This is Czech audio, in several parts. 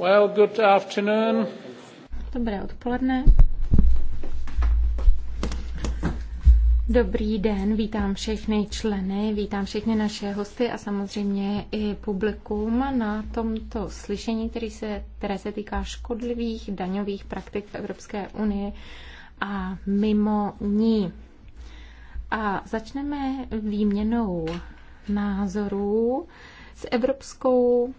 Well, good afternoon. Dobré odpoledne. Dobrý den, vítám všechny členy, vítám všechny naše hosty a samozřejmě i publikum na tomto slyšení, který se, které se týká škodlivých daňových praktik v Evropské unii a mimo ní. A začneme výměnou názorů s evropskou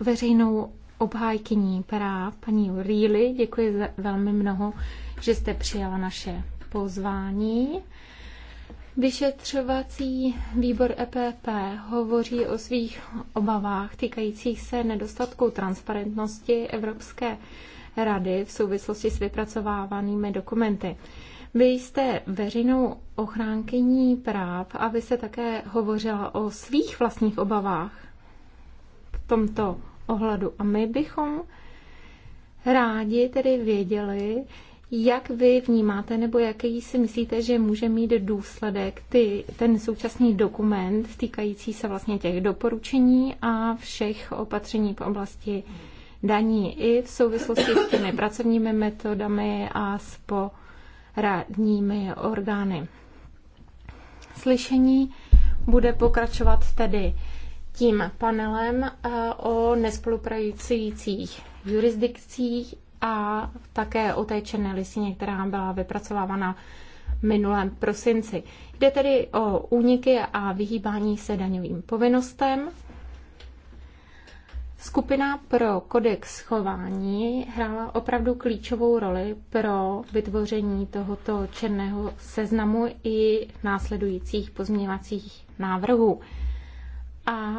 veřejnou obhájkyní práv, paní Rýly. Děkuji za velmi mnoho, že jste přijala naše pozvání. Vyšetřovací výbor EPP hovoří o svých obavách týkajících se nedostatku transparentnosti Evropské rady v souvislosti s vypracovávanými dokumenty. Vy jste veřejnou ochránkyní práv a vy se také hovořila o svých vlastních obavách v tomto ohledu. A my bychom rádi tedy věděli, jak vy vnímáte nebo jaký si myslíte, že může mít důsledek ty, ten současný dokument týkající se vlastně těch doporučení a všech opatření v oblasti daní i v souvislosti s těmi pracovními metodami a spo radními orgány. Slyšení bude pokračovat tedy tím panelem eh, o nespolupracujících jurisdikcích a také o té černé listině, která byla vypracovávána minulém prosinci. Jde tedy o úniky a vyhýbání se daňovým povinnostem. Skupina pro kodex chování hrála opravdu klíčovou roli pro vytvoření tohoto černého seznamu i následujících pozměňovacích návrhů. A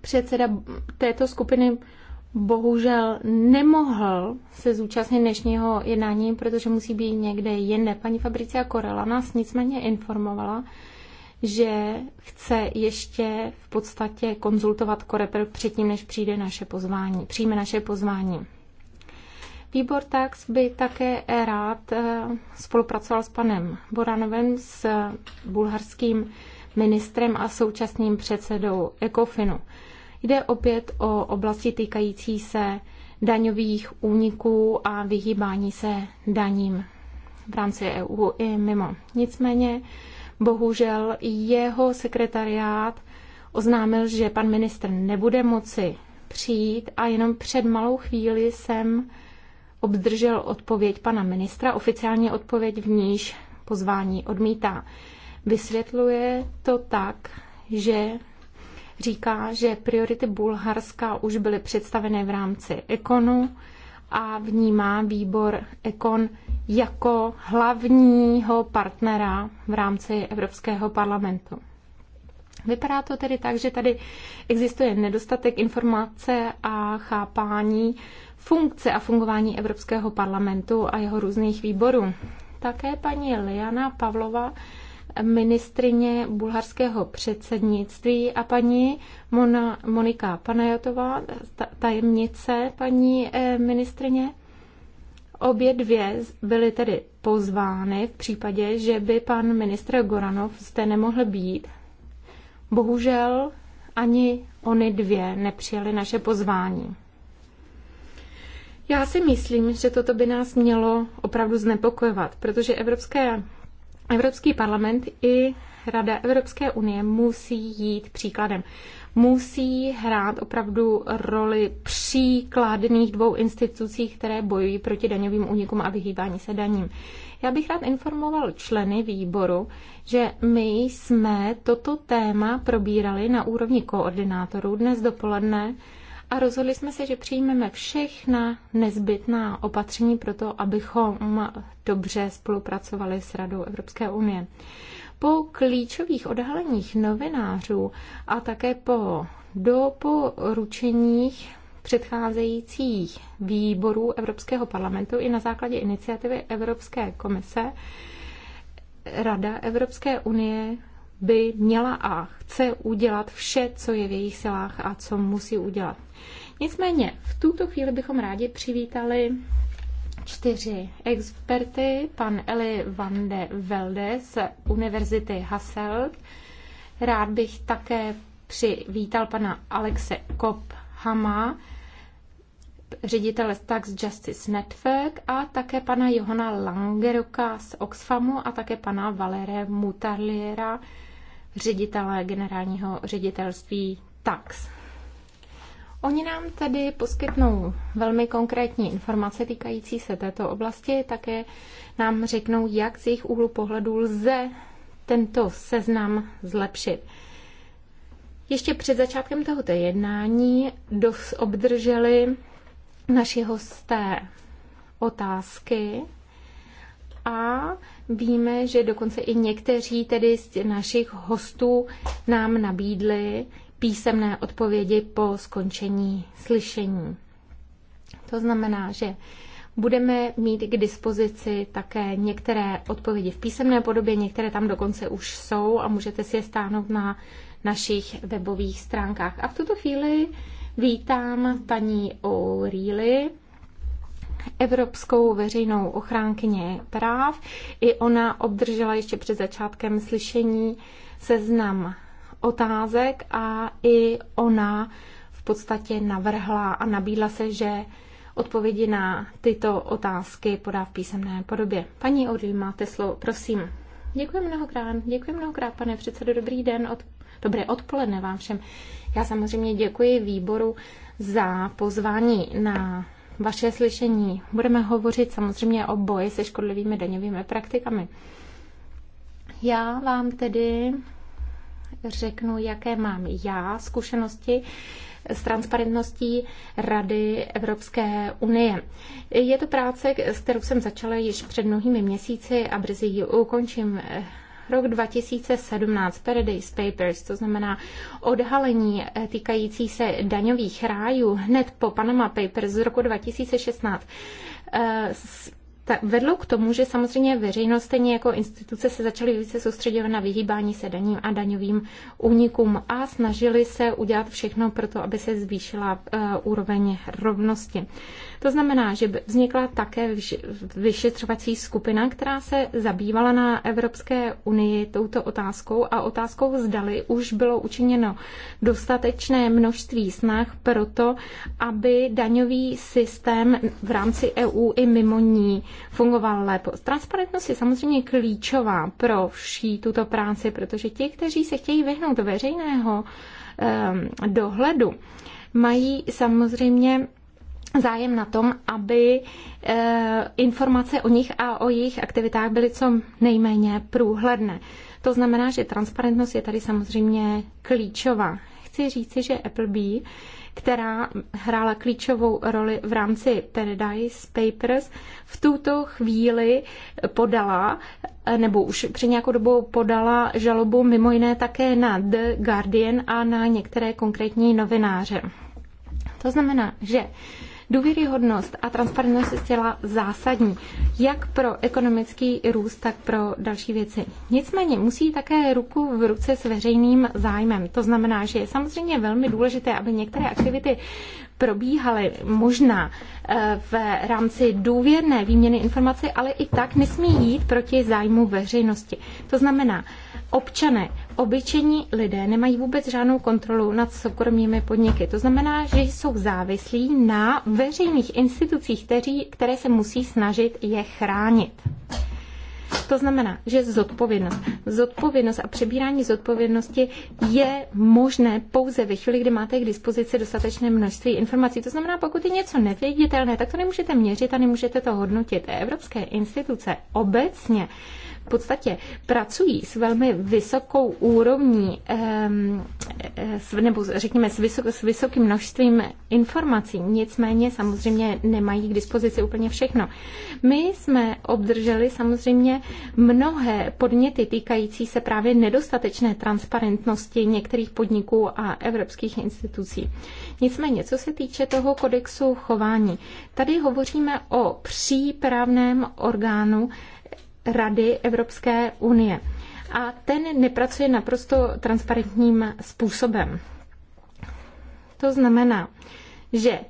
předseda této skupiny bohužel nemohl se zúčastnit dnešního jednání, protože musí být někde jinde. Paní Fabricia Korela nás nicméně informovala, že chce ještě v podstatě konzultovat Koreper předtím, než přijde naše pozvání, přijme naše pozvání. Výbor Tax by také rád eh, spolupracoval s panem Boranovem, s bulharským ministrem a současným předsedou Ekofinu. Jde opět o oblasti týkající se daňových úniků a vyhýbání se daním v rámci EU i mimo. Nicméně Bohužel jeho sekretariát oznámil, že pan ministr nebude moci přijít a jenom před malou chvíli jsem obdržel odpověď pana ministra, oficiální odpověď, v níž pozvání odmítá. Vysvětluje to tak, že říká, že priority Bulharska už byly představeny v rámci ekonu a vnímá výbor ekon jako hlavního partnera v rámci Evropského parlamentu. Vypadá to tedy tak, že tady existuje nedostatek informace a chápání funkce a fungování Evropského parlamentu a jeho různých výborů. Také paní Liana Pavlova, ministrině bulharského předsednictví a paní Mona, Monika Panajotová, tajemnice paní eh, ministrině, Obě dvě byly tedy pozvány v případě, že by pan ministr Goranov zde nemohl být. Bohužel ani oni dvě nepřijali naše pozvání. Já si myslím, že toto by nás mělo opravdu znepokojovat, protože Evropské, Evropský parlament i Rada Evropské unie musí jít příkladem musí hrát opravdu roli příkladných dvou institucí, které bojují proti daňovým únikům a vyhýbání se daním. Já bych rád informoval členy výboru, že my jsme toto téma probírali na úrovni koordinátorů dnes dopoledne a rozhodli jsme se, že přijmeme všechna nezbytná opatření pro to, abychom dobře spolupracovali s Radou Evropské unie po klíčových odhaleních novinářů a také po doporučeních předcházejících výborů Evropského parlamentu i na základě iniciativy Evropské komise, Rada Evropské unie by měla a chce udělat vše, co je v jejich silách a co musí udělat. Nicméně v tuto chvíli bychom rádi přivítali čtyři experty, pan Eli van de Velde z Univerzity Hasselt. Rád bych také přivítal pana Alexe Kophama, ředitele Tax Justice Network a také pana Johana Langeroka z Oxfamu a také pana Valere Mutarliera, ředitele generálního ředitelství Tax. Oni nám tedy poskytnou velmi konkrétní informace týkající se této oblasti, také nám řeknou, jak z jejich úhlu pohledu lze tento seznam zlepšit. Ještě před začátkem tohoto jednání dos obdrželi naši hosté otázky a víme, že dokonce i někteří tedy z našich hostů nám nabídli písemné odpovědi po skončení slyšení. To znamená, že budeme mít k dispozici také některé odpovědi v písemné podobě, některé tam dokonce už jsou a můžete si je stáhnout na našich webových stránkách. A v tuto chvíli vítám paní O'Reilly, Evropskou veřejnou ochránkyně práv. I ona obdržela ještě před začátkem slyšení seznam otázek a i ona v podstatě navrhla a nabídla se, že odpovědi na tyto otázky podá v písemné podobě. Paní Orly, máte slovo, prosím. Děkuji mnohokrát, děkuji mnohokrát, pane předsedo, dobrý den, od, dobré odpoledne vám všem. Já samozřejmě děkuji výboru za pozvání na vaše slyšení. Budeme hovořit samozřejmě o boji se škodlivými daňovými praktikami. Já vám tedy řeknu, jaké mám já zkušenosti s transparentností Rady Evropské unie. Je to práce, s kterou jsem začala již před mnohými měsíci a brzy ji ukončím rok 2017 Paradise Papers, to znamená odhalení týkající se daňových rájů hned po Panama Papers z roku 2016, tak vedlo k tomu, že samozřejmě veřejnost stejně jako instituce se začaly více soustředit na vyhýbání se daním a daňovým únikům a snažili se udělat všechno pro to, aby se zvýšila uh, úroveň rovnosti. To znamená, že vznikla také vyšetřovací skupina, která se zabývala na Evropské unii touto otázkou a otázkou zdali už bylo učiněno dostatečné množství snah pro to, aby daňový systém v rámci EU i mimo ní fungoval lépe. Transparentnost je samozřejmě klíčová pro vší tuto práci, protože ti, kteří se chtějí vyhnout veřejného ehm, dohledu, mají samozřejmě zájem na tom, aby eh, informace o nich a o jejich aktivitách byly co nejméně průhledné. To znamená, že transparentnost je tady samozřejmě klíčová. Chci říci, že Applebee, která hrála klíčovou roli v rámci Paradise Papers, v tuto chvíli podala, eh, nebo už před nějakou dobou podala žalobu mimo jiné také na The Guardian a na některé konkrétní novináře. To znamená, že Důvěryhodnost a transparentnost je zcela zásadní, jak pro ekonomický růst, tak pro další věci. Nicméně musí také ruku v ruce s veřejným zájmem. To znamená, že je samozřejmě velmi důležité, aby některé aktivity probíhaly možná eh, v rámci důvěrné výměny informací, ale i tak nesmí jít proti zájmu veřejnosti. To znamená, občané, obyčejní lidé nemají vůbec žádnou kontrolu nad soukromými podniky. To znamená, že jsou závislí na veřejných institucích, které se musí snažit je chránit. To znamená, že zodpovědnost, zodpovědnost a přebírání zodpovědnosti je možné pouze ve chvíli, kdy máte k dispozici dostatečné množství informací. To znamená, pokud je něco neviditelné, tak to nemůžete měřit a nemůžete to hodnotit. Evropské instituce obecně v podstatě pracují s velmi vysokou úrovní, nebo řekněme s, vysok, s vysokým množstvím informací, nicméně samozřejmě nemají k dispozici úplně všechno. My jsme obdrželi samozřejmě mnohé podněty týkající se právě nedostatečné transparentnosti některých podniků a evropských institucí. Nicméně, co se týče toho kodexu chování, tady hovoříme o přípravném orgánu, Rady Evropské unie. A ten nepracuje naprosto transparentním způsobem. To znamená, že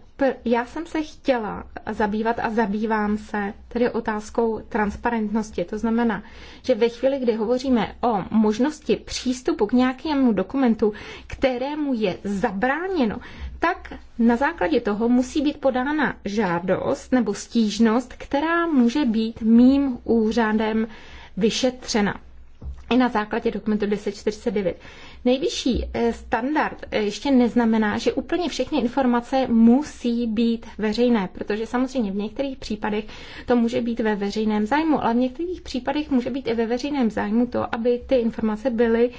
já jsem se chtěla zabývat a zabývám se tedy otázkou transparentnosti. To znamená, že ve chvíli, kdy hovoříme o možnosti přístupu k nějakému dokumentu, kterému je zabráněno, tak na základě toho musí být podána žádost nebo stížnost, která může být mým úřadem vyšetřena. I na základě dokumentu 1049. Nejvyšší eh, standard eh, ještě neznamená, že úplně všechny informace musí být veřejné, protože samozřejmě v některých případech to může být ve veřejném zájmu, ale v některých případech může být i ve veřejném zájmu to, aby ty informace byly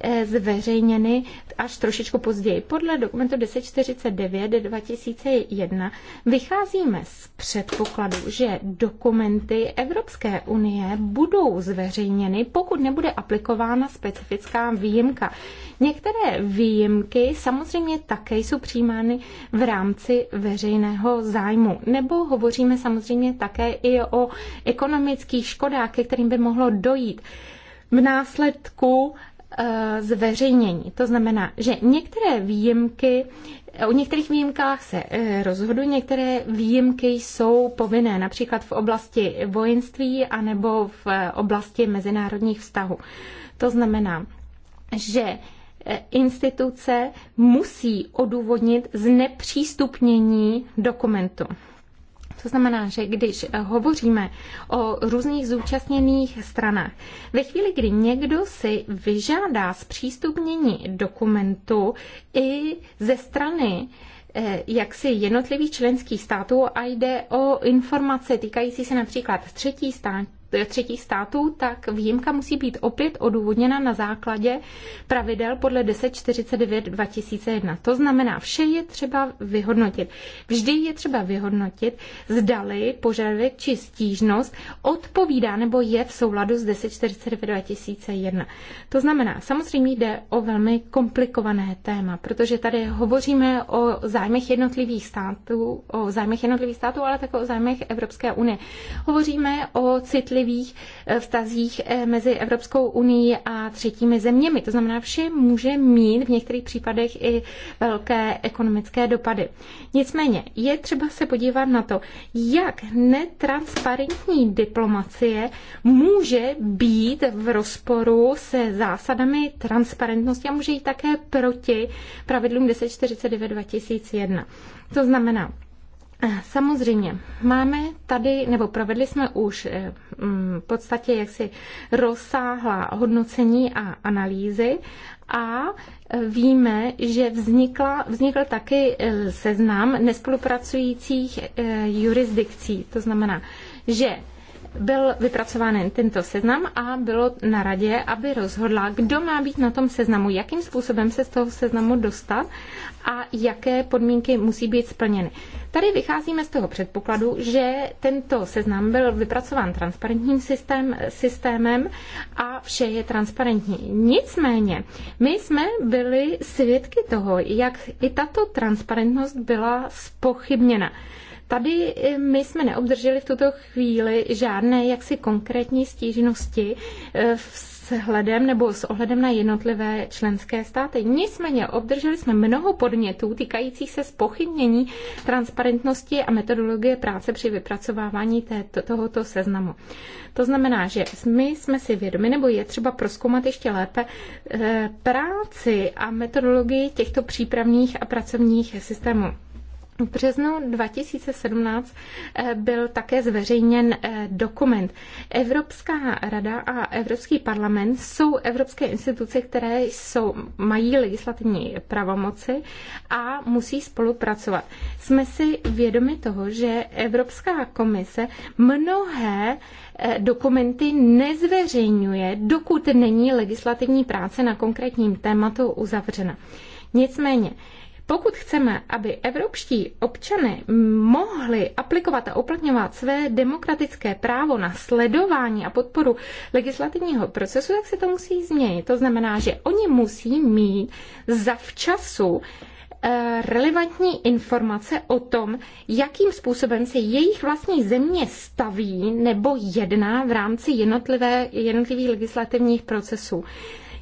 Eh, zveřejněny až trošičku později. Podle dokumentu 1049 2001 vycházíme z předpokladu, že dokumenty Evropské unie budou zveřejněny, pokud nebude aplikována specifická výjimka. Některé výjimky samozřejmě také jsou přijímány v rámci veřejného zájmu. Nebo hovoříme samozřejmě také i o ekonomických škodách, ke kterým by mohlo dojít v následku Eh, zveřejnění. To znamená, že některé výjimky, eh, o některých výjimkách se eh, rozhoduje, některé výjimky jsou povinné, například v oblasti vojenství anebo v oblasti mezinárodních vztahů. To znamená, že instituce musí odůvodnit znepřístupnění dokumentu. To znamená, že když eh, hovoříme o různých zúčastněných stranách, ve chvíli, kdy někdo si vyžádá zpřístupnění dokumentu i ze strany eh, jaksi jednotlivých členských států a jde o informace týkající se například třetí stát, třetích států, tak výjimka musí být opět odůvodněna na základě pravidel podle 1049 2001. To znamená, vše je třeba vyhodnotit. Vždy je třeba vyhodnotit, zdali požadavek či stížnost odpovídá nebo je v souladu s 1049 2001. To znamená, samozřejmě jde o velmi komplikované téma, protože tady hovoříme o zájmech jednotlivých států, o zájmech jednotlivých států, ale také o zájmech Evropské unie. Hovoříme o citlivých citlivých eh, vztazích eh, mezi Evropskou unii a třetími zeměmi. To znamená, vše může mít v některých případech i velké ekonomické dopady. Nicméně je třeba se podívat na to, jak netransparentní diplomacie může být v rozporu se zásadami transparentnosti a může jít také proti pravidlům 1049 2001. To znamená, Samozřejmě, máme tady, nebo provedli jsme už eh, mm, v podstatě jaksi rozsáhlá hodnocení a analýzy a eh, víme, že vznikla, vznikl taky eh, seznam nespolupracujících jurisdikcí. To znamená, že byl vypracován tento seznam a bylo na radě, aby rozhodla, kdo má být na tom seznamu, jakým způsobem se z toho seznamu dostat a jaké podmínky musí být splněny. Tady vycházíme z toho předpokladu, že tento seznam byl vypracován transparentním systém, systémem a vše je transparentní. Nicméně, my jsme byli svědky toho, jak i tato transparentnost byla spochybněna. Tady eh, my jsme neobdrželi v tuto chvíli žádné jaksi konkrétní stížnosti eh, s hledem nebo s ohledem na jednotlivé členské státy. Nicméně obdrželi jsme mnoho podnětů týkajících se spochybnění transparentnosti a metodologie práce při vypracovávání této, tohoto seznamu. To znamená, že my jsme si vědomi, nebo je třeba proskoumat ještě lépe eh, práci a metodologii těchto přípravných a pracovních systémů. V březnu 2017 eh, byl také zveřejněn eh, dokument. Evropská rada a Evropský parlament jsou evropské instituce, které jsou, mají legislativní pravomoci a musí spolupracovat. Jsme si vědomi toho, že Evropská komise mnohé eh, dokumenty nezveřejňuje, dokud není legislativní práce na konkrétním tématu uzavřena. Nicméně, pokud chceme, aby evropští občany mohli aplikovat a uplatňovat své demokratické právo na sledování a podporu legislativního procesu, tak se to musí změnit. To znamená, že oni musí mít zavčasu eh, relevantní informace o tom, jakým způsobem se jejich vlastní země staví nebo jedná v rámci jednotlivých legislativních procesů.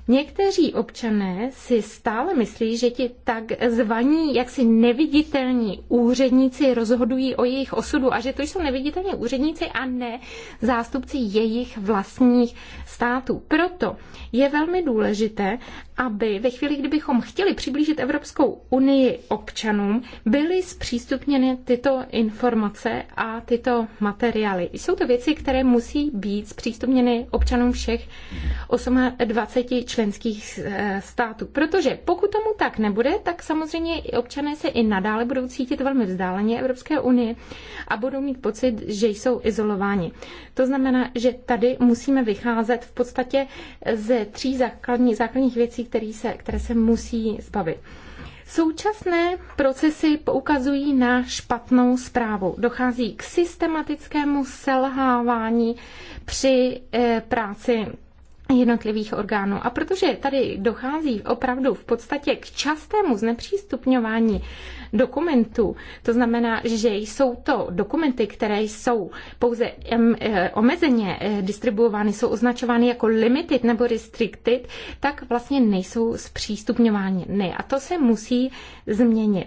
Někteří občané si stále myslí, že ti tak zvaní jaksi neviditelní úředníci rozhodují o jejich osudu a že to jsou neviditelní úředníci a ne zástupci jejich vlastních států. Proto je velmi důležité, aby ve chvíli, kdybychom chtěli přiblížit Evropskou unii občanům, byly zpřístupněny tyto informace a tyto materiály. Jsou to věci, které musí být zpřístupněny občanům všech 28 členských eh, států. Protože pokud tomu tak nebude, tak samozřejmě i občané se i nadále budou cítit velmi vzdáleně Evropské unie a budou mít pocit, že jsou izolováni. To znamená, že tady musíme vycházet v podstatě ze tří základní, základních věcí, které se, které se musí zbavit. Současné procesy poukazují na špatnou zprávu. Dochází k systematickému selhávání při eh, práci jednotlivých orgánů. A protože tady dochází opravdu v podstatě k častému znepřístupňování dokumentů, to znamená, že jsou to dokumenty, které jsou pouze eh, omezeně eh, distribuovány, jsou označovány jako limited nebo restricted, tak vlastně nejsou zpřístupňovány. Ne, a to se musí změnit.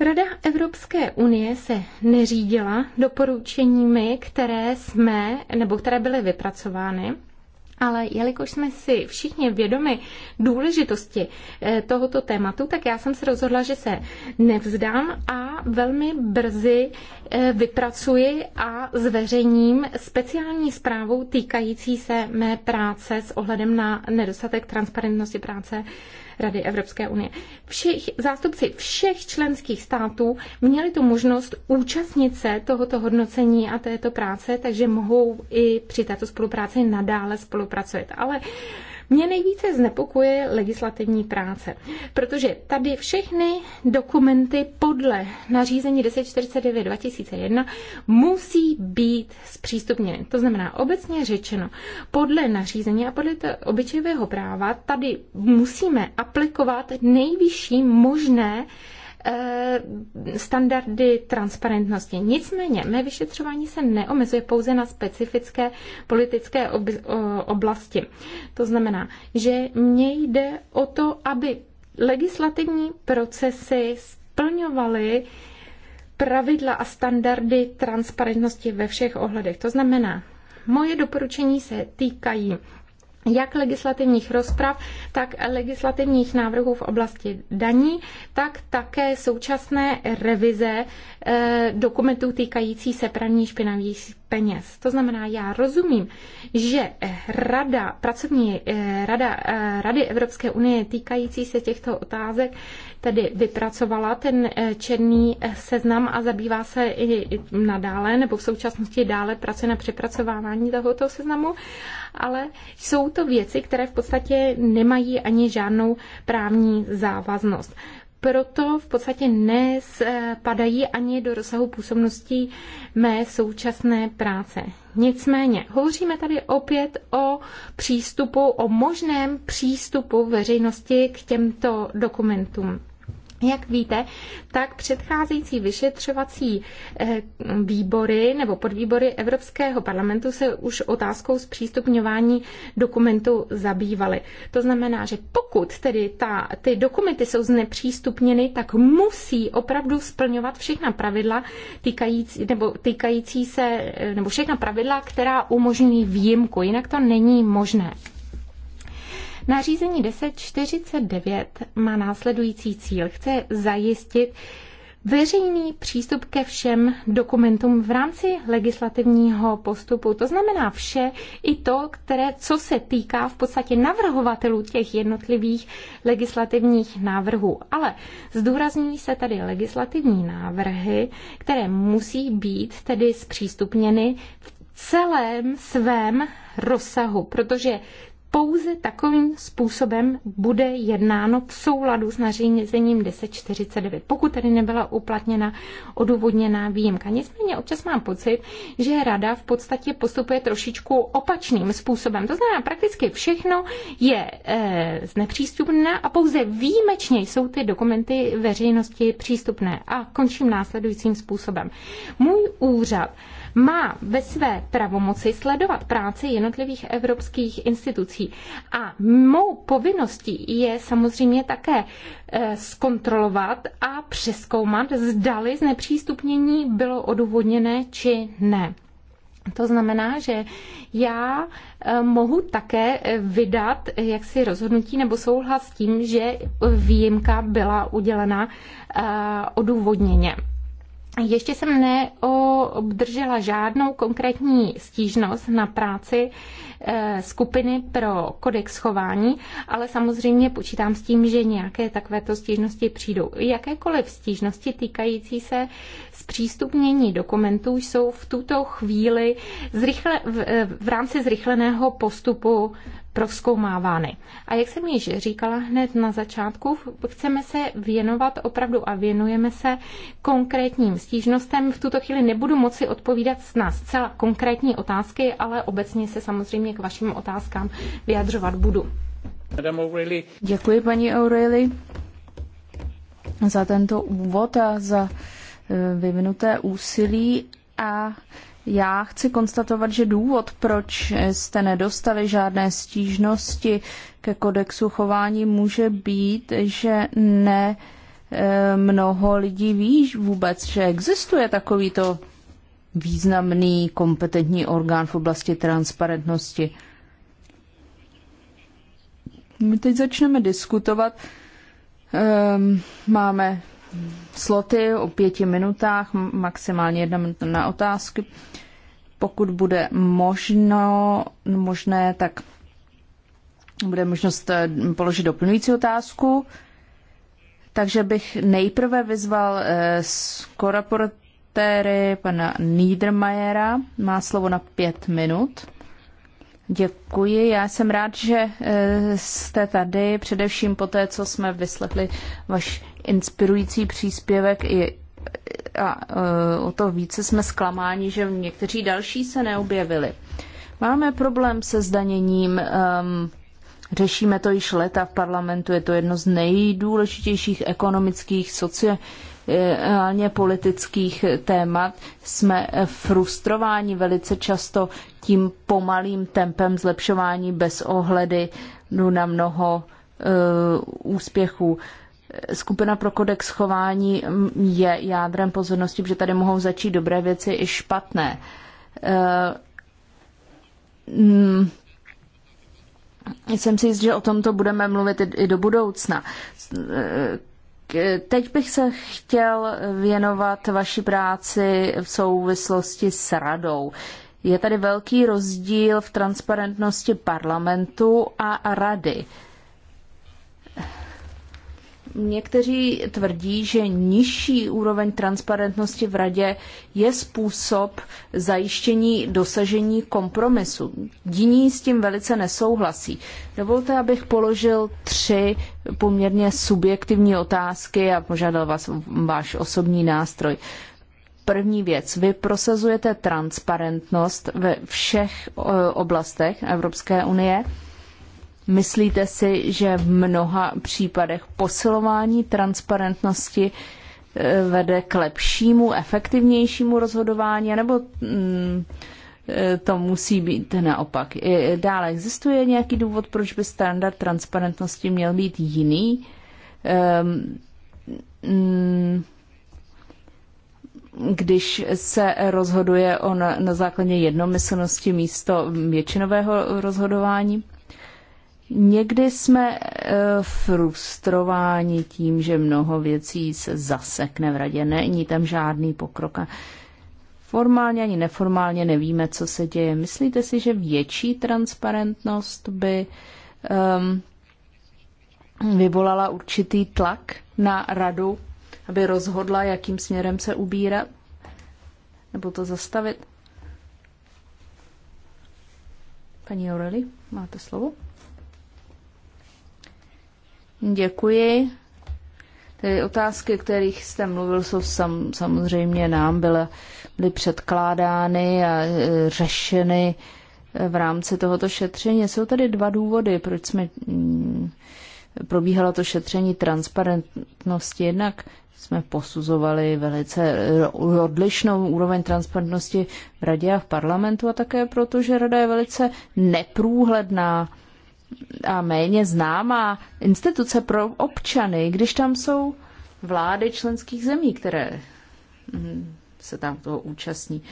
Rada Evropské unie se neřídila doporučeními, které jsme, nebo které byly vypracovány ale jelikož jsme si všichni vědomi důležitosti eh, tohoto tématu, tak já jsem se rozhodla, že se nevzdám a velmi brzy eh, vypracuji a zveřejním speciální zprávu týkající se mé práce s ohledem na nedostatek transparentnosti práce Rady Evropské unie. Všich, zástupci všech členských států měli tu možnost účastnit se tohoto hodnocení a této práce, takže mohou i při této spolupráci nadále spolupracovat. Ale mě nejvíce znepokuje legislativní práce, protože tady všechny dokumenty podle nařízení 1049 2001 musí být zpřístupněny. To znamená obecně řečeno, podle nařízení a podle obyčejového práva tady musíme aplikovat nejvyšší možné Eh, standardy transparentnosti. Nicméně, mé vyšetřování se neomezuje pouze na specifické politické oblasti. To znamená, že mně jde o to, aby legislativní procesy splňovaly pravidla a standardy transparentnosti ve všech ohledech. To znamená, moje doporučení se týkají jak legislativních rozprav, tak legislativních návrhů v oblasti daní, tak také současné revize eh, dokumentů týkající se praní špinavých peněz. To znamená, já rozumím, že rada, pracovní eh, rada eh, Rady Evropské unie týkající se těchto otázek tedy vypracovala ten eh, černý eh, seznam a zabývá se i nadále, nebo v současnosti dále pracuje na přepracovávání tohoto seznamu, ale jsou to věci, které v podstatě nemají ani žádnou právní závaznost proto v podstatě nespadají eh, ani do rozsahu působností mé současné práce. Nicméně, hovoříme tady opět o přístupu, o možném přístupu veřejnosti k těmto dokumentům. Vlastně, jak víte, tak předcházející vyšetřovací eh, výbory nebo podvýbory Evropského parlamentu se už otázkou zpřístupňování dokumentu zabývaly. To znamená, že pokud tedy ta, ty dokumenty jsou znepřístupněny, tak musí opravdu splňovat všechna pravidla týkající, nebo týkající se, eh, nebo všechna pravidla, která umožňují výjimku, jinak to není možné. Nařízení 1049 má následující cíl. Chce zajistit veřejný přístup ke všem dokumentům v rámci legislativního postupu. To znamená vše i to, které, co se týká v podstatě navrhovatelů těch jednotlivých legislativních návrhů. Ale zdůrazňují se tady legislativní návrhy, které musí být tedy zpřístupněny v celém svém rozsahu, protože pouze takovým způsobem bude jednáno v souladu s nařízením 1049, pokud tedy nebyla uplatněna odůvodněná výjimka. Nicméně občas mám pocit, že rada v podstatě postupuje trošičku opačným způsobem. To znamená, prakticky všechno je e, eh, znepřístupné a pouze výjimečně jsou ty dokumenty veřejnosti přístupné. A končím následujícím způsobem. Můj úřad má ve své pravomoci sledovat práci jednotlivých evropských institucí. A mou povinností je samozřejmě také eh, zkontrolovat a přeskoumat, zdali znepřístupnění bylo odůvodněné či ne. To znamená, že já eh, mohu také eh, vydat jaksi rozhodnutí nebo souhlas s tím, že výjimka byla udělena odůvodněně. Ještě jsem neobdržela žádnou konkrétní stížnost na práci eh, skupiny pro kodex chování, ale samozřejmě počítám s tím, že nějaké takovéto stížnosti přijdou. Jakékoliv stížnosti týkající se zpřístupnění dokumentů jsou v tuto chvíli zrychle, v, eh, v rámci zrychleného postupu proskoumávány. A jak jsem již říkala hned na začátku, chceme se věnovat opravdu a věnujeme se konkrétním stížnostem. V tuto chvíli nebudu moci odpovídat na zcela konkrétní otázky, ale obecně se samozřejmě k vašim otázkám vyjadřovat budu. Děkuji paní O'Reilly za tento úvod a za eh, vyvinuté úsilí a já chci konstatovat, že důvod, proč jste nedostali žádné stížnosti ke kodexu chování, může být, že ne e, mnoho lidí ví vůbec, že existuje takovýto významný kompetentní orgán v oblasti transparentnosti. My teď začneme diskutovat. Ehm, máme sloty o pěti minutách, maximálně jedna minuta na otázky. Pokud bude možno, možné, tak bude možnost eh, položit doplňující otázku. Takže bych nejprve vyzval z eh, koraportéry pana Niedermayera. Má slovo na pět minut. Děkuji. Já jsem rád, že eh, jste tady, především po té, co jsme vyslechli vaši inspirující příspěvek i a e, o to více jsme zklamáni, že někteří další se neobjevili. Máme problém se zdaněním, um, řešíme to již leta v parlamentu, je to jedno z nejdůležitějších ekonomických, sociálně politických témat. Jsme frustrováni velice často tím pomalým tempem zlepšování bez ohledy na mnoho uh, úspěchů. Uh, skupina pro kodex chování je jádrem pozornosti, protože tady mohou začít dobré věci i špatné. Eh, mm, jsem si jist, že o tomto budeme mluvit i do budoucna. Eh, teď bych se chtěl věnovat vaší práci v souvislosti s radou. Je tady velký rozdíl v transparentnosti parlamentu a rady. Někteří tvrdí, že nižší úroveň transparentnosti v radě je způsob zajištění dosažení kompromisu. Jiní s tím velice nesouhlasí. Dovolte, abych položil tři poměrně subjektivní otázky a požádal vás váš osobní nástroj. První věc, vy prosazujete transparentnost ve všech eh, oblastech Evropské unie. Myslíte si, že v mnoha případech posilování transparentnosti eh, vede k lepšímu, efektivnějšímu rozhodování, nebo mm, eh, to musí být naopak? Dále existuje nějaký důvod, proč by standard transparentnosti měl být jiný? Ehm, mm, když se rozhoduje on na, na základě jednomyslnosti místo většinového rozhodování? Někdy jsme e, frustrováni tím, že mnoho věcí se zasekne v radě. Není tam žádný pokrok. A formálně ani neformálně nevíme, co se děje. Myslíte si, že větší transparentnost by um, vyvolala určitý tlak na radu, aby rozhodla, jakým směrem se ubírat? Nebo to zastavit? Paní Aureli, máte slovo? Děkuji. Ty otázky, kterých jste mluvil, jsou sam, samozřejmě nám byly, byly předkládány a e, řešeny v rámci tohoto šetření. Jsou tady dva důvody, proč jsme m, mm, probíhalo to šetření transparentnosti. Jednak jsme posuzovali velice odlišnou úroveň transparentnosti v radě a v parlamentu a také proto, že rada je velice neprůhledná a méně známá instituce pro občany, když tam jsou vlády členských zemí, které hm, se tam toho účastní.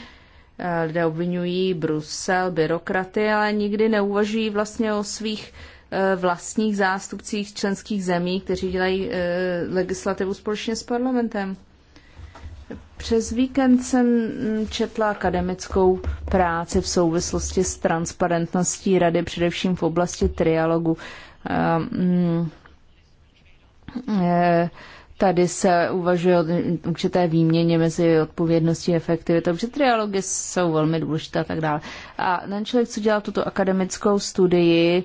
Eh, lidé obvinují Brusel, byrokraty, ale nikdy neuvažují vlastně o svých eh, vlastních zástupcích členských zemí, kteří dělají eh, legislativu společně s parlamentem. Přes víkend jsem četla akademickou práci v souvislosti s transparentností rady, především v oblasti trialogu. Ehm, ehm, tady se uvažuje o určité výměně mezi odpovědností a efektivitou, protože trialogy jsou velmi důležité a tak dále. A ten člověk, co dělal tuto akademickou studii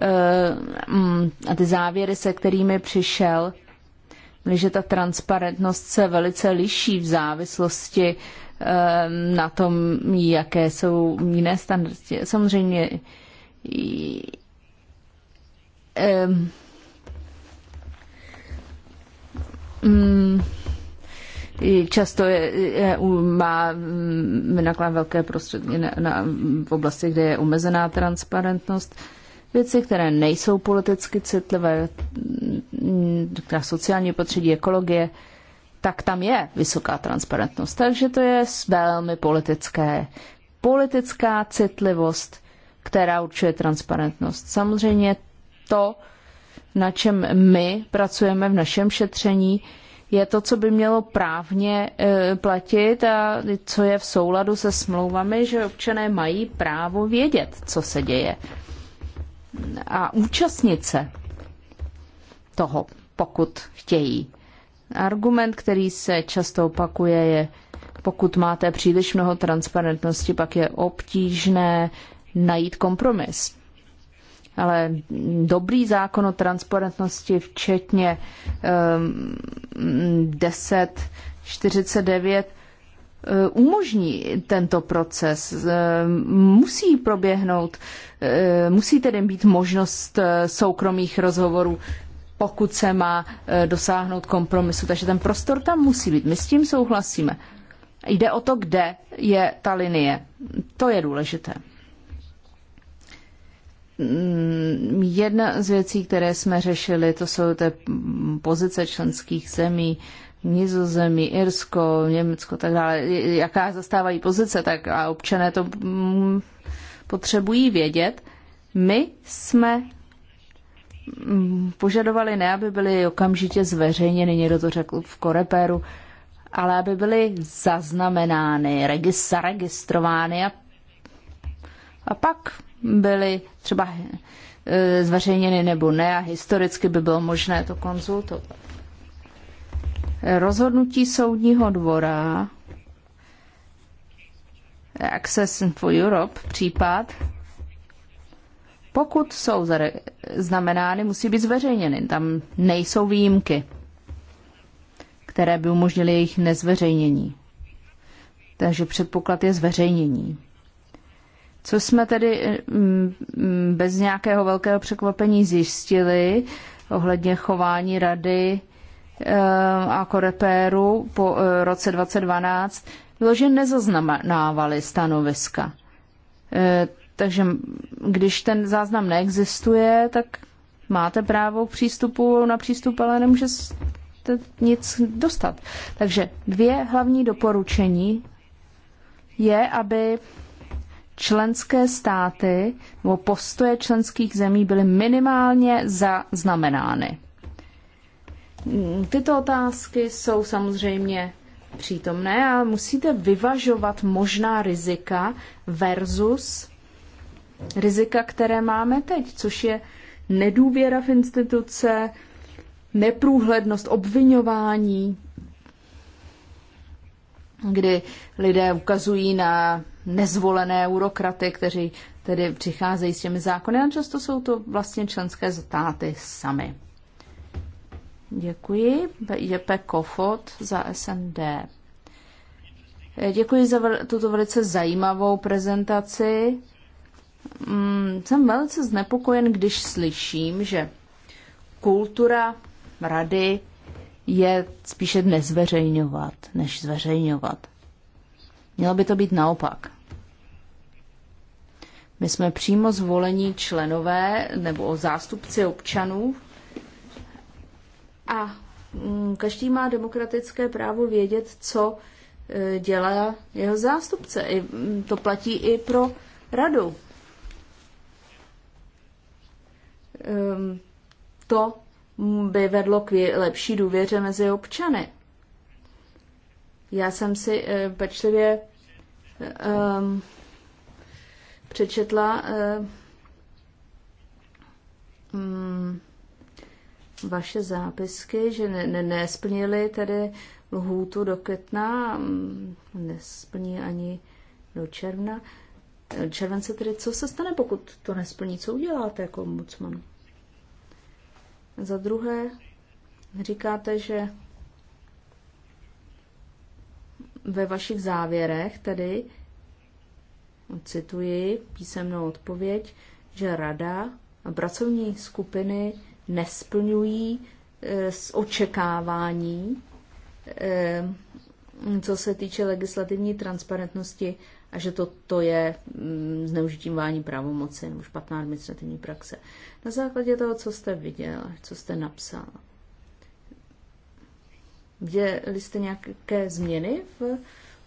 ehm, a ty závěry, se kterými přišel, že ta transparentnost se velice liší v závislosti ehm, na tom, jaké jsou jiné standardy. Samozřejmě ehm, mm, často je, je, má mm, vynakládá velké prostředky na, na, v oblasti, kde je omezená transparentnost věci, které nejsou politicky citlivé, která sociální potředí, ekologie, tak tam je vysoká transparentnost. Takže to je velmi politické. Politická citlivost, která určuje transparentnost. Samozřejmě to, na čem my pracujeme v našem šetření, je to, co by mělo právně e, platit a co je v souladu se smlouvami, že občané mají právo vědět, co se děje a účastnit se toho, pokud chtějí. Argument, který se často opakuje, je, pokud máte příliš mnoho transparentnosti, pak je obtížné najít kompromis. Ale dobrý zákon o transparentnosti, včetně um, ehm, 1049, Eh, umožní tento proces. Eh, musí proběhnout, eh, musí tedy být možnost soukromých rozhovorů, pokud se má dosáhnout kompromisu. Takže ten prostor tam musí být. My s tím souhlasíme. Jde o to, kde je ta linie. To je důležité. Mm, jedna z věcí, které jsme řešili, to jsou ty pozice členských zemí. Nizozemí, Irsko, Německo, tak dále, jaká zastávají pozice, tak a občané to mm, potřebují vědět. My jsme mm, požadovali ne, aby byly okamžitě zveřejněny, někdo to řekl v Koreperu, ale aby byly zaznamenány, zaregistrovány a, a pak byly třeba e, zveřejněny nebo ne a historicky by bylo možné to konzultovat. Rozhodnutí soudního dvora Access for Europe případ, pokud jsou znamenány, musí být zveřejněny. Tam nejsou výjimky, které by umožnily jejich nezveřejnění. Takže předpoklad je zveřejnění. Co jsme tedy mm, mm, bez nějakého velkého překvapení zjistili ohledně chování rady Eh, a jako repéru po eh, roce 2012 bylo, že nezaznamenávali stanoviska. Eh, takže když ten záznam neexistuje, tak máte právo k přístupu na přístup, ale nemůžete nic dostat. Takže dvě hlavní doporučení je, aby členské státy nebo postoje členských zemí byly minimálně zaznamenány. Mm, tyto otázky jsou samozřejmě přítomné a musíte vyvažovat možná rizika versus rizika, které máme teď, což je nedůvěra v instituce, neprůhlednost, obvinování, kdy lidé ukazují na nezvolené eurokraty, kteří tedy přicházejí s těmi zákony, a často jsou to vlastně členské státy sami. Děkuji. J.P. Kofot za SND. Děkuji za tuto velice zajímavou prezentaci. Mm, jsem velice znepokojen, když slyším, že kultura rady je spíše nezveřejňovat, než zveřejňovat. Mělo by to být naopak. My jsme přímo zvolení členové nebo zástupci občanů a mm, každý má demokratické právo vědět, co e, dělá jeho zástupce. I, mm, to platí i pro radu. Ehm, to by vedlo k lepší důvěře mezi občany. Já jsem si e, pečlivě um, přečetla um, vaše zápisky, že ne, ne, nesplnili tedy lhůtu do května, mm, nesplní ani do června. Července tedy, co se stane, pokud to nesplní? Co uděláte jako ombudsman? Za druhé, říkáte, že ve vašich závěrech tedy, cituji písemnou odpověď, že rada a pracovní skupiny nesplňují z eh, očekávání, eh, co se týče legislativní transparentnosti a že to, to je mm, zneužitívání pravomoci nebo špatná administrativní praxe. Na základě toho, co jste viděl, co jste napsal, viděli jste nějaké změny v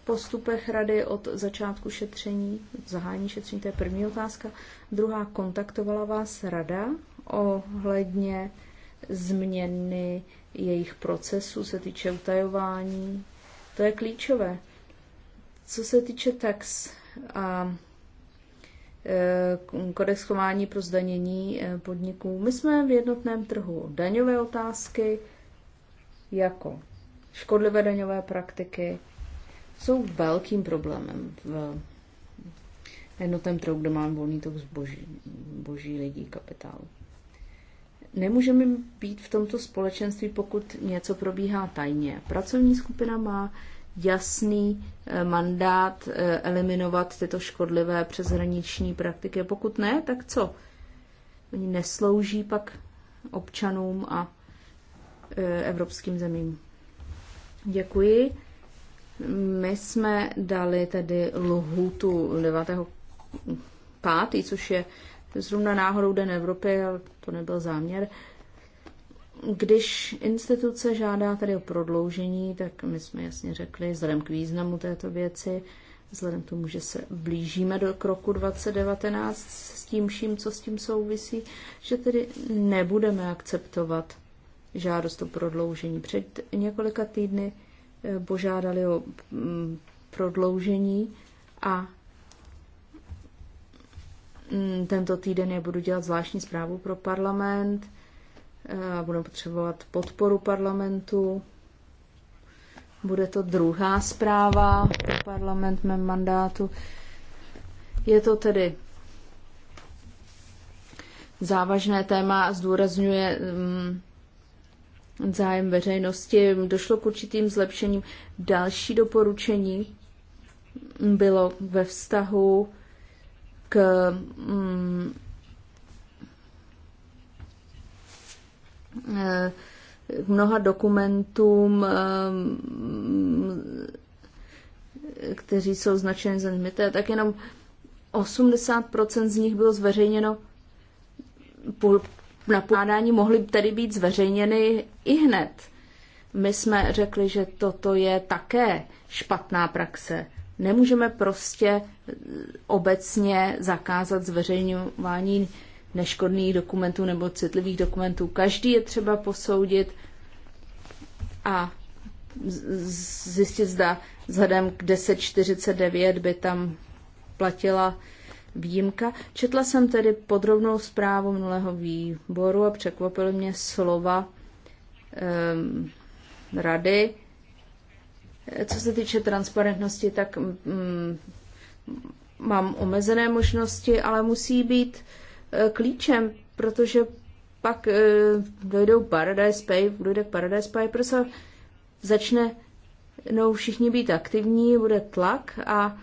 postupech rady od začátku šetření, zahájení šetření, to je první otázka. Druhá, kontaktovala vás rada ohledně změny jejich procesu se týče utajování. To je klíčové. Co se týče tax a e, kodex chování pro zdanění e, podniků, my jsme v jednotném trhu daňové otázky jako škodlivé daňové praktiky jsou velkým problémem v jednotném trhu, kde máme volný tok zboží, boží lidí, kapitálu nemůžeme být v tomto společenství, pokud něco probíhá tajně. Pracovní skupina má jasný eh, mandát eh, eliminovat tyto škodlivé přeshraniční praktiky. Pokud ne, tak co? Oni neslouží pak občanům a eh, evropským zemím. Děkuji. My jsme dali tedy lhůtu 9. 5., což je zrovna náhodou Den Evropy, ale to nebyl záměr. Když instituce žádá tady o prodloužení, tak my jsme jasně řekli, vzhledem k významu této věci, vzhledem k tomu, že se blížíme do kroku 2019 s tím vším, co s tím souvisí, že tedy nebudeme akceptovat žádost o prodloužení. Před několika týdny eh, požádali o mm, prodloužení a Mm, tento týden je budu dělat zvláštní zprávu pro parlament. Eh, budu potřebovat podporu parlamentu. Bude to druhá zpráva pro parlament mém mandátu. Je to tedy závažné téma, zdůrazňuje mm, zájem veřejnosti. Došlo k určitým zlepšením. Další doporučení bylo ve vztahu k mm, eh, mnoha dokumentům, eh, kteří jsou značeny za limité, tak jenom 80% z nich bylo zveřejněno na podání mohly tedy být zveřejněny i hned. My jsme řekli, že toto je také špatná praxe Nemůžeme prostě eh, obecně zakázat zveřejňování neškodných dokumentů nebo citlivých dokumentů. Každý je třeba posoudit a zjistit, zda vzhledem k 1049 by tam platila výjimka. Četla jsem tedy podrobnou zprávu minulého výboru a překvapily mě slova um, rady, co se týče transparentnosti, tak mm, mám omezené možnosti, ale musí být e, klíčem, protože pak e, dojdou Paradise Pay, dojde k Paradise Pay, a začne no, všichni být aktivní, bude tlak a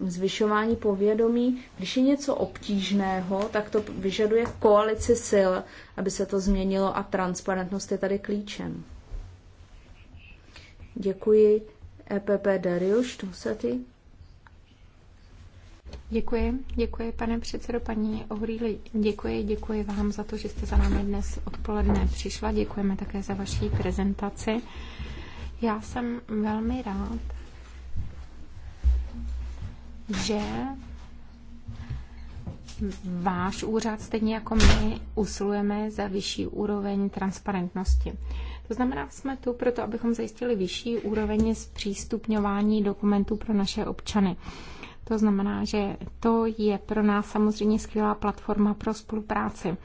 zvyšování povědomí. Když je něco obtížného, tak to vyžaduje koalici sil, aby se to změnilo a transparentnost je tady klíčem. Děkuji. EPP Darius Tusety. Děkuji, děkuji pane předsedo, paní Ohrýli, děkuji, děkuji vám za to, že jste za námi dnes odpoledne přišla, děkujeme také za vaší prezentaci. Já jsem velmi rád, že váš úřad, stejně jako my, usilujeme za vyšší úroveň transparentnosti. To znamená, jsme tu proto, abychom zajistili vyšší úroveň zpřístupňování dokumentů pro naše občany. To znamená, že to je pro nás samozřejmě skvělá platforma pro spolupráci.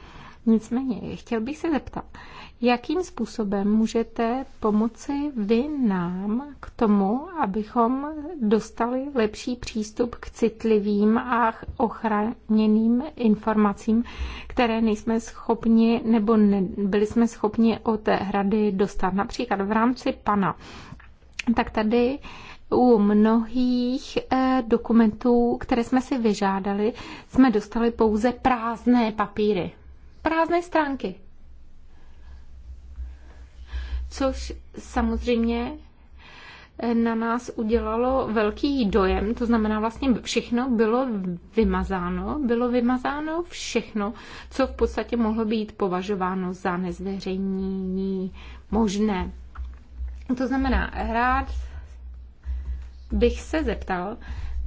Nicméně, chtěl bych se zeptat, Jakým způsobem můžete pomoci vy nám k tomu, abychom dostali lepší přístup k citlivým a ochráněným informacím, které nejsme schopni nebo nebyli jsme schopni od hrady dostat? Například v rámci pana. Tak tady u mnohých eh, dokumentů, které jsme si vyžádali, jsme dostali pouze prázdné papíry. Prázdné stránky, což samozřejmě eh, na nás udělalo velký dojem, to znamená vlastně všechno bylo vymazáno, bylo vymazáno všechno, co v podstatě mohlo být považováno za nezveřejnění možné. To znamená, rád bych se zeptal,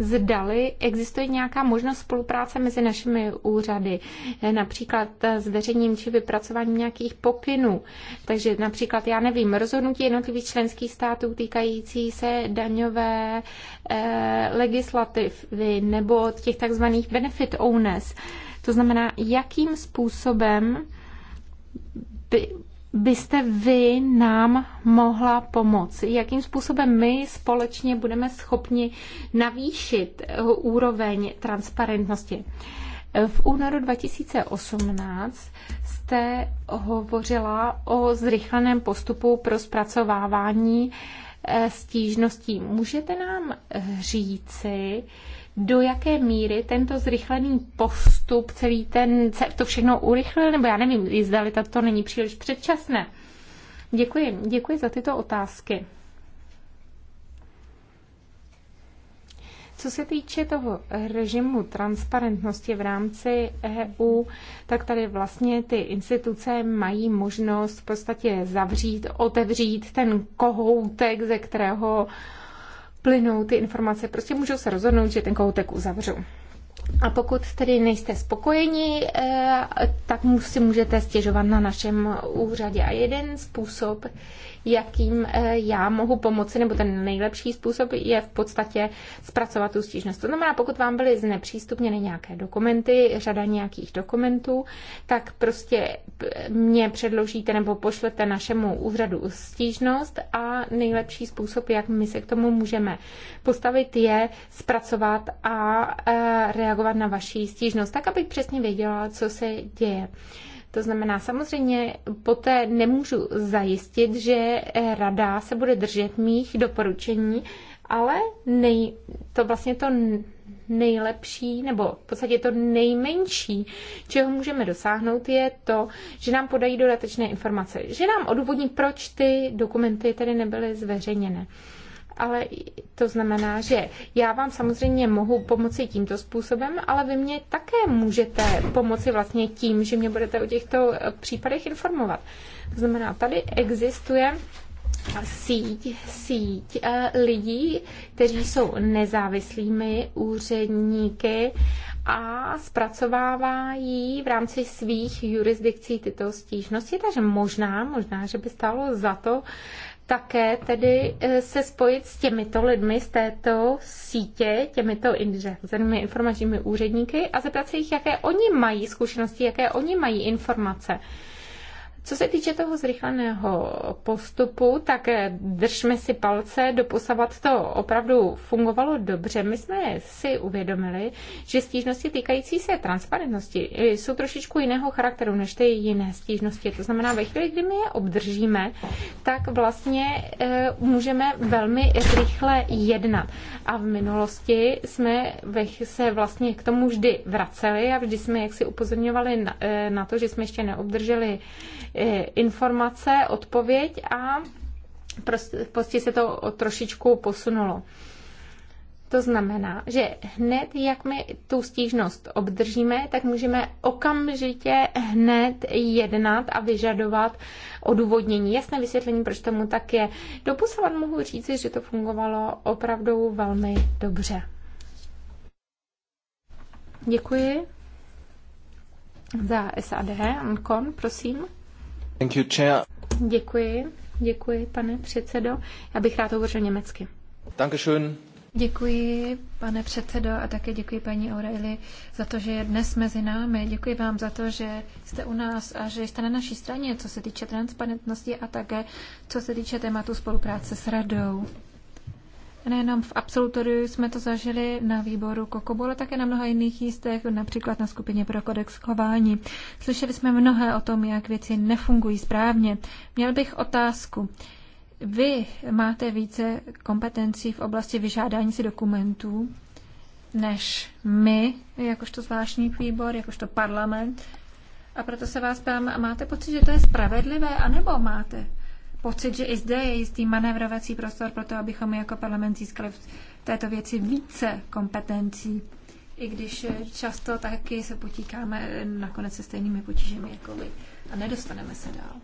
zdali existuje nějaká možnost spolupráce mezi našimi úřady, eh, například eh, s veřejním či vypracováním nějakých pokynů. Takže například, já nevím, rozhodnutí jednotlivých členských států týkající se daňové eh, legislativy nebo těch takzvaných benefit owners. To znamená, jakým způsobem by byste vy nám mohla pomoci? Jakým způsobem my společně budeme schopni navýšit eh, úroveň transparentnosti? Eh, v únoru 2018 jste hovořila o zrychleném postupu pro zpracovávání eh, stížností. Můžete nám říci, do jaké míry tento zrychlený postup, celý ten, to všechno urychlil, nebo já nevím, zdali to není příliš předčasné. Děkuji, děkuji za tyto otázky. Co se týče toho režimu transparentnosti v rámci EU, tak tady vlastně ty instituce mají možnost v podstatě zavřít, otevřít ten kohoutek, ze kterého plynou ty informace. Prostě můžou se rozhodnout, že ten koutek uzavřu. A pokud tedy nejste spokojeni, eh, tak si můžete stěžovat na našem úřadě. A jeden způsob jakým eh, já mohu pomoci, nebo ten nejlepší způsob je v podstatě zpracovat tu stížnost. To znamená, pokud vám byly znepřístupněny nějaké dokumenty, řada nějakých dokumentů, tak prostě mě předložíte nebo pošlete našemu úřadu stížnost a nejlepší způsob, jak my se k tomu můžeme postavit, je zpracovat a eh, reagovat na vaši stížnost, tak abych přesně věděla, co se děje. To znamená, samozřejmě poté nemůžu zajistit, že rada se bude držet mých doporučení, ale nej, to vlastně to nejlepší, nebo v podstatě to nejmenší, čeho můžeme dosáhnout, je to, že nám podají dodatečné informace, že nám odůvodní, proč ty dokumenty tedy nebyly zveřejněné ale to znamená, že já vám samozřejmě mohu pomoci tímto způsobem, ale vy mě také můžete pomoci vlastně tím, že mě budete o těchto eh, případech informovat. To znamená, tady existuje síť, síť eh, lidí, kteří jsou nezávislými úředníky a zpracovávají v rámci svých jurisdikcí tyto stížnosti, takže možná, možná, že by stálo za to také tedy e, se spojit s těmito lidmi z této sítě, těmito inženýrmi, informačními úředníky a zeptat se jich, jaké oni mají zkušenosti, jaké oni mají informace. Co se týče toho zrychleného postupu, tak eh, držme si palce, doposavat to opravdu fungovalo dobře. My jsme si uvědomili, že stížnosti týkající se transparentnosti eh, jsou trošičku jiného charakteru než ty jiné stížnosti. To znamená, ve chvíli, kdy my je obdržíme, tak vlastně eh, můžeme velmi rychle jednat. A v minulosti jsme se vlastně k tomu vždy vraceli a vždy jsme jaksi upozorňovali na to, že jsme ještě neobdrželi Eh, informace, odpověď a prostě, prostě se to trošičku posunulo. To znamená, že hned, jak my tu stížnost obdržíme, tak můžeme okamžitě hned jednat a vyžadovat odůvodnění, jasné vysvětlení, proč tomu tak je. Doposavat mohu říci, že to fungovalo opravdu velmi dobře. Děkuji za SAD. Ankon, prosím. Thank you, chair. Děkuji, děkuji, pane předsedo. Já bych rád hovořil německy. Dankeschön. Děkuji, pane předsedo, a také děkuji paní O'Reilly za to, že je dnes mezi námi. Děkuji vám za to, že jste u nás a že jste na naší straně, co se týče transparentnosti a také co se týče tématu spolupráce s radou. Nejenom v absolutoriu jsme to zažili na výboru Kokobu, ale také na mnoha jiných místech, například na skupině pro kodex chování. Slyšeli jsme mnohé o tom, jak věci nefungují správně. Měl bych otázku. Vy máte více kompetencí v oblasti vyžádání si dokumentů než my, jakožto zvláštní výbor, jakožto parlament. A proto se vás ptám, máte pocit, že to je spravedlivé, anebo máte pocit, že i zde je jistý manévrovací prostor pro to, abychom jako parlament získali v této věci více kompetencí, i když často taky se potíkáme nakonec se stejnými potížemi jako vy a nedostaneme se dál.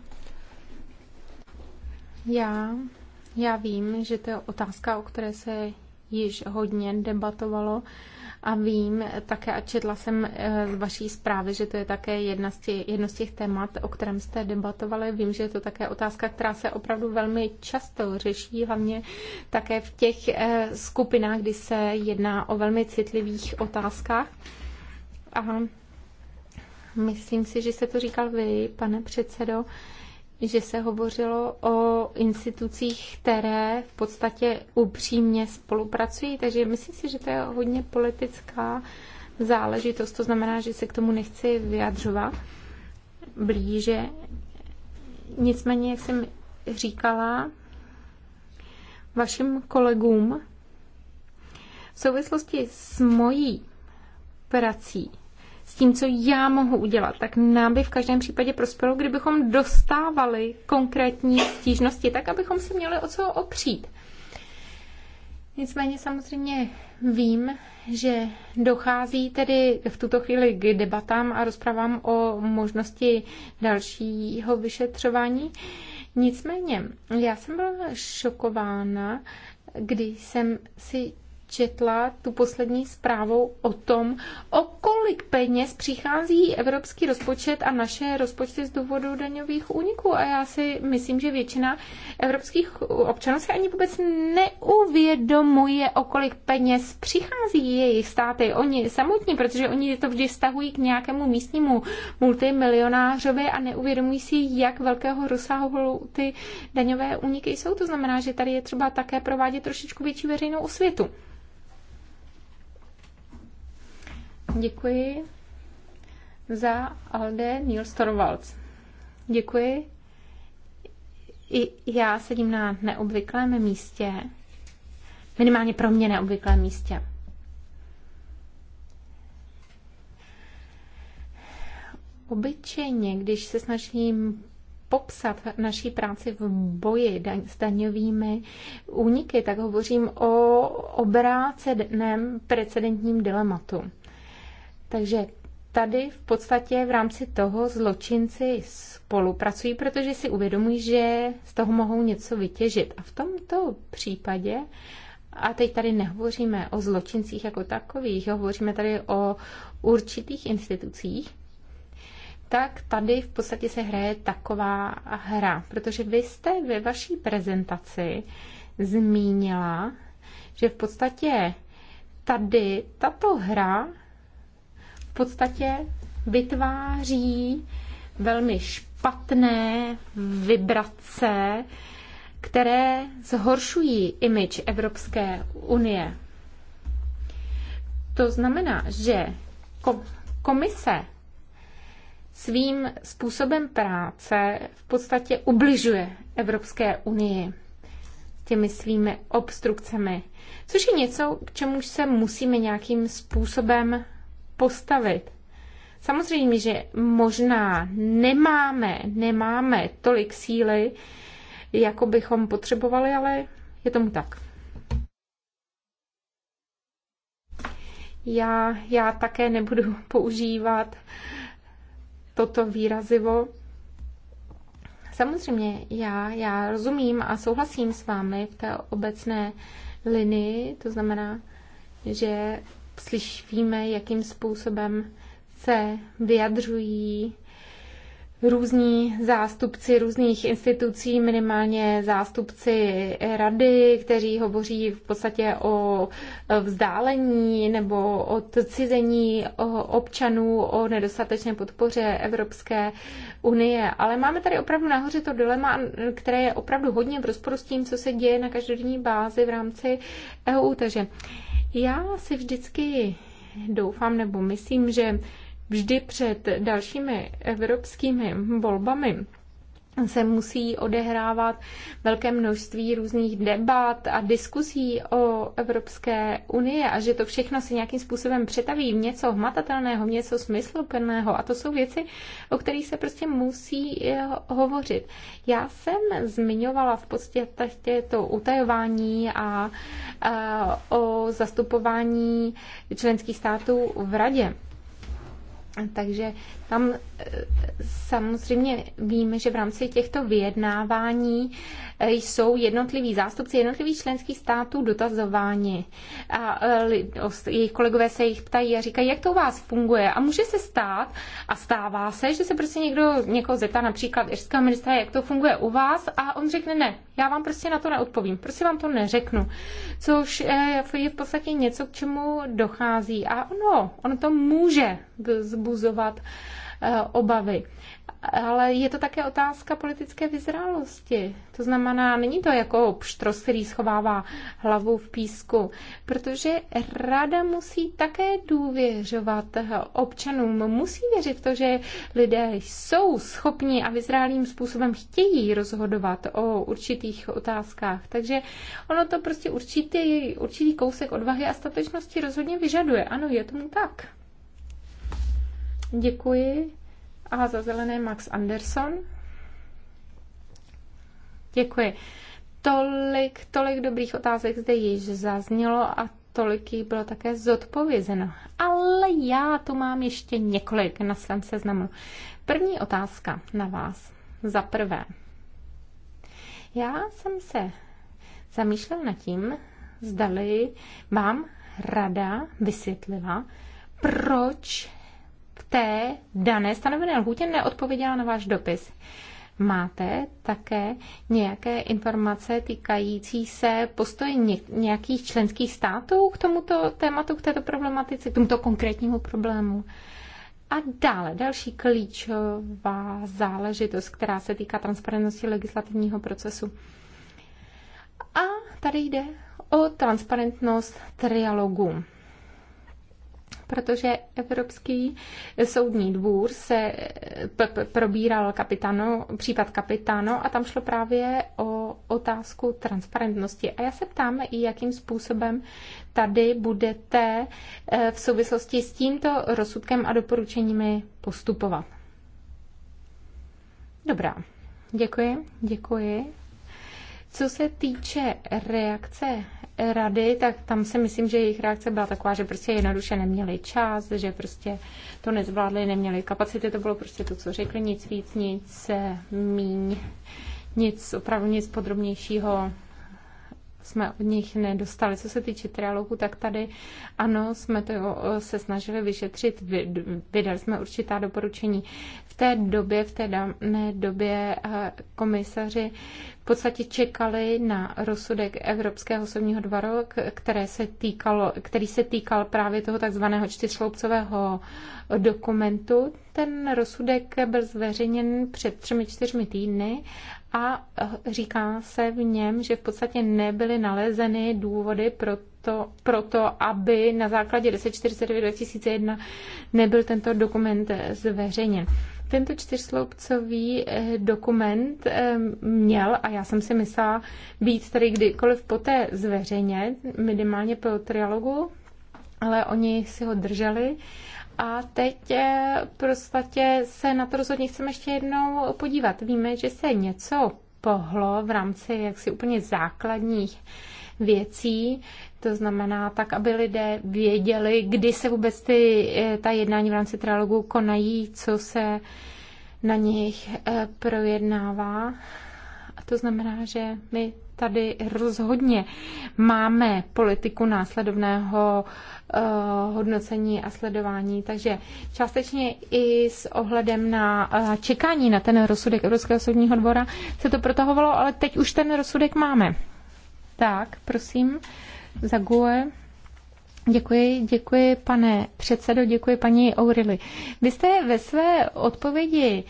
Já, já vím, že to je otázka, o které se již hodně debatovalo. Uh, a vím také a četla jsem eh, z vaší zprávy, že to je také jedna z těch, jedno z těch témat, o kterém jste debatovali. Vím, že je to také otázka, která se opravdu velmi často řeší, hlavně také v těch eh, skupinách, kdy se jedná o velmi citlivých otázkách. A myslím si, že jste to říkal vy, pane předsedo, že se hovořilo o institucích, které v podstatě upřímně spolupracují, takže myslím si, že to je hodně politická záležitost, to znamená, že se k tomu nechci vyjadřovat blíže. Nicméně, jak jsem říkala vašim kolegům, v souvislosti s mojí prací s tím, co já mohu udělat, tak nám by v každém případě prospělo, kdybychom dostávali konkrétní stížnosti, tak abychom se měli o co opřít. Nicméně samozřejmě vím, že dochází tedy v tuto chvíli k debatám a rozpravám o možnosti dalšího vyšetřování. Nicméně, já jsem byla šokována, když jsem si četla tu poslední zprávu o tom, o kolik peněz přichází evropský rozpočet a naše rozpočty z důvodu daňových úniků. A já si myslím, že většina evropských občanů se ani vůbec neuvědomuje, o kolik peněz přichází jejich státy. Oni samotní, protože oni to vždy stahují k nějakému místnímu multimilionářovi a neuvědomují si, jak velkého rozsahu ty daňové úniky jsou. To znamená, že tady je třeba také provádět trošičku větší veřejnou osvětu. Děkuji. Za Alde Nils Torvalds. Děkuji. I já sedím na neobvyklém místě. Minimálně pro mě neobvyklém místě. Obyčejně, když se snažím popsat naší práci v boji daň, s daňovými úniky, tak hovořím o obráceném precedentním dilematu. Takže tady v podstatě v rámci toho zločinci spolupracují, protože si uvědomují, že z toho mohou něco vytěžit. A v tomto případě, a teď tady nehovoříme o zločincích jako takových, hovoříme tady o určitých institucích, tak tady v podstatě se hraje taková hra, protože vy jste ve vaší prezentaci zmínila, že v podstatě tady tato hra v podstatě vytváří velmi špatné vibrace, které zhoršují image Evropské unie. To znamená, že komise svým způsobem práce v podstatě ubližuje Evropské unii těmi svými obstrukcemi, což je něco, k čemu se musíme nějakým způsobem postavit. Samozřejmě, že možná nemáme, nemáme tolik síly, jako bychom potřebovali, ale je tomu tak. Já, já také nebudu používat toto výrazivo. Samozřejmě, já, já rozumím a souhlasím s vámi v té obecné linii, to znamená, že slyšíme, jakým způsobem se vyjadřují různí zástupci různých institucí, minimálně zástupci rady, kteří hovoří v podstatě o vzdálení nebo o odcizení občanů, o nedostatečné podpoře Evropské unie. Ale máme tady opravdu nahoře to dilema, které je opravdu hodně v rozporu s tím, co se děje na každodenní bázi v rámci EU. Takže já si vždycky doufám nebo myslím, že vždy před dalšími evropskými volbami se musí odehrávat velké množství různých debat a diskusí o Evropské unii a že to všechno se nějakým způsobem přetaví v něco hmatatelného, v něco smysluplného a to jsou věci, o kterých se prostě musí eh, hovořit. Já jsem zmiňovala v podstatě to utajování a, a eh, o zastupování členských států v radě. Takže tam eh, samozřejmě víme, že v rámci těchto vyjednávání jsou jednotliví zástupci jednotlivých členských států dotazováni. A e, jejich kolegové se jich ptají a říkají, jak to u vás funguje. A může se stát, a stává se, že se prostě někdo někoho zeptá, například irského ministra, jak to funguje u vás, a on řekne ne, já vám prostě na to neodpovím, prostě vám to neřeknu. Což e, je v podstatě něco, k čemu dochází. A ono, ono to může zbuzovat e, obavy ale je to také otázka politické vyzrálosti. To znamená, není to jako pštros, který schovává hlavu v písku, protože rada musí také důvěřovat občanům, musí věřit v to, že lidé jsou schopni a vyzrálým způsobem chtějí rozhodovat o určitých otázkách. Takže ono to prostě určitý, určitý kousek odvahy a statečnosti rozhodně vyžaduje. Ano, je tomu tak. Děkuji. A za zelené Max Anderson. Děkuji. Tolik, tolik dobrých otázek zde již zaznělo a tolik jich bylo také zodpovězeno. Ale já tu mám ještě několik na svém seznamu. První otázka na vás. Za prvé. Já jsem se zamýšlel nad tím, zdali vám rada vysvětlila, proč té dané stanovené lhůtě neodpověděla na váš dopis. Máte také nějaké informace týkající se postoje nějakých členských států k tomuto tématu, k této problematice, k tomuto konkrétnímu problému? A dále další klíčová záležitost, která se týká transparentnosti legislativního procesu. A tady jde o transparentnost trialogu protože Evropský soudní dvůr se probíral kapitano, případ kapitáno a tam šlo právě o otázku transparentnosti. A já se ptám, jakým způsobem tady budete eh, v souvislosti s tímto rozsudkem a doporučeními postupovat. Dobrá, děkuji, děkuji. Co se týče reakce rady, tak tam si myslím, že jejich reakce byla taková, že prostě jednoduše neměli čas, že prostě to nezvládli, neměli kapacity, to bylo prostě to, co řekli, nic víc, nic eh, míň, nic opravdu nic podrobnějšího jsme od nich nedostali. Co se týče trialogu, tak tady ano, jsme to eh, se snažili vyšetřit, vydali jsme určitá doporučení. V té době, v té dané době eh, komisaři v podstatě čekali na rozsudek Evropského soudního dvaru, které se týkalo, který se týkal právě toho takzvaného čtyřsloupcového dokumentu. Ten rozsudek byl zveřejněn před třemi, čtyřmi týdny a eh, říká se v něm, že v podstatě nebyly nalezeny důvody pro to, pro to aby na základě 1049 2001 nebyl tento dokument eh, zveřejněn. Tento čtyřsloupcový eh, dokument měl, a já jsem si myslela, být tady kdykoliv poté zveřejněn, minimálně po trialogu, ale oni si ho drželi a teď prostě se na to rozhodně chceme ještě jednou podívat. Víme, že se něco pohlo v rámci jaksi úplně základních věcí, to znamená tak, aby lidé věděli, kdy se vůbec ty, eh, ta jednání v rámci trialogu konají, co se na nich eh, projednává. A to znamená, že my tady rozhodně máme politiku následovného eh, hodnocení a sledování. Takže částečně i s ohledem na eh, čekání na ten rozsudek Evropského soudního dvora se to protahovalo, ale teď už ten rozsudek máme. Tak, prosím, za GUE Děkuji, děkuji pane předsedo, děkuji paní Aurily. Vy jste ve své odpovědi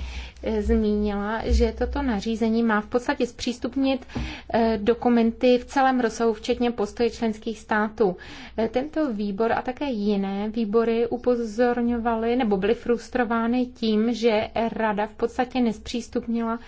eh, zmínila, že toto nařízení má v podstatě zpřístupnit eh, dokumenty v celém rozsahu, včetně postoje členských států. Eh, tento výbor a také jiné výbory upozorňovaly nebo byly frustrovány tím, že rada v podstatě nespřístupnila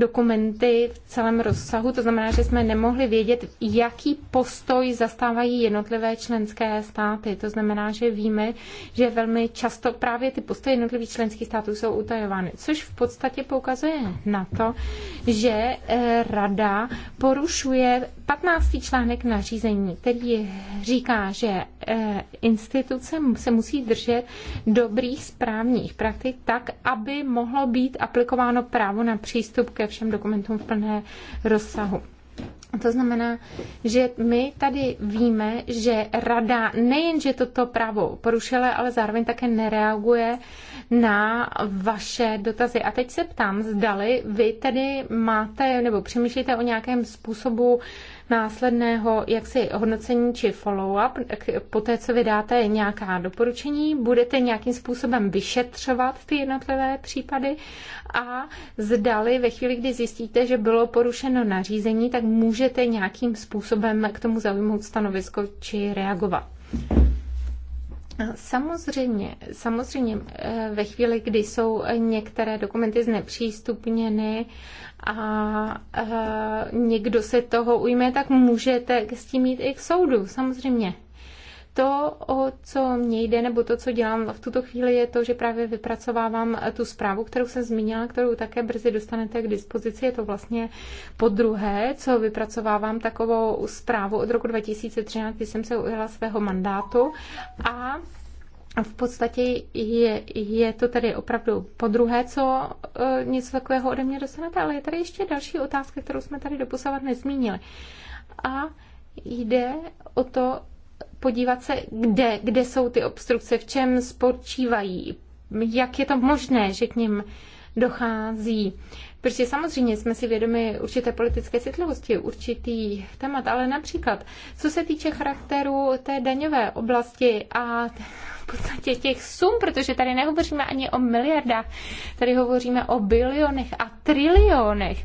dokumenty v celém rozsahu, to znamená, že jsme nemohli vědět, jaký postoj zastávají jednotlivé členské státy. To znamená, že víme, že velmi často právě ty postoje jednotlivých členských států jsou utajovány, což v podstatě poukazuje na to, že eh, rada porušuje 15. článek nařízení, který říká, že eh, instituce se musí držet dobrých správních praktik tak, aby mohlo být aplikováno právo na přístup ke všem dokumentům v plné rozsahu. To znamená, že my tady víme, že rada nejenže toto právo porušila, ale zároveň také nereaguje na vaše dotazy. A teď se ptám, zdali vy tedy máte nebo přemýšlíte o nějakém způsobu následného jaksi hodnocení či follow-up, po té, co vydáte nějaká doporučení, budete nějakým způsobem vyšetřovat ty jednotlivé případy a zdali ve chvíli, kdy zjistíte, že bylo porušeno nařízení, tak můžete nějakým způsobem k tomu zaujmout stanovisko či reagovat. Samozřejmě, samozřejmě eh, ve chvíli, kdy jsou některé dokumenty znepřístupněny a eh, někdo se toho ujme, tak můžete s tím jít i k soudu, samozřejmě to, o co mě jde, nebo to, co dělám v tuto chvíli, je to, že právě vypracovávám tu zprávu, kterou jsem zmínila, kterou také brzy dostanete k dispozici. Je to vlastně po druhé, co vypracovávám takovou zprávu od roku 2013, kdy jsem se ujela svého mandátu a v podstatě je, je to tedy opravdu po druhé, co e, něco takového ode mě dostanete, ale je tady ještě další otázka, kterou jsme tady doposavat nezmínili. A jde o to, podívat se, kde, kde jsou ty obstrukce, v čem spočívají, jak je to možné, že k ním dochází. Protože samozřejmě jsme si vědomi určité politické citlivosti, určitý témat, ale například, co se týče charakteru té daňové oblasti a v podstatě těch sum, protože tady nehovoříme ani o miliardách, tady hovoříme o bilionech a trilionech.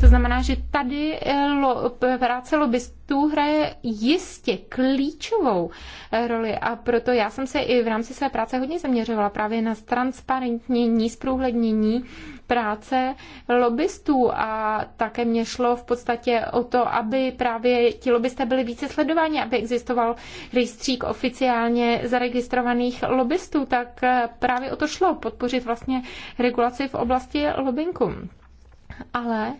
To znamená, že tady eh, lo, eh, práce lobbystů hraje jistě klíčovou eh, roli a proto já jsem se i v rámci své práce hodně zaměřovala právě na transparentnění, zprůhlednění práce lobbystů a také mě šlo v podstatě o to, aby právě ti lobbysté byli více sledováni, aby existoval rejstřík oficiálně zaregistrovaných lobbystů, tak právě o to šlo, podpořit vlastně regulaci v oblasti lobbyingu ale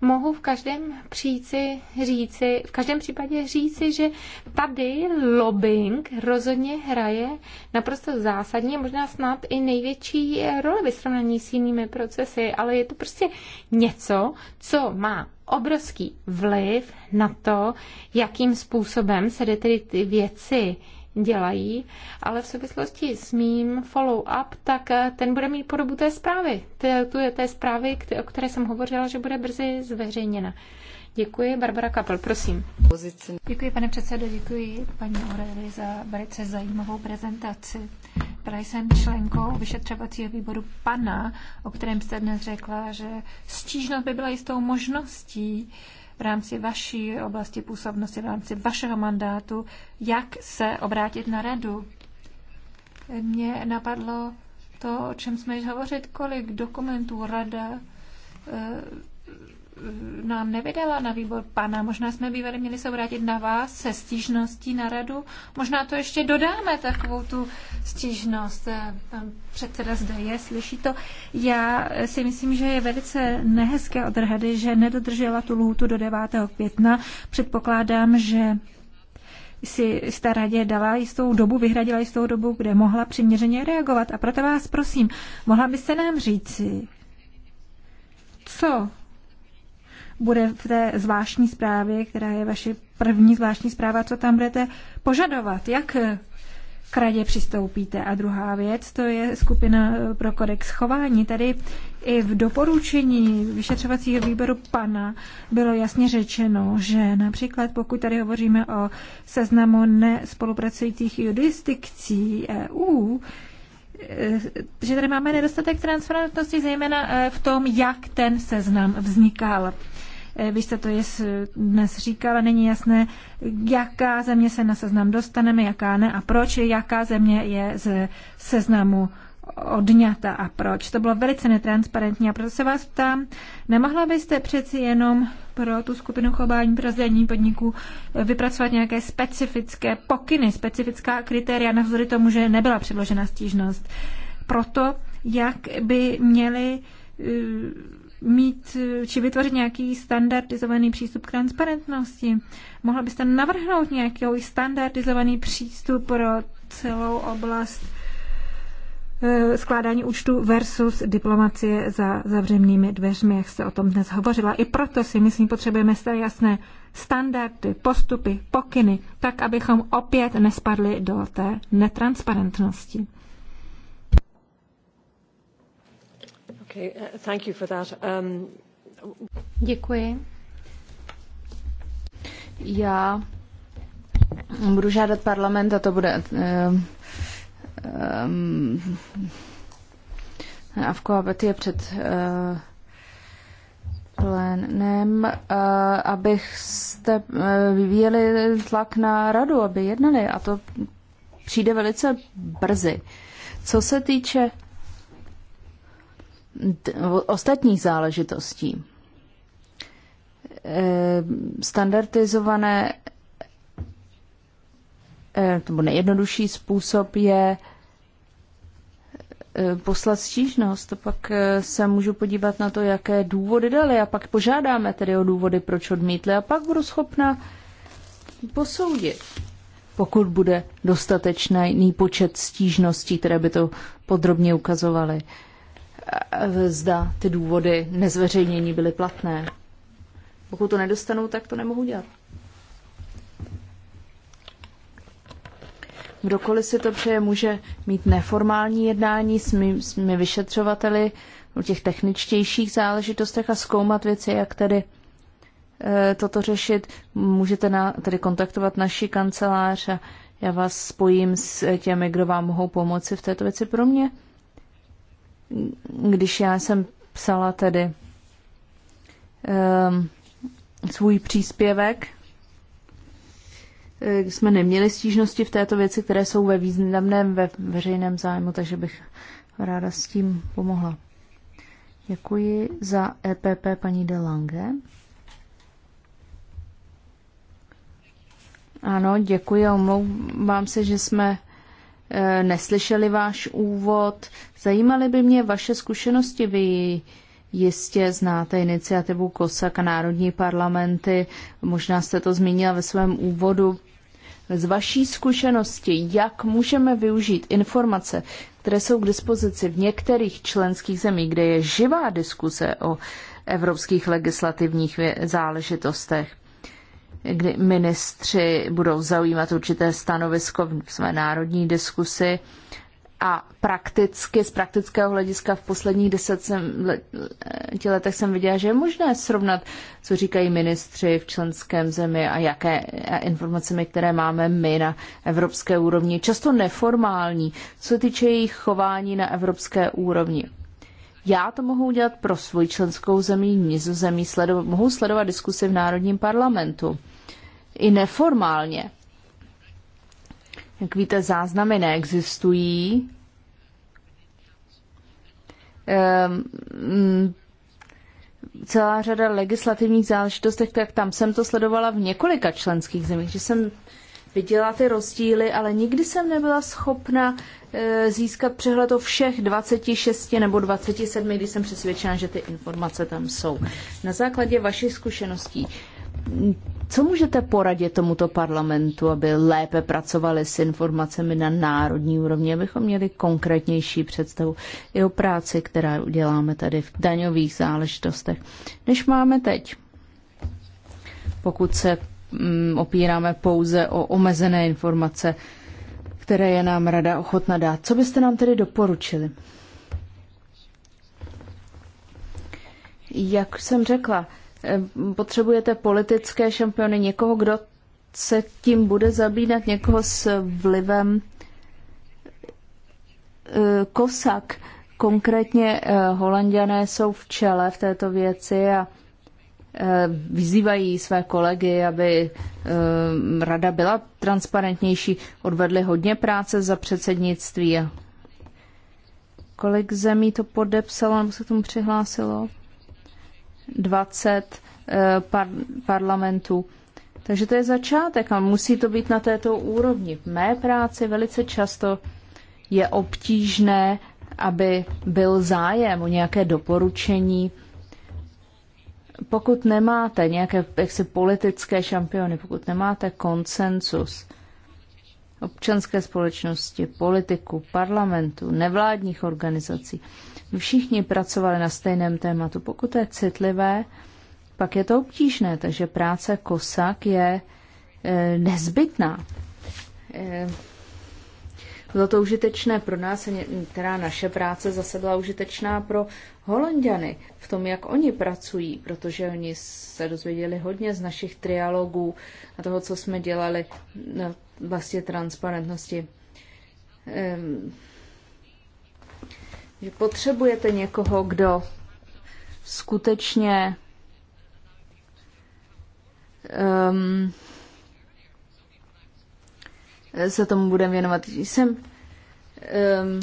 mohu v každém příci říci, v každém případě říci, že tady lobbying rozhodně hraje naprosto zásadně, možná snad i největší roli ve srovnání s jinými procesy, ale je to prostě něco, co má obrovský vliv na to, jakým způsobem se jde tedy ty věci dělají, ale v souvislosti s mým follow-up, tak eh, ten bude mít podobu té zprávy, té, té zprávy, o které jsem hovořila, že bude brzy zveřejněna. Děkuji. Barbara Kapel, prosím. Děkuji, pane předsedo, děkuji paní Oreli za velice zajímavou prezentaci. Byla jsem členkou vyšetřovacího výboru PANA, o kterém jste dnes řekla, že stížnost by byla jistou možností, v rámci vaší oblasti působnosti, v rámci vašeho mandátu, jak se obrátit na radu. Mně napadlo to, o čem jsme již hovořit, kolik dokumentů rada eh, nám nevydala na výbor pana. Možná jsme bývali měli se obrátit na vás se stížností na radu. Možná to ještě dodáme, takovou tu stížnost. Pan předseda zde je, slyší to. Já si myslím, že je velice nehezké od rady, že nedodržela tu lhůtu do 9. května. Předpokládám, že si jste radě dala jistou dobu, vyhradila jistou dobu, kde mohla přiměřeně reagovat. A proto vás prosím, mohla byste nám říci, co bude v té zvláštní zprávě, která je vaše první zvláštní zpráva, co tam budete požadovat, jak eh, k radě přistoupíte. A druhá věc, to je skupina eh, pro kodex chování. Tady i v doporučení vyšetřovacího výboru pana bylo jasně řečeno, že například pokud tady hovoříme o seznamu nespolupracujících jurisdikcí EU, eh, že tady máme nedostatek transparentnosti, zejména v tom, jak ten seznam vznikal. Eh, vy jste to jest, eh, dnes říkala, není jasné, jaká země se na seznam dostaneme, jaká ne a proč, jaká země je z seznamu odňata a proč. To bylo velice netransparentní a proto se vás ptám, nemohla byste přeci jenom pro tu skupinu chování pro sdělení podniků eh, vypracovat nějaké specifické pokyny, specifická kritéria navzory tomu, že nebyla předložena stížnost. Proto, jak by měly mít či vytvořit nějaký standardizovaný přístup k transparentnosti. Mohla byste navrhnout nějaký standardizovaný přístup pro celou oblast eh, skládání účtu versus diplomacie za zavřenými dveřmi, jak se o tom dnes hovořila. I proto si myslím, potřebujeme se jasné standardy, postupy, pokyny, tak, abychom opět nespadli do té netransparentnosti. Uh, um, Já budu žádat parlament a to bude um, eh, aby eh, eh, Avko je před plénem, abyste vyvíjeli tlak na radu, aby jednali a to přijde velice brzy. Co se týče ostatních záležitostí. Eh, standardizované eh, nebo nejjednodušší způsob je eh, poslat stížnost, pak se můžu podívat na to, jaké důvody dali a pak požádáme tedy o důvody, proč odmítli a pak budu schopna posoudit, pokud bude dostatečný počet stížností, které by to podrobně ukazovaly. Eh, zda ty důvody nezveřejnění byly platné. Pokud to nedostanou, tak to nemohu dělat. Kdokoliv si to přeje, může mít neformální jednání s, mý, s mými vyšetřovateli o těch techničtějších záležitostech a zkoumat věci, jak tedy e, toto řešit. Můžete na, tedy kontaktovat naši kancelář a já vás spojím s těmi, kdo vám mohou pomoci v této věci pro mě když já jsem psala tedy um, svůj příspěvek, eh, jsme neměli stížnosti v této věci, které jsou ve významném ve veřejném zájmu, takže bych ráda s tím pomohla. Děkuji za EPP paní De Lange. Ano, děkuji a omlouvám se, že jsme Eh, neslyšeli váš úvod. Zajímaly by mě vaše zkušenosti. Vy jistě znáte iniciativu KOSAK a národní parlamenty. Možná jste to zmínila ve svém úvodu. Z vaší zkušenosti, jak můžeme využít informace, které jsou k dispozici v některých členských zemích, kde je živá diskuse o evropských legislativních záležitostech kdy ministři budou zaujímat určité stanovisko v své národní diskusi. A prakticky, z praktického hlediska v posledních let, letech jsem viděla, že je možné srovnat, co říkají ministři v členském zemi a jaké a informacemi, které máme my na evropské úrovni. Často neformální, co se týče jejich chování na evropské úrovni. Já to mohu udělat pro svoji členskou zemi, nizozemí, sledo- mohu sledovat diskusy v Národním parlamentu. I neformálně. Jak víte, záznamy neexistují. Ehm, mm, celá řada legislativních záležitostech, tak tam jsem to sledovala v několika členských zemích, že jsem viděla ty rozdíly, ale nikdy jsem nebyla schopna eh, získat přehled o všech 26 nebo 27, když jsem přesvědčena, že ty informace tam jsou. Na základě vašich zkušeností, co můžete poradit tomuto parlamentu, aby lépe pracovali s informacemi na národní úrovni, abychom měli konkrétnější představu i o práci, která uděláme tady v daňových záležitostech, než máme teď? Pokud se Mm, opíráme pouze o omezené informace, které je nám rada ochotna dát. Co byste nám tedy doporučili? Jak jsem řekla, eh, potřebujete politické šampiony, někoho, kdo se tím bude zabínat, někoho s vlivem eh, kosak. Konkrétně eh, holanděné jsou v čele v této věci a Eh, vyzývají své kolegy, aby eh, rada byla transparentnější, odvedli hodně práce za předsednictví. Kolik zemí to podepsalo nebo se tomu přihlásilo? 20 eh, par- parlamentů. Takže to je začátek a musí to být na této úrovni. V mé práci velice často je obtížné, aby byl zájem o nějaké doporučení pokud nemáte nějaké jaksi politické šampiony, pokud nemáte konsensus občanské společnosti, politiku, parlamentu, nevládních organizací, všichni pracovali na stejném tématu. Pokud je citlivé, pak je to obtížné, takže práce kosak je e, nezbytná. E, bylo to užitečné pro nás, která naše práce zase byla užitečná pro Holandiany v tom, jak oni pracují, protože oni se dozvěděli hodně z našich trialogů a toho, co jsme dělali na vlastně transparentnosti. Že potřebujete někoho, kdo skutečně um, se tomu budeme věnovat. Jsem um,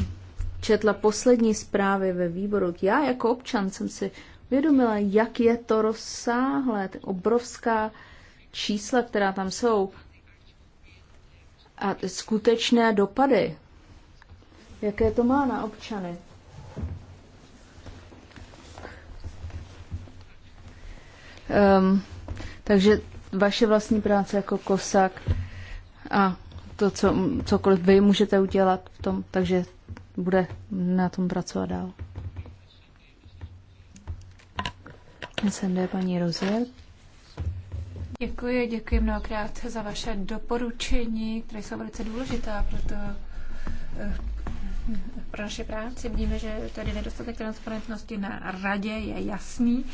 četla poslední zprávy ve výboru, já jako občan jsem si vědomila, jak je to rozsáhlé, ty obrovská čísla, která tam jsou a skutečné dopady, jaké to má na občany. Um, takže vaše vlastní práce jako kosak a to, co, cokoliv vy můžete udělat v tom, takže bude na tom pracovat dál. SND paní Rozier. Děkuji, děkuji mnohokrát za vaše doporučení, které jsou velice důležitá, proto pro eh, naše práci. Vidíme, že tady nedostatek transparentnosti na radě je jasný.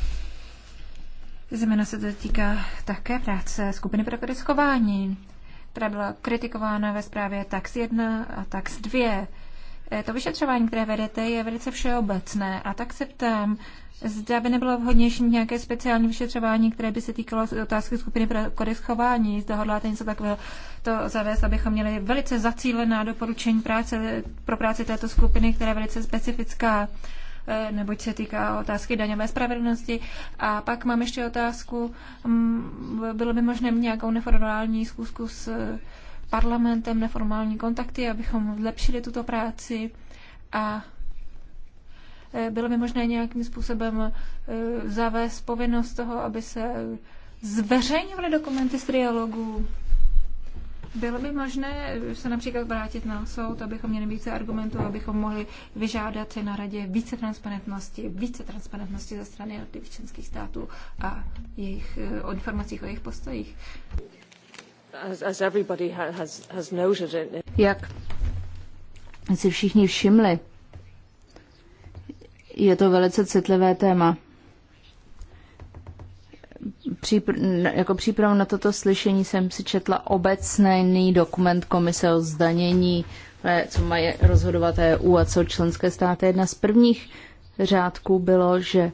Zejména se to týká také práce skupiny pro kodiskování, která byla kritikována ve zprávě TAX 1 a TAX 2. To vyšetřování, které vedete, je velice všeobecné a tak se ptám, Zda by nebylo vhodnější nějaké speciální vyšetřování, které by se týkalo otázky skupiny pro kodex chování. Zda hodláte něco takového to zavést, abychom měli velice zacílená doporučení práce, pro práci této skupiny, která je velice specifická, eh, neboť se týká otázky daňové spravedlnosti. A pak mám ještě otázku, mm, bylo by možné nějakou neformální zkusku s parlamentem neformální kontakty, abychom zlepšili tuto práci a e, bylo by možné nějakým způsobem e, zavést povinnost toho, aby se zveřejňovaly dokumenty z trialogů. Bylo by možné se například vrátit na soud, abychom měli více argumentů, abychom mohli vyžádat si na radě více transparentnosti, více transparentnosti ze strany jednotlivých členských států a jejich, e, o informacích o jejich postojích. Jak si všichni všimli, je to velice citlivé téma. Přípr- jako přípravu na toto slyšení jsem si četla obecný dokument Komise o zdanění, eh, co mají rozhodovat EU a co členské státy. Jedna z prvních řádků bylo, že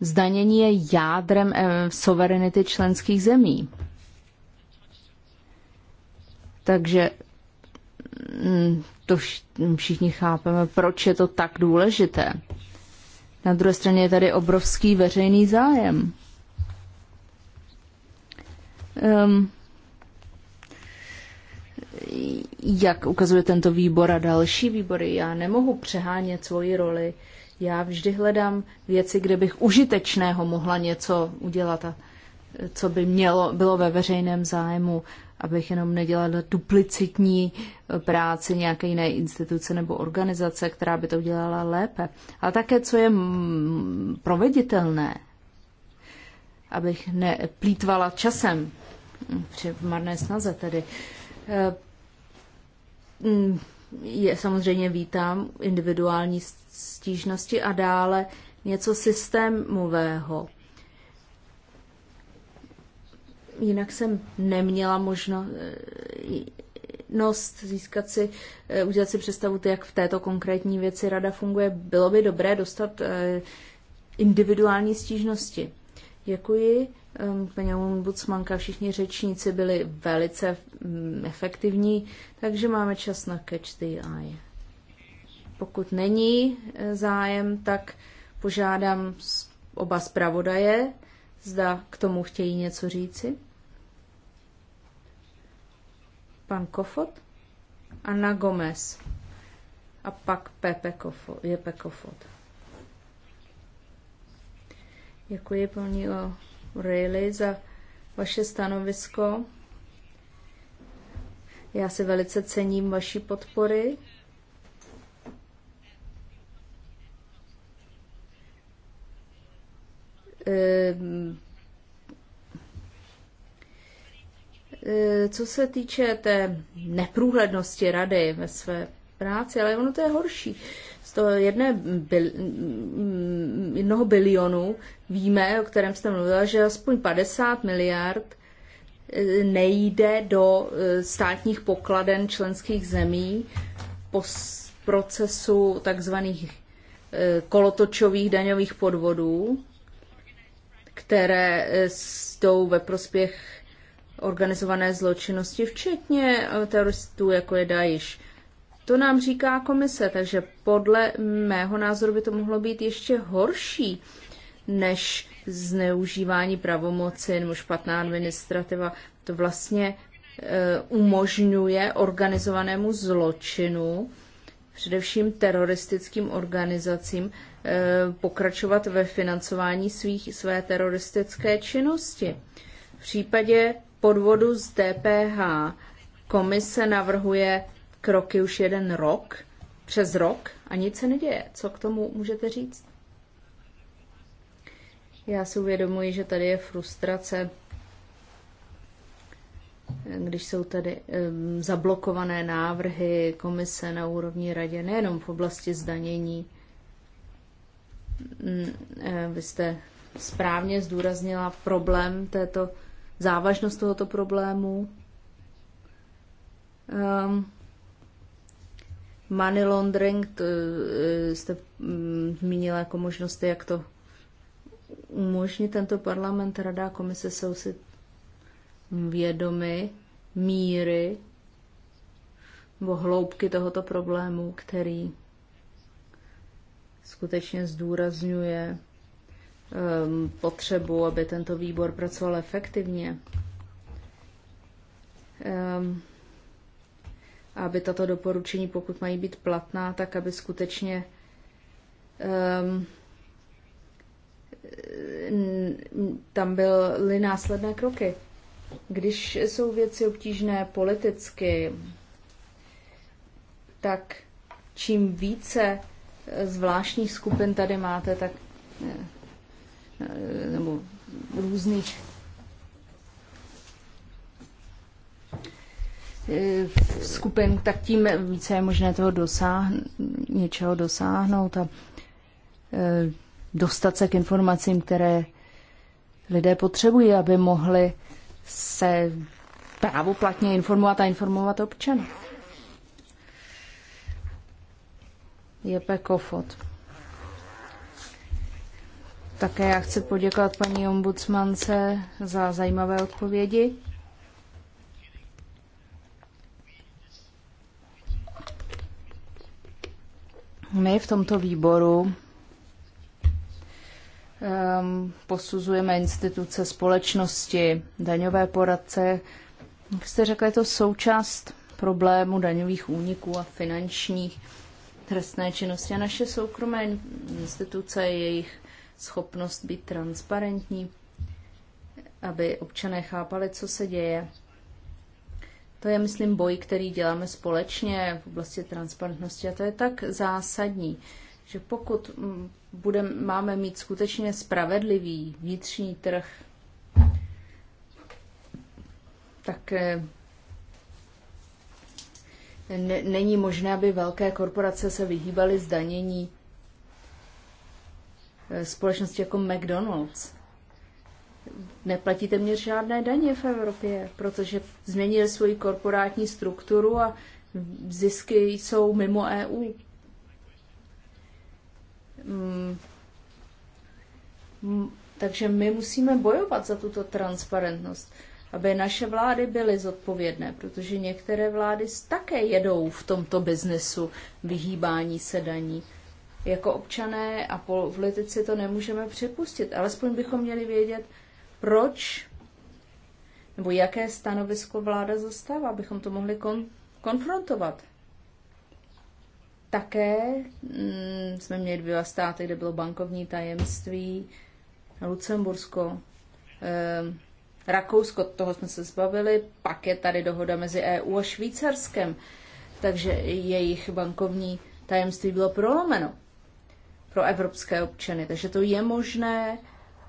zdanění je jádrem eh, suverenity členských zemí. Takže mm, to všichni chápeme, proč je to tak důležité. Na druhé straně je tady obrovský veřejný zájem. Um, jak ukazuje tento výbor a další výbory, já nemohu přehánět svoji roli. Já vždy hledám věci, kde bych užitečného mohla něco udělat a co by mělo, bylo ve veřejném zájmu abych jenom nedělala duplicitní eh, práci nějaké jiné instituce nebo organizace, která by to udělala lépe. A také, co je proveditelné, abych neplýtvala časem hm, při marné snaze tedy. Eh, hm, je, samozřejmě vítám individuální stížnosti a dále něco systémového jinak jsem neměla možnost eh, získat si, eh, udělat si představu, jak v této konkrétní věci rada funguje. Bylo by dobré dostat eh, individuální stížnosti. Děkuji. Ehm, paní ombudsmanka, všichni řečníci byli velice mm, efektivní, takže máme čas na catch the eye. Pokud není zájem, tak požádám oba zpravodaje, zda k tomu chtějí něco říci pan Kofot, Anna Gomez a pak Pepe Kofot, Jepe Kofot. Děkuji paní O'Reilly za vaše stanovisko. Já si velice cením vaší podpory. Ehm Eh, co se týče té neprůhlednosti rady ve své práci, ale ono to je horší. Z toho jedné bil, mm, jednoho bilionu víme, o kterém jste mluvila, že aspoň 50 miliard eh, nejde do eh, státních pokladen členských zemí po procesu takzvaných kolotočových daňových podvodů, které jdou ve prospěch organizované zločinnosti, včetně eh, teroristů, jako je Daiš. To nám říká komise, takže podle mého názoru by to mohlo být ještě horší než zneužívání pravomoci nebo špatná administrativa. To vlastně e, umožňuje organizovanému zločinu, především teroristickým organizacím, e, pokračovat ve financování svých, své teroristické činnosti. V případě podvodu z DPH komise navrhuje kroky už jeden rok, přes rok a nic se neděje. Co k tomu můžete říct? Já si uvědomuji, že tady je frustrace, když jsou tady um, zablokované návrhy komise na úrovni radě, nejenom v oblasti zdanění. Mm, vy jste správně zdůraznila problém této závažnost tohoto problému. Um, money laundering, to eh, jste mm, zmínila jako možnosti, jak to umožní tento parlament, rada a komise jsou si vědomy míry nebo hloubky tohoto problému, který skutečně zdůrazňuje Um, potřebu, aby tento výbor pracoval efektivně, um, aby tato doporučení, pokud mají být platná, tak aby skutečně um, tam byly následné kroky. Když jsou věci obtížné politicky, tak čím více zvláštních skupin tady máte, tak eh, Eh, nebo různých eh, skupin, tak tím více je možné toho dosáhn- něčeho dosáhnout a eh, dostat se k informacím, které lidé potřebují, aby mohli se právoplatně informovat a informovat občany. Je pekofot. Také já chci poděkovat paní ombudsmance za zajímavé odpovědi. My v tomto výboru um, posuzujeme instituce společnosti, daňové poradce. Jak jste řekla, je to součást problému daňových úniků a finančních trestné činnosti. A naše soukromé instituce, jejich schopnost být transparentní, aby občané chápali, co se děje. To je, myslím, boj, který děláme společně v oblasti transparentnosti a to je tak zásadní, že pokud mm, budem, máme mít skutečně spravedlivý vnitřní trh, tak eh, není možné, aby velké korporace se vyhýbaly zdanění společnosti jako McDonald's. neplatíte mě žádné daně v Evropě, protože změnili svoji korporátní strukturu a zisky jsou mimo EU. Mm. Mm, takže my musíme bojovat za tuto transparentnost, aby naše vlády byly zodpovědné, protože některé vlády také jedou v tomto biznesu vyhýbání se daní jako občané a politici to nemůžeme připustit. Alespoň bychom měli vědět, proč nebo jaké stanovisko vláda zastává, abychom to mohli kon- konfrontovat. Také mm, jsme měli dva státy, kde bylo bankovní tajemství, Lucembursko, eh, Rakousko, toho jsme se zbavili, pak je tady dohoda mezi EU a Švýcarskem, takže jejich bankovní tajemství bylo prolomeno pro evropské občany. Takže to je možné,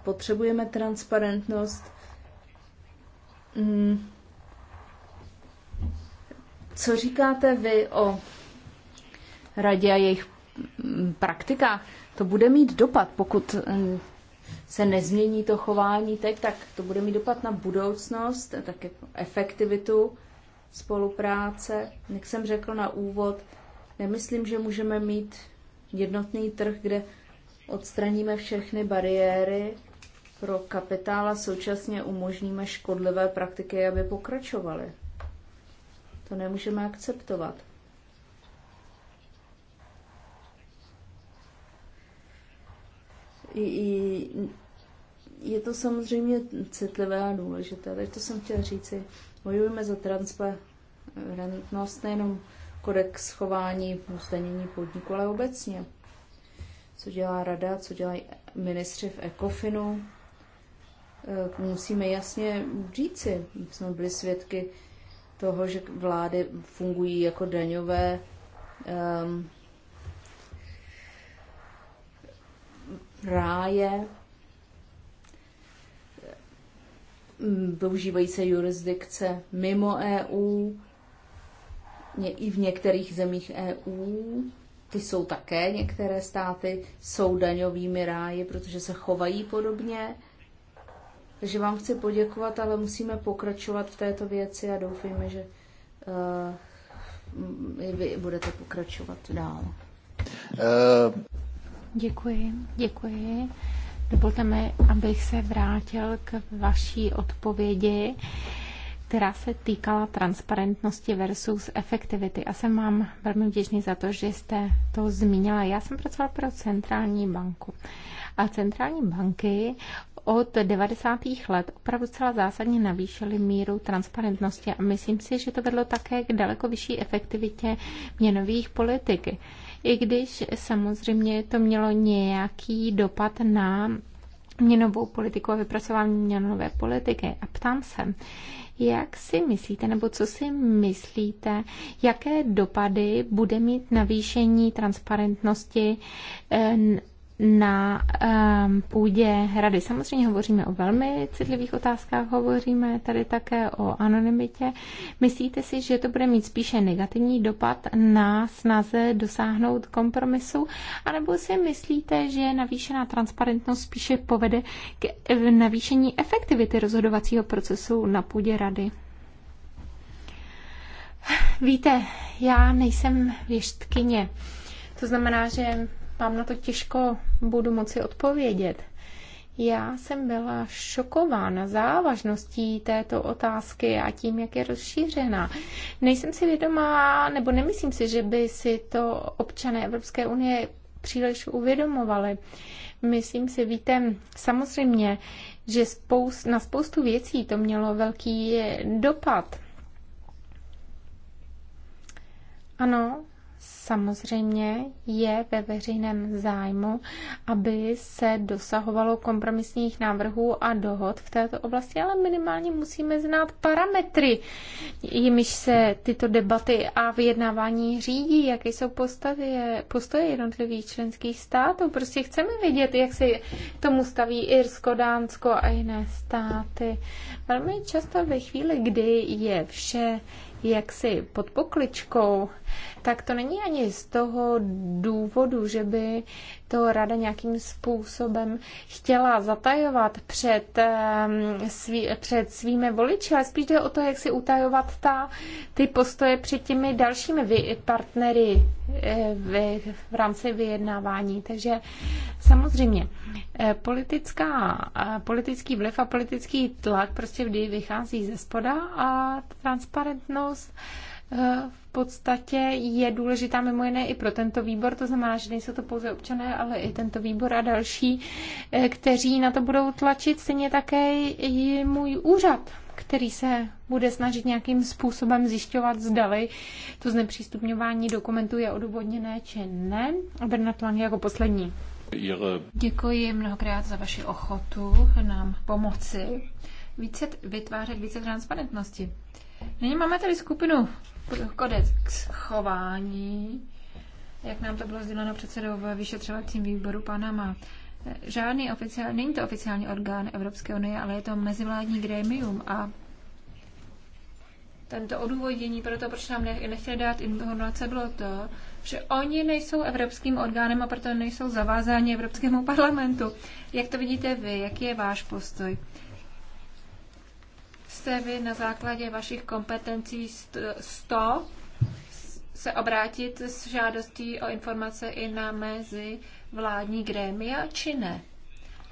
potřebujeme transparentnost. Mm. Co říkáte vy o radě a jejich mm, praktikách? To bude mít dopad, pokud mm, se nezmění to chování teď, tak to bude mít dopad na budoucnost, také efektivitu spolupráce. Jak jsem řekl na úvod, nemyslím, že můžeme mít jednotný trh, kde odstraníme všechny bariéry pro kapitál a současně umožníme škodlivé praktiky, aby pokračovaly. To nemůžeme akceptovat. I, je to samozřejmě citlivé a důležité, takže to jsem chtěla říci. Bojujeme za transparentnost nejenom kodex chování zdanění podniku, ale obecně. Co dělá rada, co dělají ministři v ECOFINu. Eh, musíme jasně říci, jsme byli svědky toho, že vlády fungují jako daňové um, ráje, využívají se jurisdikce mimo EU, i v některých zemích EU, ty jsou také, některé státy jsou daňovými ráji, protože se chovají podobně. Takže vám chci poděkovat, ale musíme pokračovat v této věci a doufejme, že uh, i vy budete pokračovat dál. Uh... Děkuji, děkuji. Dovolte mi, abych se vrátil k vaší odpovědi. Uh, která se týkala transparentnosti versus efektivity. A jsem vám velmi vděčný za to, že jste to zmínila. Já jsem pracovala pro centrální banku. A centrální banky od 90. let opravdu celá zásadně navýšily míru transparentnosti a myslím si, že to vedlo také k daleko vyšší efektivitě měnových politik. I když samozřejmě to mělo nějaký dopad na měnovou politiku a vypracování měnové politiky. A ptám se, jak si myslíte, nebo co si myslíte, jaké dopady bude mít navýšení transparentnosti eh, na um, půdě rady. Samozřejmě hovoříme o velmi citlivých otázkách, hovoříme tady také o anonymitě. Myslíte si, že to bude mít spíše negativní dopad na snaze dosáhnout kompromisu? A nebo si myslíte, že navýšená transparentnost spíše povede k navýšení efektivity rozhodovacího procesu na půdě rady? Víte, já nejsem věštkyně. To znamená, že vám na to těžko budu moci odpovědět. Já jsem byla šokována závažností této otázky a tím, jak je rozšířena. Nejsem si vědomá, nebo nemyslím si, že by si to občané Evropské unie příliš uvědomovali. Myslím si, víte, samozřejmě, že spoust, na spoustu věcí to mělo velký dopad. Ano, samozřejmě je ve veřejném zájmu, aby se dosahovalo kompromisních návrhů a dohod v této oblasti, ale minimálně musíme znát parametry, jimiž se tyto debaty a vyjednávání řídí, jaké jsou postavě, postoje jednotlivých členských států. Prostě chceme vědět, jak se k tomu staví Irsko, Dánsko a jiné státy. Velmi často ve chvíli, kdy je vše jaksi pod pokličkou, tak to není ani z toho důvodu, že by to rada nějakým způsobem chtěla zatajovat před, ehm, svý, před svými voliči, ale spíš jde o to, jak si utajovat ta, ty postoje před těmi dalšími vy, partnery eh, v, v rámci vyjednávání. Takže samozřejmě eh, politická, eh, politický vliv a politický tlak prostě vždy vychází ze spoda a transparentnost v podstatě je důležitá mimo jiné i pro tento výbor, to znamená, že nejsou to pouze občané, ale i tento výbor a další, eh, kteří na to budou tlačit, stejně také i můj úřad, který se bude snažit nějakým způsobem zjišťovat, zdali to znepřístupňování dokumentů je odůvodněné či ne. Bernard Lang jako poslední. Děkuji mnohokrát za vaši ochotu nám pomoci více, vytvářet více transparentnosti. Nyní máme tady skupinu kodex chování, jak nám to bylo sděleno předsedou v vyšetřovacím výboru Panama. Žádný oficiální, není to oficiální orgán Evropské unie, ale je to mezivládní grémium a tento odůvodění pro to, proč nám nechtěli dát informace, bylo to, že oni nejsou evropským orgánem a proto nejsou zavázáni Evropskému parlamentu. Jak to vidíte vy? Jaký je váš postoj? jste vy na základě vašich kompetencí 100 se obrátit s žádostí o informace i na mezi vládní grémia, či ne?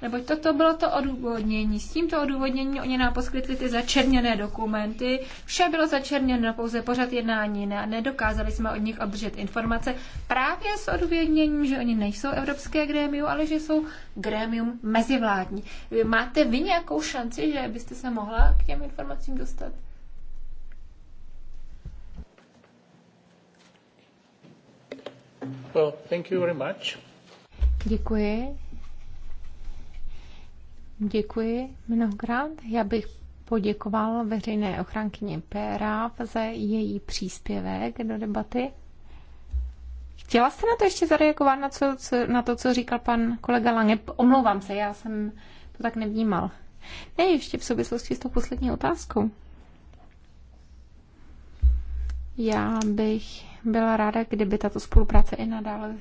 Neboť toto bylo to odůvodnění. S tímto odůvodněním oni nám poskytli ty začerněné dokumenty. Vše bylo začerněno, pouze pořad jednání ne, nedokázali jsme od nich obdržet informace právě s odůvodněním, že oni nejsou evropské grémium, ale že jsou grémium mezivládní. Máte vy nějakou šanci, že byste se mohla k těm informacím dostat? Well, thank you very much. Děkuji. Děkuji mnohokrát. Já bych poděkoval veřejné ochránkyně Péra za její příspěvek do debaty. Chtěla jste na to ještě zareagovat, na, co, co, na to, co říkal pan kolega Lange? Omlouvám se, já jsem to tak nevnímal. Ne, ještě v souvislosti s tou poslední otázkou. Já bych byla ráda, kdyby tato spolupráce i nadále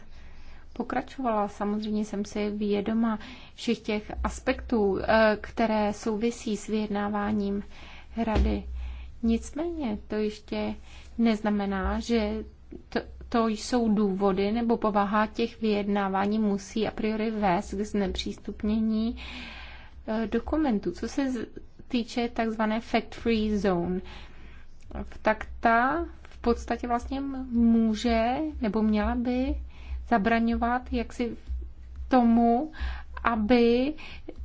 pokračovala. Samozřejmě jsem si vědoma všech těch aspektů, eh, které souvisí s vyjednáváním rady. Nicméně to ještě neznamená, že to, to jsou důvody nebo povaha těch vyjednávání musí a priori vést k znepřístupnění eh, dokumentů. Co se týče takzvané fact-free zone, tak ta v podstatě vlastně může nebo měla by zabraňovat jaksi tomu, aby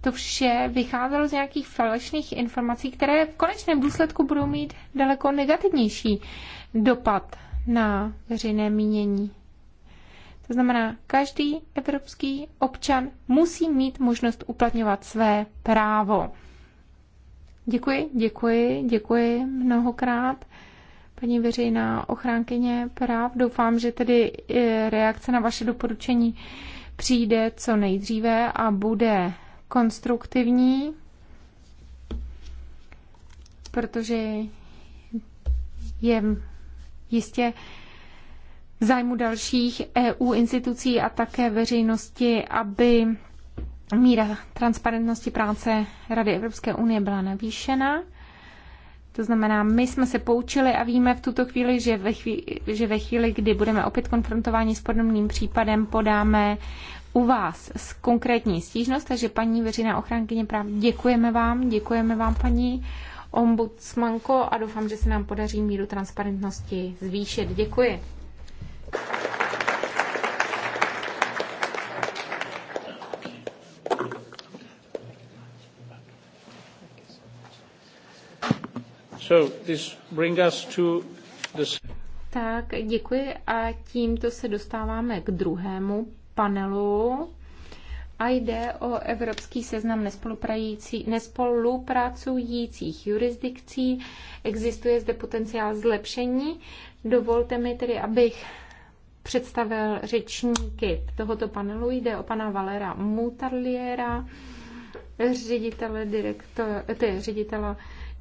to vše vycházelo z nějakých falešných informací, které v konečném důsledku budou mít daleko negativnější dopad na veřejné mínění. To znamená, každý evropský občan musí mít možnost uplatňovat své právo. Děkuji, děkuji, děkuji mnohokrát paní veřejná ochránkyně práv. Doufám, že tedy eh, reakce na vaše doporučení přijde co nejdříve a bude konstruktivní, protože je jistě v zájmu dalších EU institucí a také veřejnosti, aby míra transparentnosti práce Rady Evropské unie byla navýšena. To znamená, my jsme se poučili a víme v tuto chvíli, že ve chvíli, že ve chvíli kdy budeme opět konfrontováni s podobným případem, podáme u vás s konkrétní stížnost, takže paní veřejná ochránkyně práv, děkujeme vám, děkujeme vám paní ombudsmanko a doufám, že se nám podaří míru transparentnosti zvýšit. Děkuji. So this us to Tak, děkuji a tímto se dostáváme k druhému panelu. A jde o evropský seznam nespolupracujících jurisdikcí. Existuje zde potenciál zlepšení. Dovolte mi tedy, abych představil řečníky tohoto panelu. Jde o pana Valera Mutarliera, ředitele, direktor, tedy ředitele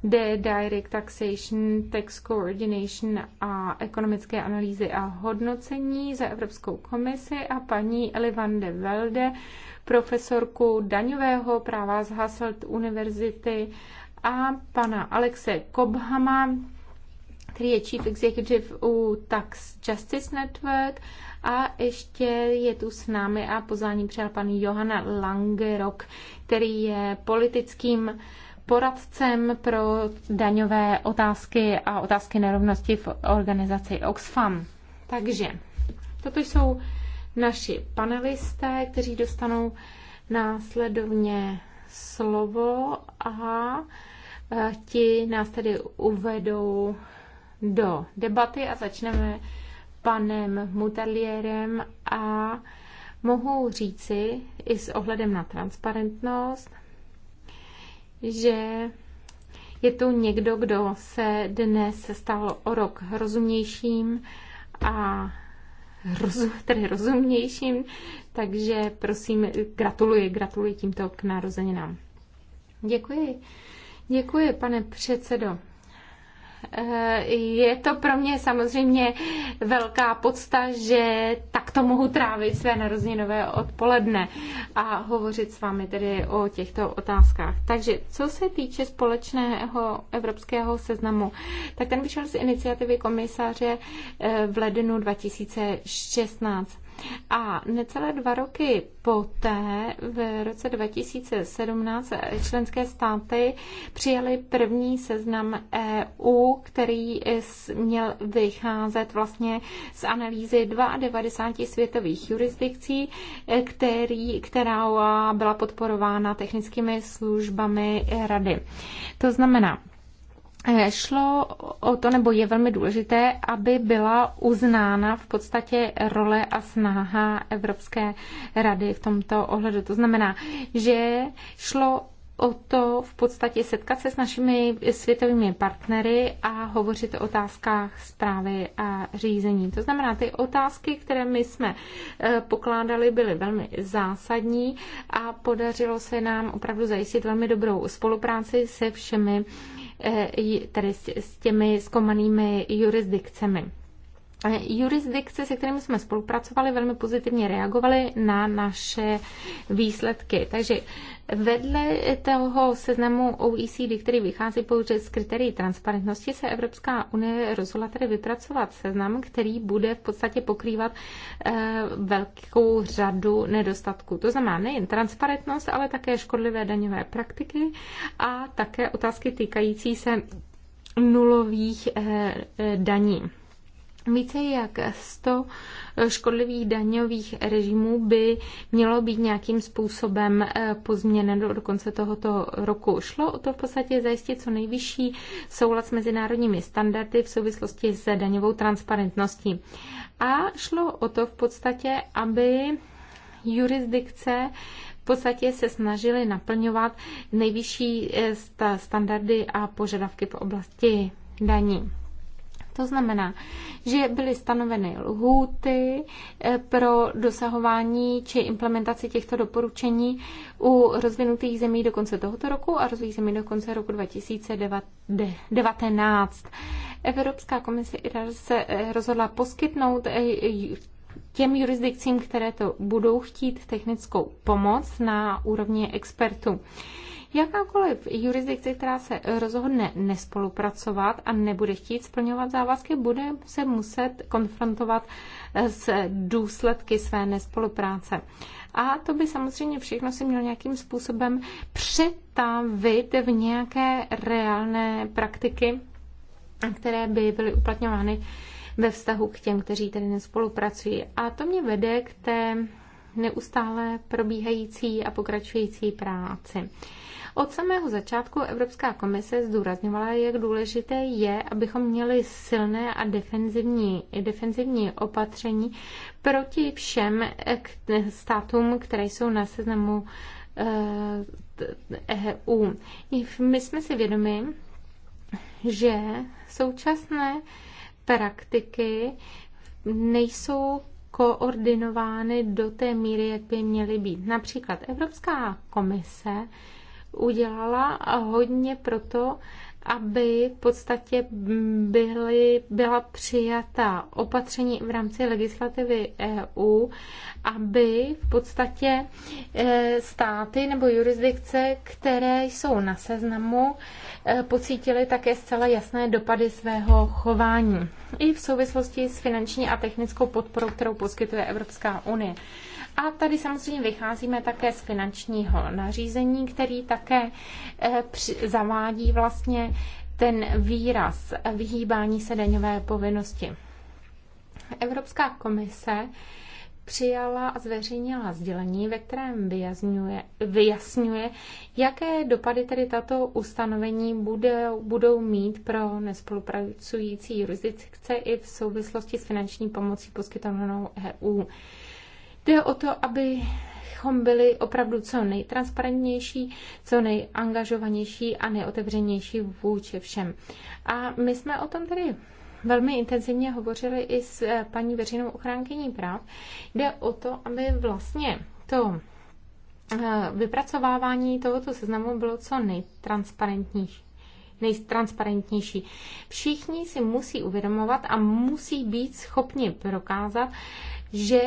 The Direct Taxation, Tax Coordination a ekonomické analýzy a hodnocení za Evropskou komisi a paní Elivande Velde, profesorku daňového práva z Hasselt Univerzity a pana Alexe Kobhama, který je Chief Executive u Tax Justice Network a ještě je tu s námi a pozvání přijal pan Johanna Langerok, který je politickým poradcem pro daňové otázky a otázky nerovnosti v organizaci Oxfam. Takže toto jsou naši panelisté, kteří dostanou následovně slovo a e, ti nás tedy uvedou do debaty a začneme panem Mutalierem a mohu říci i s ohledem na transparentnost, že je tu někdo, kdo se dnes stal o rok rozumnějším a rozum, tedy rozumnějším, takže prosím, gratuluji, gratuluji tímto k narozeninám. Děkuji. Děkuji, pane předsedo. Eh, je to pro mě samozřejmě velká podsta, že tak takto mohu trávit své narozeninové odpoledne a hovořit s vámi tedy o těchto otázkách. Takže co se týče společného evropského seznamu, tak ten vyšel z iniciativy komisaře eh, v lednu 2016. A necelé dva roky poté, v roce 2017, členské státy přijaly první seznam EU, který měl vycházet vlastně z analýzy 92 světových jurisdikcí, který, která byla podporována technickými službami rady. To znamená, šlo o to, nebo je velmi důležité, aby byla uznána v podstatě role a snaha Evropské rady v tomto ohledu. To znamená, že šlo o to v podstatě setkat se s našimi světovými partnery a hovořit o otázkách zprávy a řízení. To znamená, ty otázky, které my jsme eh, pokládali, byly velmi zásadní a podařilo se nám opravdu zajistit velmi dobrou spolupráci se všemi Eh, tedy s těmi zkomanými jurisdikcemi. Eh, jurisdikce, se kterými jsme spolupracovali, velmi pozitivně reagovaly na naše výsledky. Takže Vedle toho seznamu OECD, který vychází pouze z kritérií transparentnosti, se Evropská unie rozhodla tedy vypracovat seznam, který bude v podstatě pokrývat eh, velkou řadu nedostatků. To znamená nejen transparentnost, ale také škodlivé daňové praktiky a také otázky týkající se nulových eh, eh, daní. Více jak 100 škodlivých daňových režimů by mělo být nějakým způsobem eh, pozměněno do konce tohoto roku. Šlo o to v podstatě zajistit co nejvyšší soulad s mezinárodními standardy v souvislosti s daňovou transparentností. A šlo o to v podstatě, aby jurisdikce v podstatě se snažili naplňovat nejvyšší eh, standardy a požadavky v oblasti daní. To znamená, že byly stanoveny lhůty eh, pro dosahování či implementaci těchto doporučení u rozvinutých zemí do konce tohoto roku a rozvinutých zemí do konce roku 2019. Evropská komise se eh, rozhodla poskytnout eh, těm jurisdikcím, které to budou chtít, technickou pomoc na úrovni expertů. Jakákoliv jurisdikce, která se rozhodne nespolupracovat a nebude chtít splňovat závazky, bude se muset konfrontovat s důsledky své nespolupráce. A to by samozřejmě všechno si mělo nějakým způsobem přetavit v nějaké reálné praktiky, které by byly uplatňovány ve vztahu k těm, kteří tedy nespolupracují. A to mě vede k té neustále probíhající a pokračující práci. Od samého začátku Evropská komise zdůrazňovala, jak důležité je, abychom měli silné a defenzivní, defenzivní opatření proti všem státům, které jsou na seznamu EU. Eh, e my jsme si vědomi, že současné praktiky nejsou koordinovány do té míry, jak by měly být. Například Evropská komise udělala hodně proto, aby v podstatě byly, byla přijata opatření v rámci legislativy EU, aby v podstatě eh, státy nebo jurisdikce, které jsou na seznamu, eh, pocítily také zcela jasné dopady svého chování. I v souvislosti s finanční a technickou podporou, kterou poskytuje Evropská unie. A tady samozřejmě vycházíme také z finančního nařízení, který také eh, zavádí vlastně ten výraz vyhýbání se daňové povinnosti. Evropská komise přijala a zveřejnila sdělení, ve kterém vyjasňuje, vyjasňuje jaké dopady tedy tato ustanovení bude, budou mít pro nespolupracující jurisdikce i v souvislosti s finanční pomocí poskytovanou EU. Jde o to, abychom byli opravdu co nejtransparentnější, co nejangažovanější a nejotevřenější vůči všem. A my jsme o tom tedy velmi intenzivně hovořili i s eh, paní veřejnou ochránkyní práv. Jde o to, aby vlastně to eh, vypracovávání tohoto seznamu bylo co nejtransparentnější nejtransparentnější. Všichni si musí uvědomovat a musí být schopni prokázat, že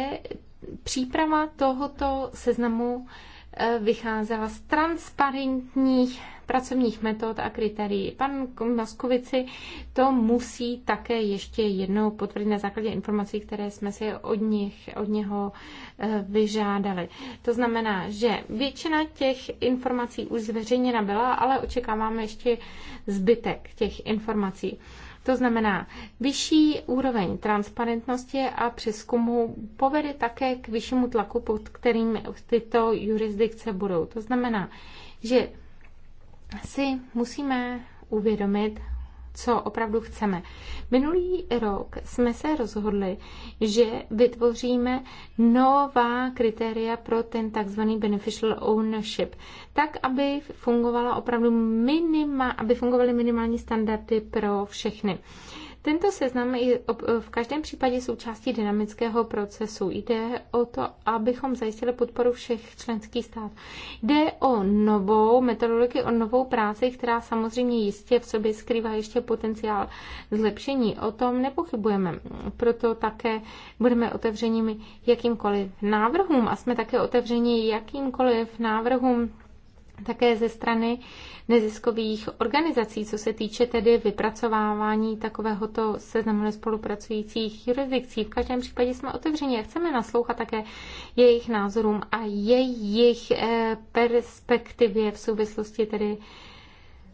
příprava tohoto seznamu eh, vycházela z transparentních pracovních metod a kritérií. Pan Maskovici to musí také ještě jednou potvrdit na základě informací, které jsme si od, nich, od něho eh, vyžádali. To znamená, že většina těch informací už zveřejněna byla, ale očekáváme ještě zbytek těch informací. To znamená, vyšší úroveň transparentnosti a přeskumu povede také k vyššímu tlaku, pod kterým tyto jurisdikce budou. To znamená, že si musíme uvědomit, co opravdu chceme. Minulý rok jsme se rozhodli, že vytvoříme nová kritéria pro ten takzvaný beneficial ownership, tak, aby fungovala opravdu minima, aby fungovaly minimální standardy pro všechny. Tento seznam je v každém případě součástí dynamického procesu. Jde o to, abychom zajistili podporu všech členských států. Jde o novou metodologii, o novou práci, která samozřejmě jistě v sobě skrývá ještě potenciál zlepšení. O tom nepochybujeme. Proto také budeme otevřenými jakýmkoliv návrhům a jsme také otevřeni jakýmkoliv návrhům také ze strany neziskových organizací, co se týče tedy vypracovávání takovéhoto seznamu nespolupracujících jurisdikcí. V každém případě jsme otevřeni a chceme naslouchat také jejich názorům a jejich eh, perspektivě v souvislosti tedy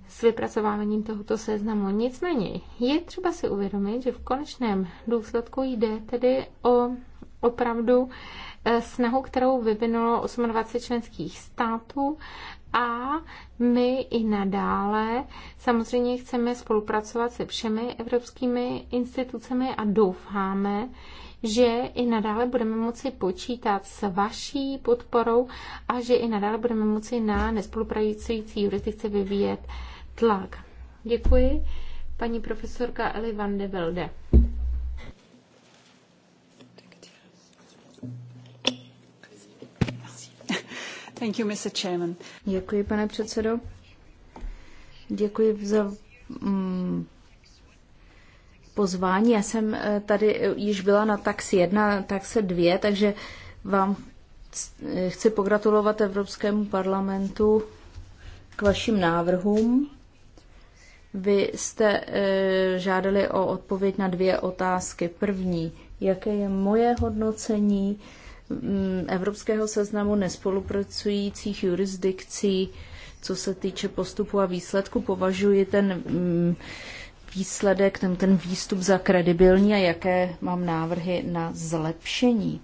s vypracováním tohoto seznamu. Nicméně je třeba si uvědomit, že v konečném důsledku jde tedy o opravdu eh, snahu, kterou vyvinulo 28 členských států a my i nadále samozřejmě chceme spolupracovat se všemi evropskými institucemi a doufáme, že i nadále budeme moci počítat s vaší podporou a že i nadále budeme moci na nespolupracující jurisdikce vyvíjet tlak. Děkuji, paní profesorka Eli van de Velde. Thank you, Mr. Chairman. Děkuji, pane předsedo. Děkuji za mm, pozvání. Já jsem eh, tady eh, již byla na tax 1, taxi dvě, takže vám eh, chci pogratulovat Evropskému parlamentu k vašim návrhům. Vy jste e, žádali o odpověď na dvě otázky. První, jaké je moje hodnocení Mm, evropského seznamu nespolupracujících jurisdikcí, co se týče postupu a výsledku, považuji ten mm, výsledek, ten, ten výstup za kredibilní a jaké mám návrhy na zlepšení.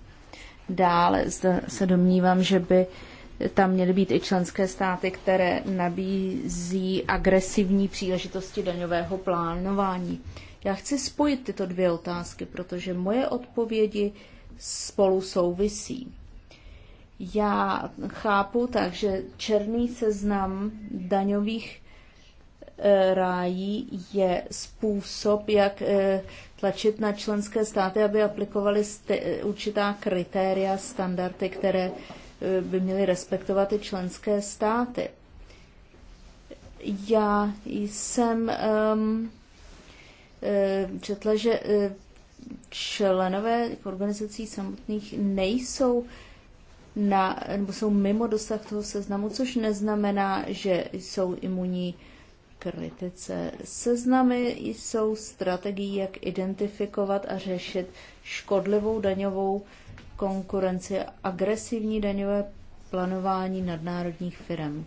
Dále zde se domnívám, že by tam měly být i členské státy, které nabízí agresivní příležitosti daňového plánování. Já chci spojit tyto dvě otázky, protože moje odpovědi spolu souvisí. Já chápu tak, že černý seznam daňových e, rájí je způsob, jak e, tlačit na členské státy, aby aplikovaly e, určitá kritéria, standardy, které by měly respektovat i členské státy. Já jsem um, četla, že členové organizací samotných nejsou na, nebo jsou mimo dosah toho seznamu, což neznamená, že jsou imunní kritice. Seznamy jsou strategií, jak identifikovat a řešit škodlivou daňovou konkurenci a agresivní daňové plánování nadnárodních firm.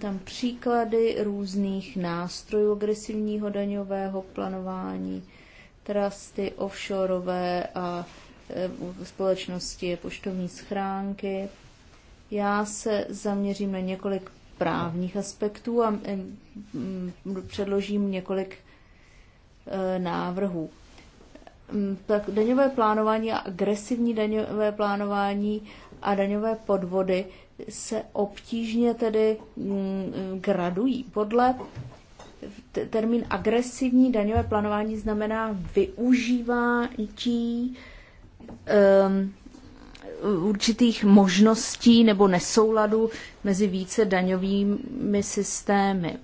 Tam příklady různých nástrojů agresivního daňového plánování, trusty, offshoreové a e, společnosti, poštovní schránky. Já se zaměřím na několik právních aspektů a e, předložím několik e, návrhů. Tak daňové plánování a agresivní daňové plánování a daňové podvody se obtížně tedy gradují podle termín agresivní daňové plánování znamená využívání um, určitých možností nebo nesouladu mezi více daňovými systémy.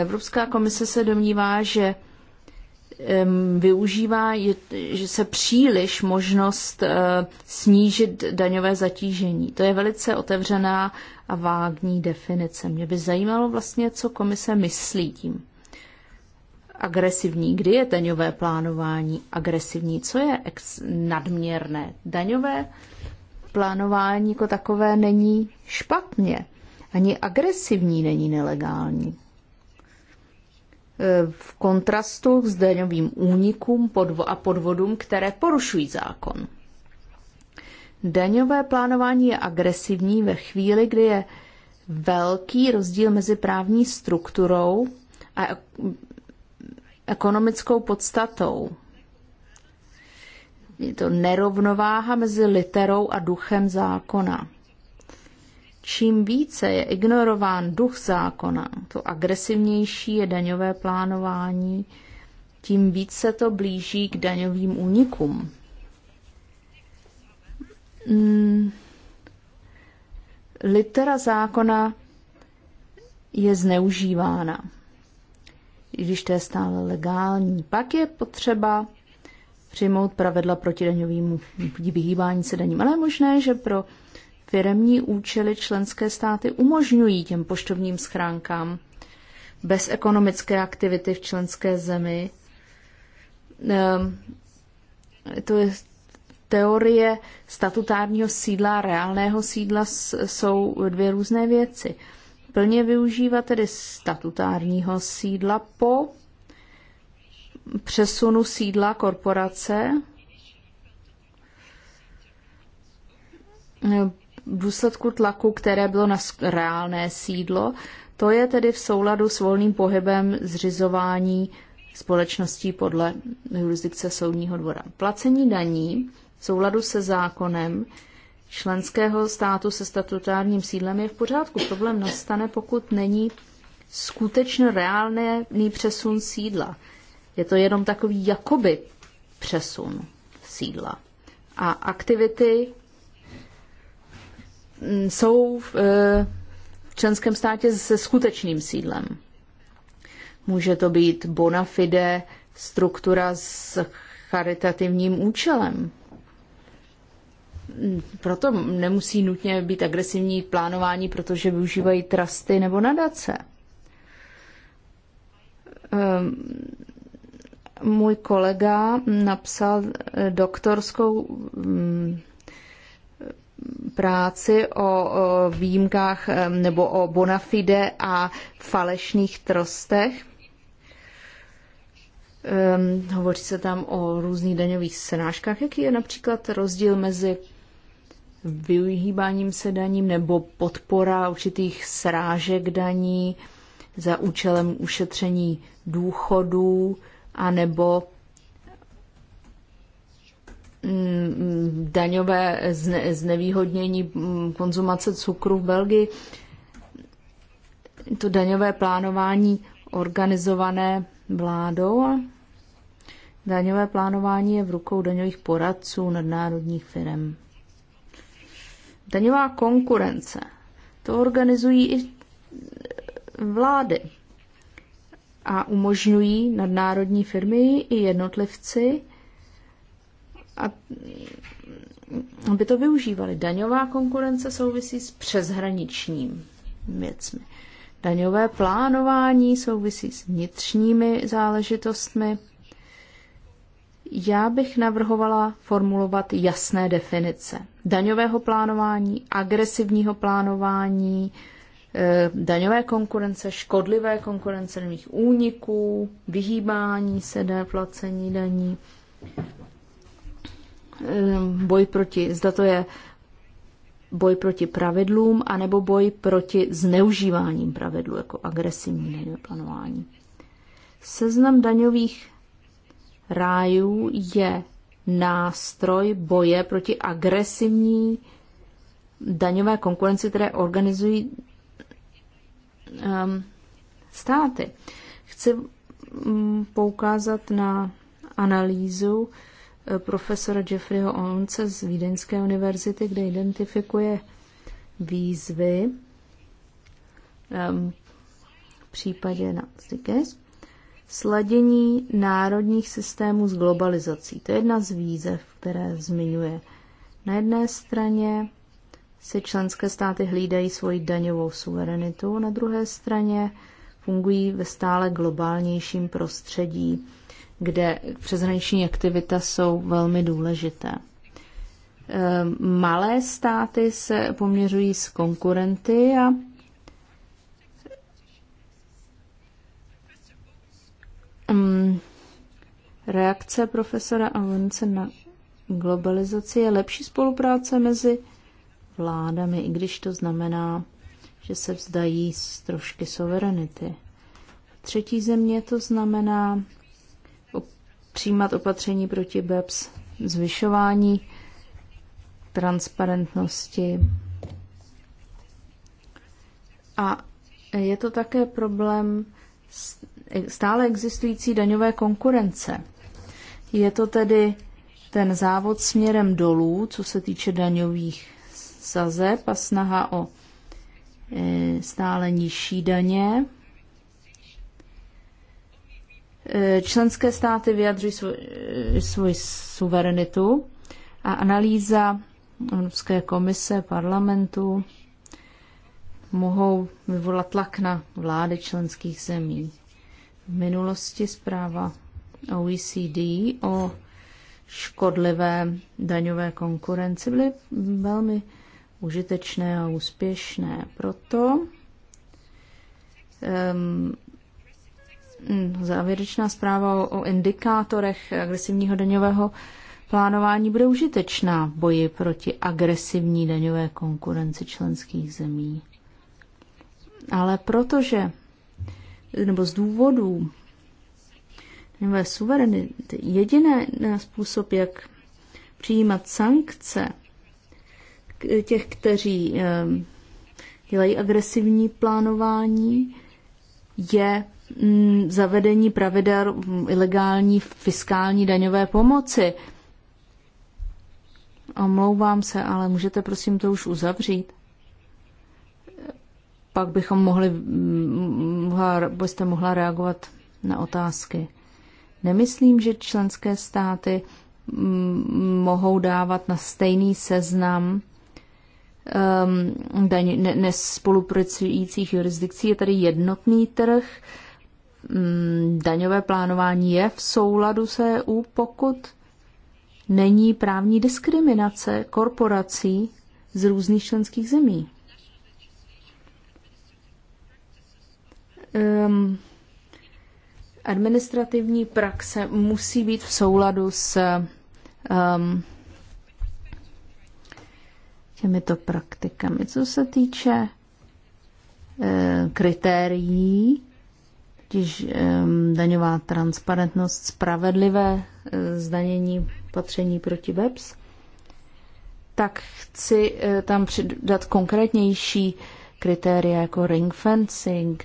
Evropská komise se domnívá, že využívá, že se příliš možnost eh, snížit daňové zatížení. To je velice otevřená a vágní definice. Mě by zajímalo vlastně, co komise myslí tím. Agresivní. Kdy je daňové plánování agresivní? Co je ex- nadměrné? Daňové plánování jako takové není špatně. Ani agresivní není nelegální. E, v kontrastu s daňovým únikům a podvodům, které porušují zákon. Daňové plánování je agresivní ve chvíli, kdy je velký rozdíl mezi právní strukturou a e- ekonomickou podstatou. Je to nerovnováha mezi literou a duchem zákona. Čím více je ignorován duch zákona, to agresivnější je daňové plánování, tím více se to blíží k daňovým únikům. Hmm. Litera zákona je zneužívána, i když to je stále legální. Pak je potřeba přijmout pravidla proti daňovým vyhýbání se daním. Ale je možné, že pro firemní účely členské státy umožňují těm poštovním schránkám bez ekonomické aktivity v členské zemi. Ehm, to je teorie statutárního sídla a reálného sídla jsou dvě různé věci. Plně využívat tedy statutárního sídla po přesunu sídla korporace důsledku tlaku, které bylo na reálné sídlo, to je tedy v souladu s volným pohybem zřizování společností podle jurisdikce Soudního dvora. Placení daní v souladu se zákonem členského státu se statutárním sídlem je v pořádku. Problém nastane, pokud není skutečně reálný přesun sídla. Je to jenom takový jakoby přesun sídla. A aktivity Mm, jsou eh, v členském státě se skutečným sídlem. Může to být bona fide struktura s charitativním účelem. Mm, proto nemusí nutně být agresivní plánování, protože využívají trusty nebo nadace. Ehm, můj kolega napsal doktorskou mm, práci o, výjimkách nebo o bona fide a falešných trostech. Um, hovoří se tam o různých daňových srážkách. Jaký je například rozdíl mezi vyhýbáním se daním nebo podpora určitých srážek daní za účelem ušetření důchodů a nebo Mm, daňové zne, znevýhodnění konzumace cukru v Belgii. To daňové plánování organizované vládou a daňové plánování je v rukou daňových poradců nadnárodních firm. Daňová konkurence. To organizují i vlády a umožňují nadnárodní firmy i jednotlivci a aby to využívali. Daňová konkurence souvisí s přeshraničním věcmi. Daňové plánování souvisí s vnitřními záležitostmi. Já bych navrhovala formulovat jasné definice daňového plánování, agresivního plánování, eh, daňové konkurence, škodlivé konkurence daných úniků, vyhýbání se placení daní Eh, boj proti, zda to je boj proti pravidlům, anebo boj proti zneužíváním pravidlů, jako agresivní plánování. Seznam daňových rájů je nástroj boje proti agresivní daňové konkurenci, které organizují um, státy. Chci um, poukázat na analýzu Eh, profesora Jeffreyho Once z Vídeňské univerzity, kde identifikuje výzvy um, v případě na Stikes, sladění národních systémů s globalizací. To je jedna z výzev, které zmiňuje. Na jedné straně si členské státy hlídají svoji daňovou suverenitu, na druhé straně fungují ve stále globálnějším prostředí kde přeshraniční aktivita jsou velmi důležité. Ehm, malé státy se poměřují s konkurenty a ehm, reakce profesora Alence na globalizaci je lepší spolupráce mezi vládami, i když to znamená, že se vzdají z trošky suverenity. Třetí země to znamená přijímat opatření proti BEPS, zvyšování transparentnosti. A je to také problém stále existující daňové konkurence. Je to tedy ten závod směrem dolů, co se týče daňových sazeb a snaha o e, stále nižší daně, Eh, členské státy vyjadřují eh, svoji suverenitu a analýza Evropské komise, parlamentu mohou vyvolat tlak na vlády členských zemí. V minulosti zpráva OECD o škodlivé daňové konkurenci byly velmi užitečné a úspěšné. Proto um, Mm, závěrečná zpráva o indikátorech agresivního daňového plánování bude užitečná v boji proti agresivní daňové konkurenci členských zemí. Ale protože, nebo z důvodů daňové suverenity, jediný způsob, jak přijímat sankce těch, kteří eh, dělají agresivní plánování, je Mm, zavedení pravidel ilegální fiskální daňové pomoci. Omlouvám se, ale můžete prosím to už uzavřít? Pak bychom mohli, mm, mohla, byste mohla reagovat na otázky. Nemyslím, že členské státy mm, mohou dávat na stejný seznam um, daň, ne, nespolupracujících jurisdikcí. Je tady jednotný trh, Mm, daňové plánování je v souladu se EU, pokud není právní diskriminace korporací z různých členských zemí. Um, administrativní praxe musí být v souladu s um, těmito praktikami. Co se týče eh, kritérií Totiž daňová transparentnost, spravedlivé eh, zdanění patření proti BEPS, tak chci eh, tam přidat konkrétnější kritéria jako ring fencing,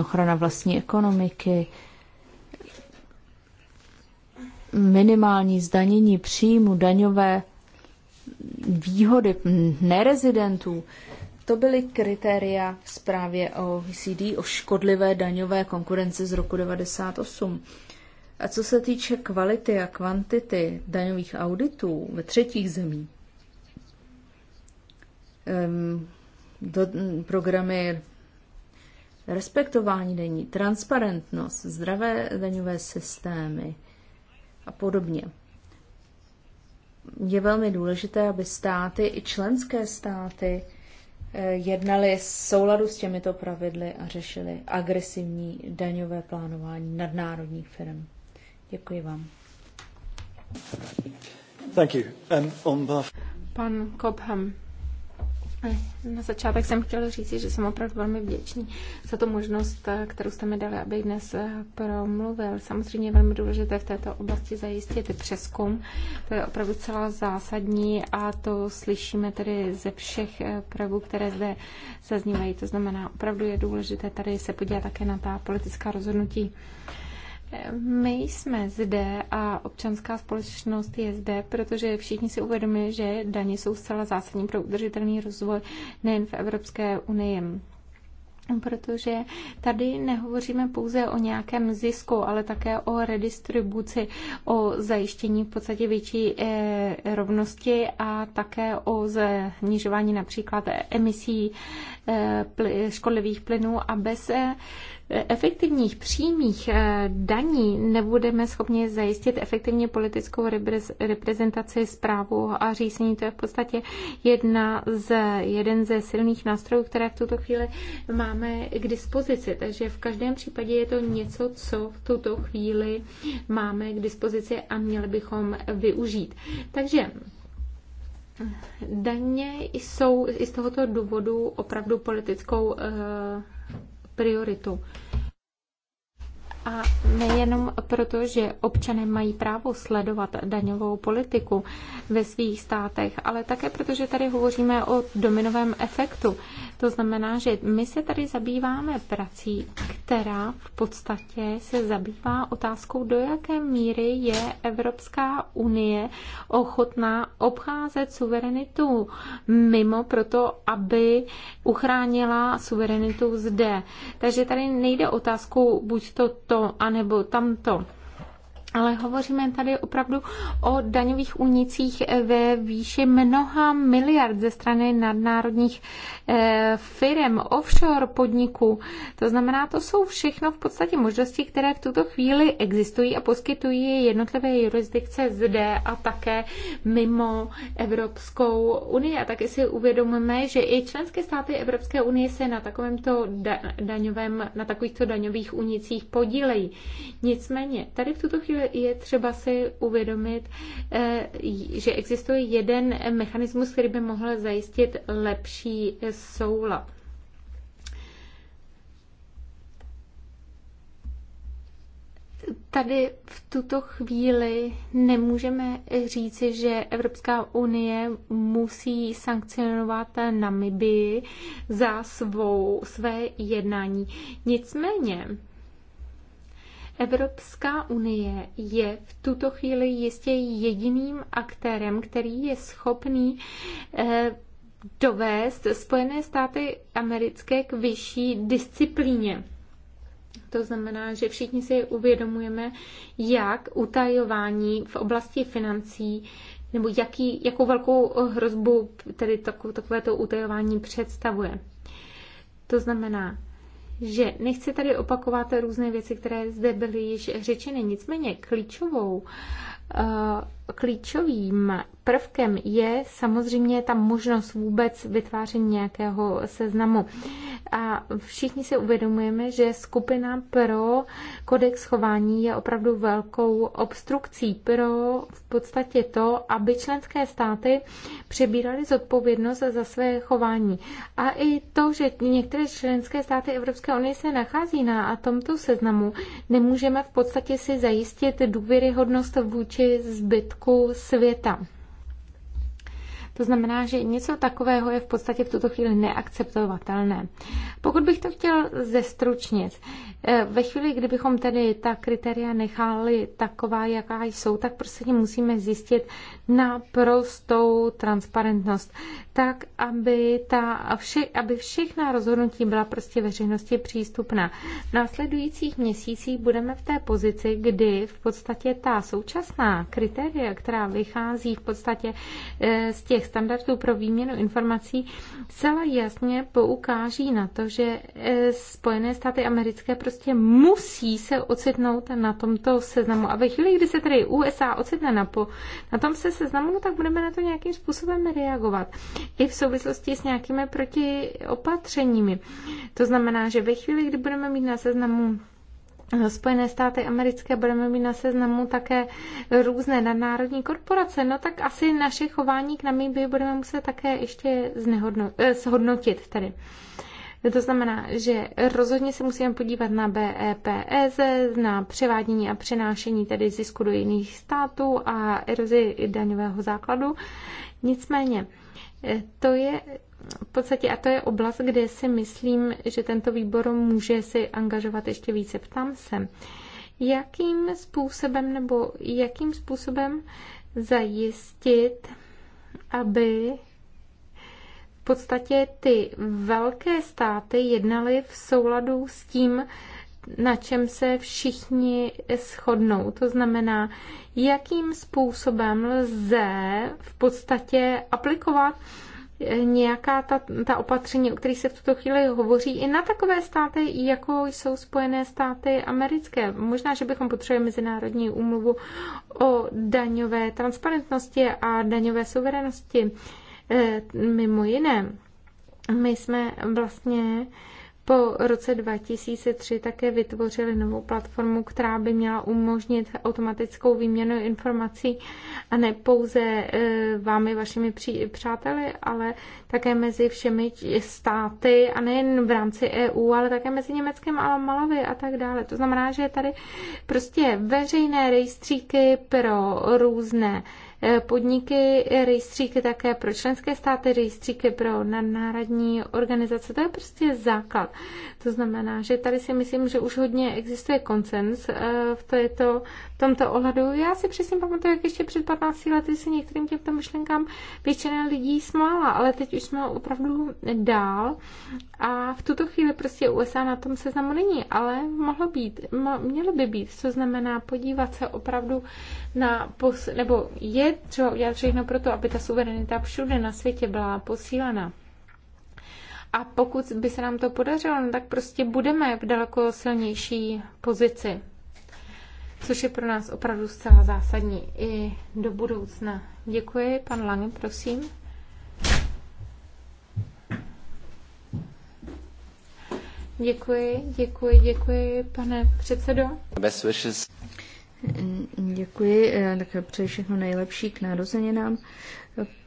ochrana vlastní ekonomiky, minimální zdanění příjmu, daňové výhody nerezidentů, to byly kritéria v zprávě o e CD o škodlivé daňové konkurenci z roku 98. A co se týče kvality a kvantity daňových auditů ve třetích zemích, do, programy respektování daní, transparentnost, zdravé daňové systémy a podobně. Je velmi důležité, aby státy i členské státy jednali v souladu s těmito pravidly a řešili agresivní daňové plánování nadnárodních firm. Děkuji vám. Thank you. Um, on behalf... Pan Cobham Eh, na začátek jsem chtěla říct, že jsem opravdu velmi vděčný za tu možnost, eh, kterou jste mi dali, aby dnes eh, promluvil. Samozřejmě je velmi důležité v této oblasti zajistit přeskum. To je opravdu celá zásadní a to slyšíme tedy ze všech pravů, které zde zaznívají. To znamená, opravdu je důležité tady se podívat také na ta politická rozhodnutí. My jsme zde a občanská společnost je zde, protože všichni si uvědomují, že daně jsou zcela zásadní pro udržitelný rozvoj nejen v Evropské unii. Protože tady nehovoříme pouze o nějakém zisku, ale také o redistribuci, o zajištění v podstatě větší eh, rovnosti a také o znižování například emisí eh, škodlivých plynů a bez eh, efektivních přímých eh, daní nebudeme schopni zajistit efektivně politickou reprezentaci zprávu a řízení. To je v podstatě jedna z, jeden ze silných nástrojů, které v tuto chvíli máme k dispozici. Takže v každém případě je to něco, co v tuto chvíli máme k dispozici a měli bychom využít. Takže Daně jsou i z tohoto důvodu opravdu politickou eh, prioritu. A nejenom proto, že občané mají právo sledovat daňovou politiku ve svých státech, ale také proto, že tady hovoříme o dominovém efektu. To znamená, že my se tady zabýváme prací, která v podstatě se zabývá otázkou, do jaké míry je Evropská unie ochotná obcházet suverenitu mimo proto, aby uchránila suverenitu zde. Takže tady nejde otázku buď to to, anebo tamto. Ale hovoříme tady opravdu o daňových únicích ve výši mnoha miliard ze strany nadnárodních eh, firm, offshore podniků. To znamená, to jsou všechno v podstatě možnosti, které v tuto chvíli existují a poskytují jednotlivé jurisdikce zde a také mimo Evropskou unii. A taky si uvědomujeme, že i členské státy Evropské unie se na takovémto daňovém, na takovýchto daňových únicích podílejí. Nicméně, tady v tuto chvíli je třeba si uvědomit, eh, že existuje jeden mechanismus, který by mohl zajistit lepší eh, soulad. tady v tuto chvíli nemůžeme říci, že Evropská unie musí sankcionovat Namibii za svou, své jednání. Nicméně, Evropská unie je v tuto chvíli jistě jediným aktérem, který je schopný eh, dovést Spojené státy americké k vyšší disciplíně. To znamená, že všichni si uvědomujeme, jak utajování v oblasti financí nebo jaký, jakou velkou hrozbu tedy takovéto utajování představuje. To znamená, že nechci tady opakovat různé věci, které zde byly již řečeny. Nicméně klíčovou eh, klíčovým prvkem je samozřejmě ta možnost vůbec vytváření nějakého seznamu. A všichni si uvědomujeme, že skupina pro kodex chování je opravdu velkou obstrukcí pro v podstatě to, aby členské státy přebíraly zodpovědnost za své chování. A i to, že některé členské státy Evropské unie se nachází na tomto seznamu, nemůžeme v podstatě si zajistit důvěryhodnost vůči zbytku zbytku světa. To znamená, že něco takového je v podstatě v tuto chvíli neakceptovatelné. Pokud bych to chtěl zestručnit, eh, ve chvíli, kdybychom tedy ta kritéria nechali taková, jaká jsou, tak prostě musíme zjistit na prostou transparentnost, tak aby, ta, vše, aby všechna rozhodnutí byla prostě veřejnosti přístupná. V následujících měsících budeme v té pozici, kdy v podstatě ta současná kritéria, která vychází v podstatě eh, z těch těch standardů pro výměnu informací celá jasně poukáží na to, že eh, Spojené státy americké prostě musí se ocitnout na tomto seznamu. A ve chvíli, kdy se tedy USA ocitne na, po, na tom se seznamu, no tak budeme na to nějakým způsobem reagovat. I v souvislosti s nějakými protiopatřeními. To znamená, že ve chvíli, kdy budeme mít na seznamu Spojené státy americké budeme mít na seznamu také různé nadnárodní korporace, no tak asi naše chování k by budeme muset také ještě znehodno, shodnotit eh, tedy. To znamená, že rozhodně se musíme podívat na BEPS, e na převádění a přenášení tedy zisku do jiných států a erozi daňového základu. Nicméně, eh, to je v podstatě, a to je oblast, kde si myslím, že tento výbor může si angažovat ještě více. Ptám se, jakým způsobem nebo jakým způsobem zajistit, aby v podstatě ty velké státy jednaly v souladu s tím, na čem se všichni shodnou. To znamená, jakým způsobem lze v podstatě aplikovat nějaká ta, ta opatření, o kterých se v tuto chvíli hovoří, i na takové státy, jako jsou Spojené státy americké. Možná, že bychom potřebovali mezinárodní úmluvu o daňové transparentnosti a daňové suverenosti. E, mimo jiné, my jsme vlastně po roce 2003 také vytvořili novou platformu, která by měla umožnit automatickou výměnu informací a ne pouze e, vámi, vašimi přáteli, ale také mezi všemi státy a nejen v rámci EU, ale také mezi Německem a Malavy a tak dále. To znamená, že tady prostě veřejné rejstříky pro různé Eh, podniky, eh, rejstříky také pro členské státy, rejstříky pro národní organizace. To je prostě základ. To znamená, že tady si myslím, že už hodně existuje koncens eh, v, této, v tomto ohledu. Já si přesně pamatuju, jak ještě před 15 lety se některým těmto myšlenkám většina lidí smála, ale teď už jsme opravdu dál a v tuto chvíli prostě USA na tom seznamu není, ale mohlo být, mělo by být, co znamená podívat se opravdu na, pos, nebo je třeba udělat všechno pro to, aby ta suverenita všude na světě byla posílena. A pokud by se nám to podařilo, no tak prostě budeme v daleko silnější pozici, což je pro nás opravdu zcela zásadní i do budoucna. Děkuji, pan Lange, prosím. Děkuji, děkuji, děkuji, pane předsedo. Best wishes. Děkuji, eh, tak přeji všechno nejlepší k narozeninám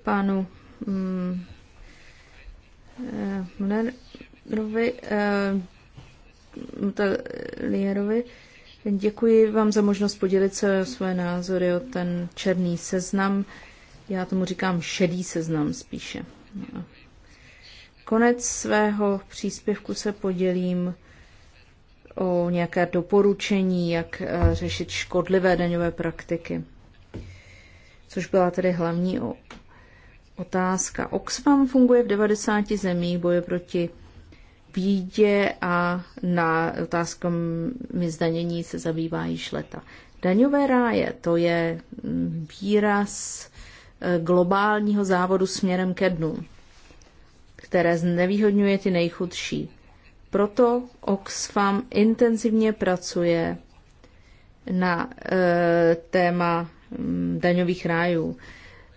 panu Mnerovi, mm, eh, eh, Lierovi. Děkuji vám za možnost podělit se o své názory o ten černý seznam. Já tomu říkám šedý seznam spíše. No. Konec svého příspěvku se podělím o nějaké doporučení, jak eh, řešit škodlivé daňové praktiky, což byla tedy hlavní otázka. Oxfam funguje v 90 zemích, boje proti bídě a na otázkami zdanění se zabývá již leta. Daňové ráje, to je mm, výraz eh, globálního závodu směrem ke dnu, které znevýhodňuje ty nejchudší. Proto Oxfam intenzivně pracuje na e, téma mm, daňových rájů.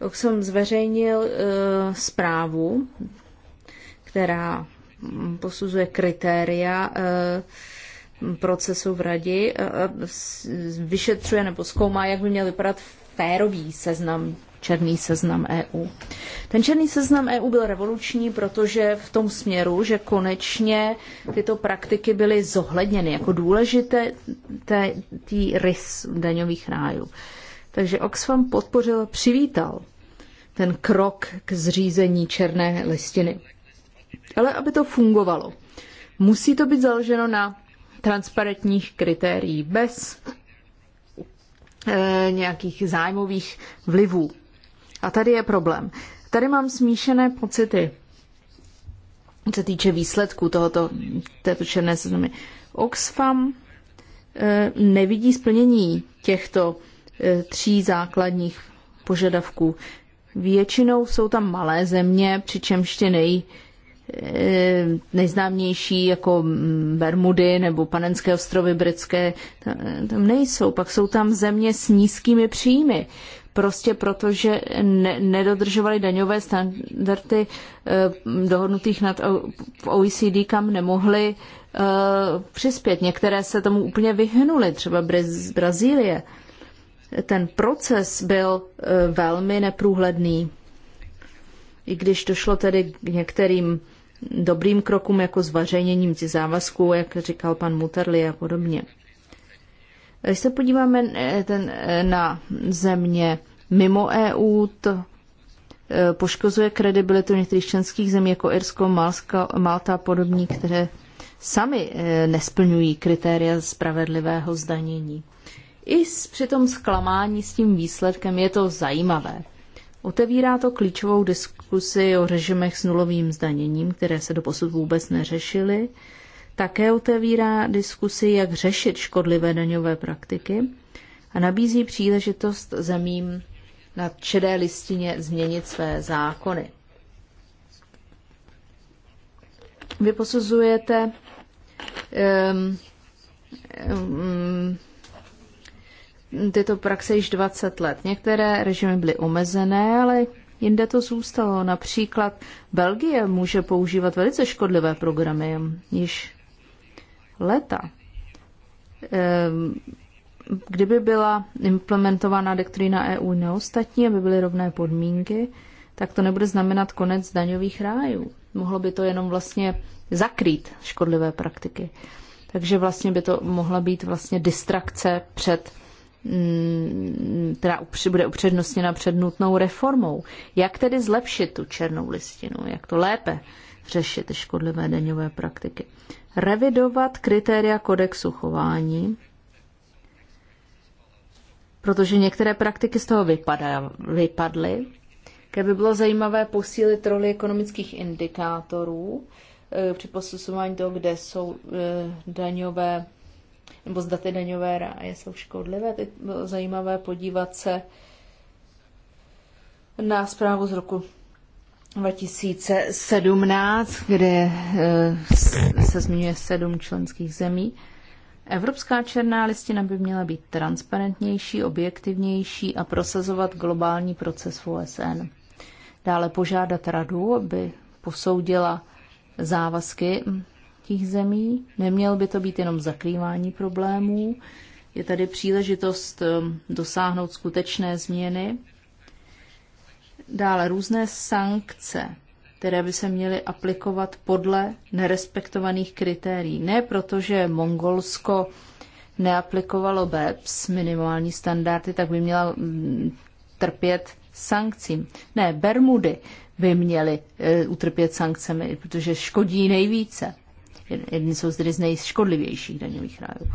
Oxfam zveřejnil e, zprávu, která posuzuje kritéria e, procesu v radě, e, e, vyšetřuje nebo zkoumá, jak by měl vypadat férový seznam černý seznam EU. Ten černý seznam EU byl revoluční, protože v tom směru, že konečně tyto praktiky byly zohledněny jako důležité tý rys daňových rájů. Takže Oxfam podpořil, přivítal ten krok k zřízení černé listiny. Ale aby to fungovalo, musí to být založeno na transparentních kritérií bez e, nějakých zájmových vlivů. A tady je problém. Tady mám smíšené pocity, se týče výsledků tohoto, této černé seznamy. Oxfam e, nevidí splnění těchto e, tří základních požadavků. Většinou jsou tam malé země, přičemž ty nej, e, nejznámější jako mm, Bermudy nebo Panenské ostrovy britské tam nejsou. Pak jsou tam země s nízkými příjmy prostě proto, že ne, nedodržovali daňové standardy eh, dohodnutých nad v OECD, kam nemohli eh, přispět. Některé se tomu úplně vyhnuli, třeba z Brazílie. Ten proces byl eh, velmi neprůhledný. I když došlo tedy k některým dobrým krokům, jako zvařejněním závazků, jak říkal pan Muterli a podobně. Když se podíváme eh, ten, eh, na země mimo EU, to eh, poškozuje kredibilitu některých členských zemí jako Irsko, Malska, Malta a podobní, které sami nesplňují kritéria spravedlivého zdanění. I s, při tom zklamání s tím výsledkem je to zajímavé. Otevírá to klíčovou diskusi o režimech s nulovým zdaněním, které se do posud vůbec neřešily také otevírá diskusy, jak řešit škodlivé daňové praktiky a nabízí příležitost zemím na čedé listině změnit své zákony. Vy posuzujete um, um, tyto praxe již 20 let. Některé režimy byly omezené, ale jinde to zůstalo. Například Belgie může používat velice škodlivé programy již leta. Ehm, kdyby byla implementována doktrína EU neostatní, aby byly rovné podmínky, tak to nebude znamenat konec daňových rájů. Mohlo by to jenom vlastně zakrýt škodlivé praktiky. Takže vlastně by to mohla být vlastně distrakce před která mm, bude upřednostněna před nutnou reformou. Jak tedy zlepšit tu černou listinu? Jak to lépe řešit ty škodlivé daňové praktiky? revidovat kritéria kodexu chování, protože některé praktiky z toho vypadly. Kdyby bylo zajímavé posílit roli ekonomických indikátorů eh, při posuzování toho, kde jsou eh, daňové nebo zda ty daňové ráje jsou škodlivé. Teď bylo zajímavé podívat se na zprávu z roku 2017, kde eh, se zmiňuje sedm členských zemí. Evropská černá listina by měla být transparentnější, objektivnější a prosazovat globální proces v OSN. Dále požádat radu, aby posoudila závazky těch zemí. Neměl by to být jenom zakrývání problémů. Je tady příležitost eh, dosáhnout skutečné změny Dále různé sankce, které by se měly aplikovat podle nerespektovaných kritérií. Ne proto, že Mongolsko neaplikovalo BEPS, minimální standardy, tak by měla mm, trpět sankcím. Ne, Bermudy by měly e, utrpět sankcemi, protože škodí nejvíce. Jedni jsou zde z nejškodlivějších daňových rájů.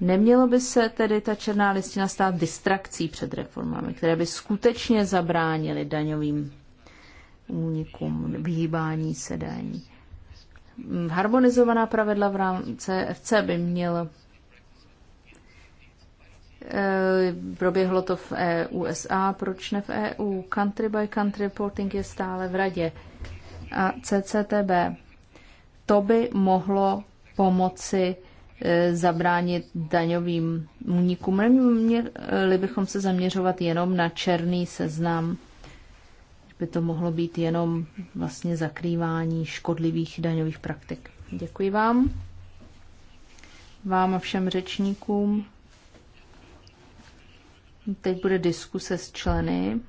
Nemělo by se tedy ta černá listina stát distrakcí před reformami, které by skutečně zabránily daňovým únikům, vyhýbání se daní. Harmonizovaná pravidla v rámci FC by měla. Eh, proběhlo to v e USA, proč ne v EU? Country by country reporting je stále v radě. A CCTB. To by mohlo pomoci E, zabránit daňovým únikům. Neměli bychom se zaměřovat jenom na černý seznam, by to mohlo být jenom vlastně zakrývání škodlivých daňových praktik. Děkuji vám, vám a všem řečníkům. Teď bude diskuse s členy.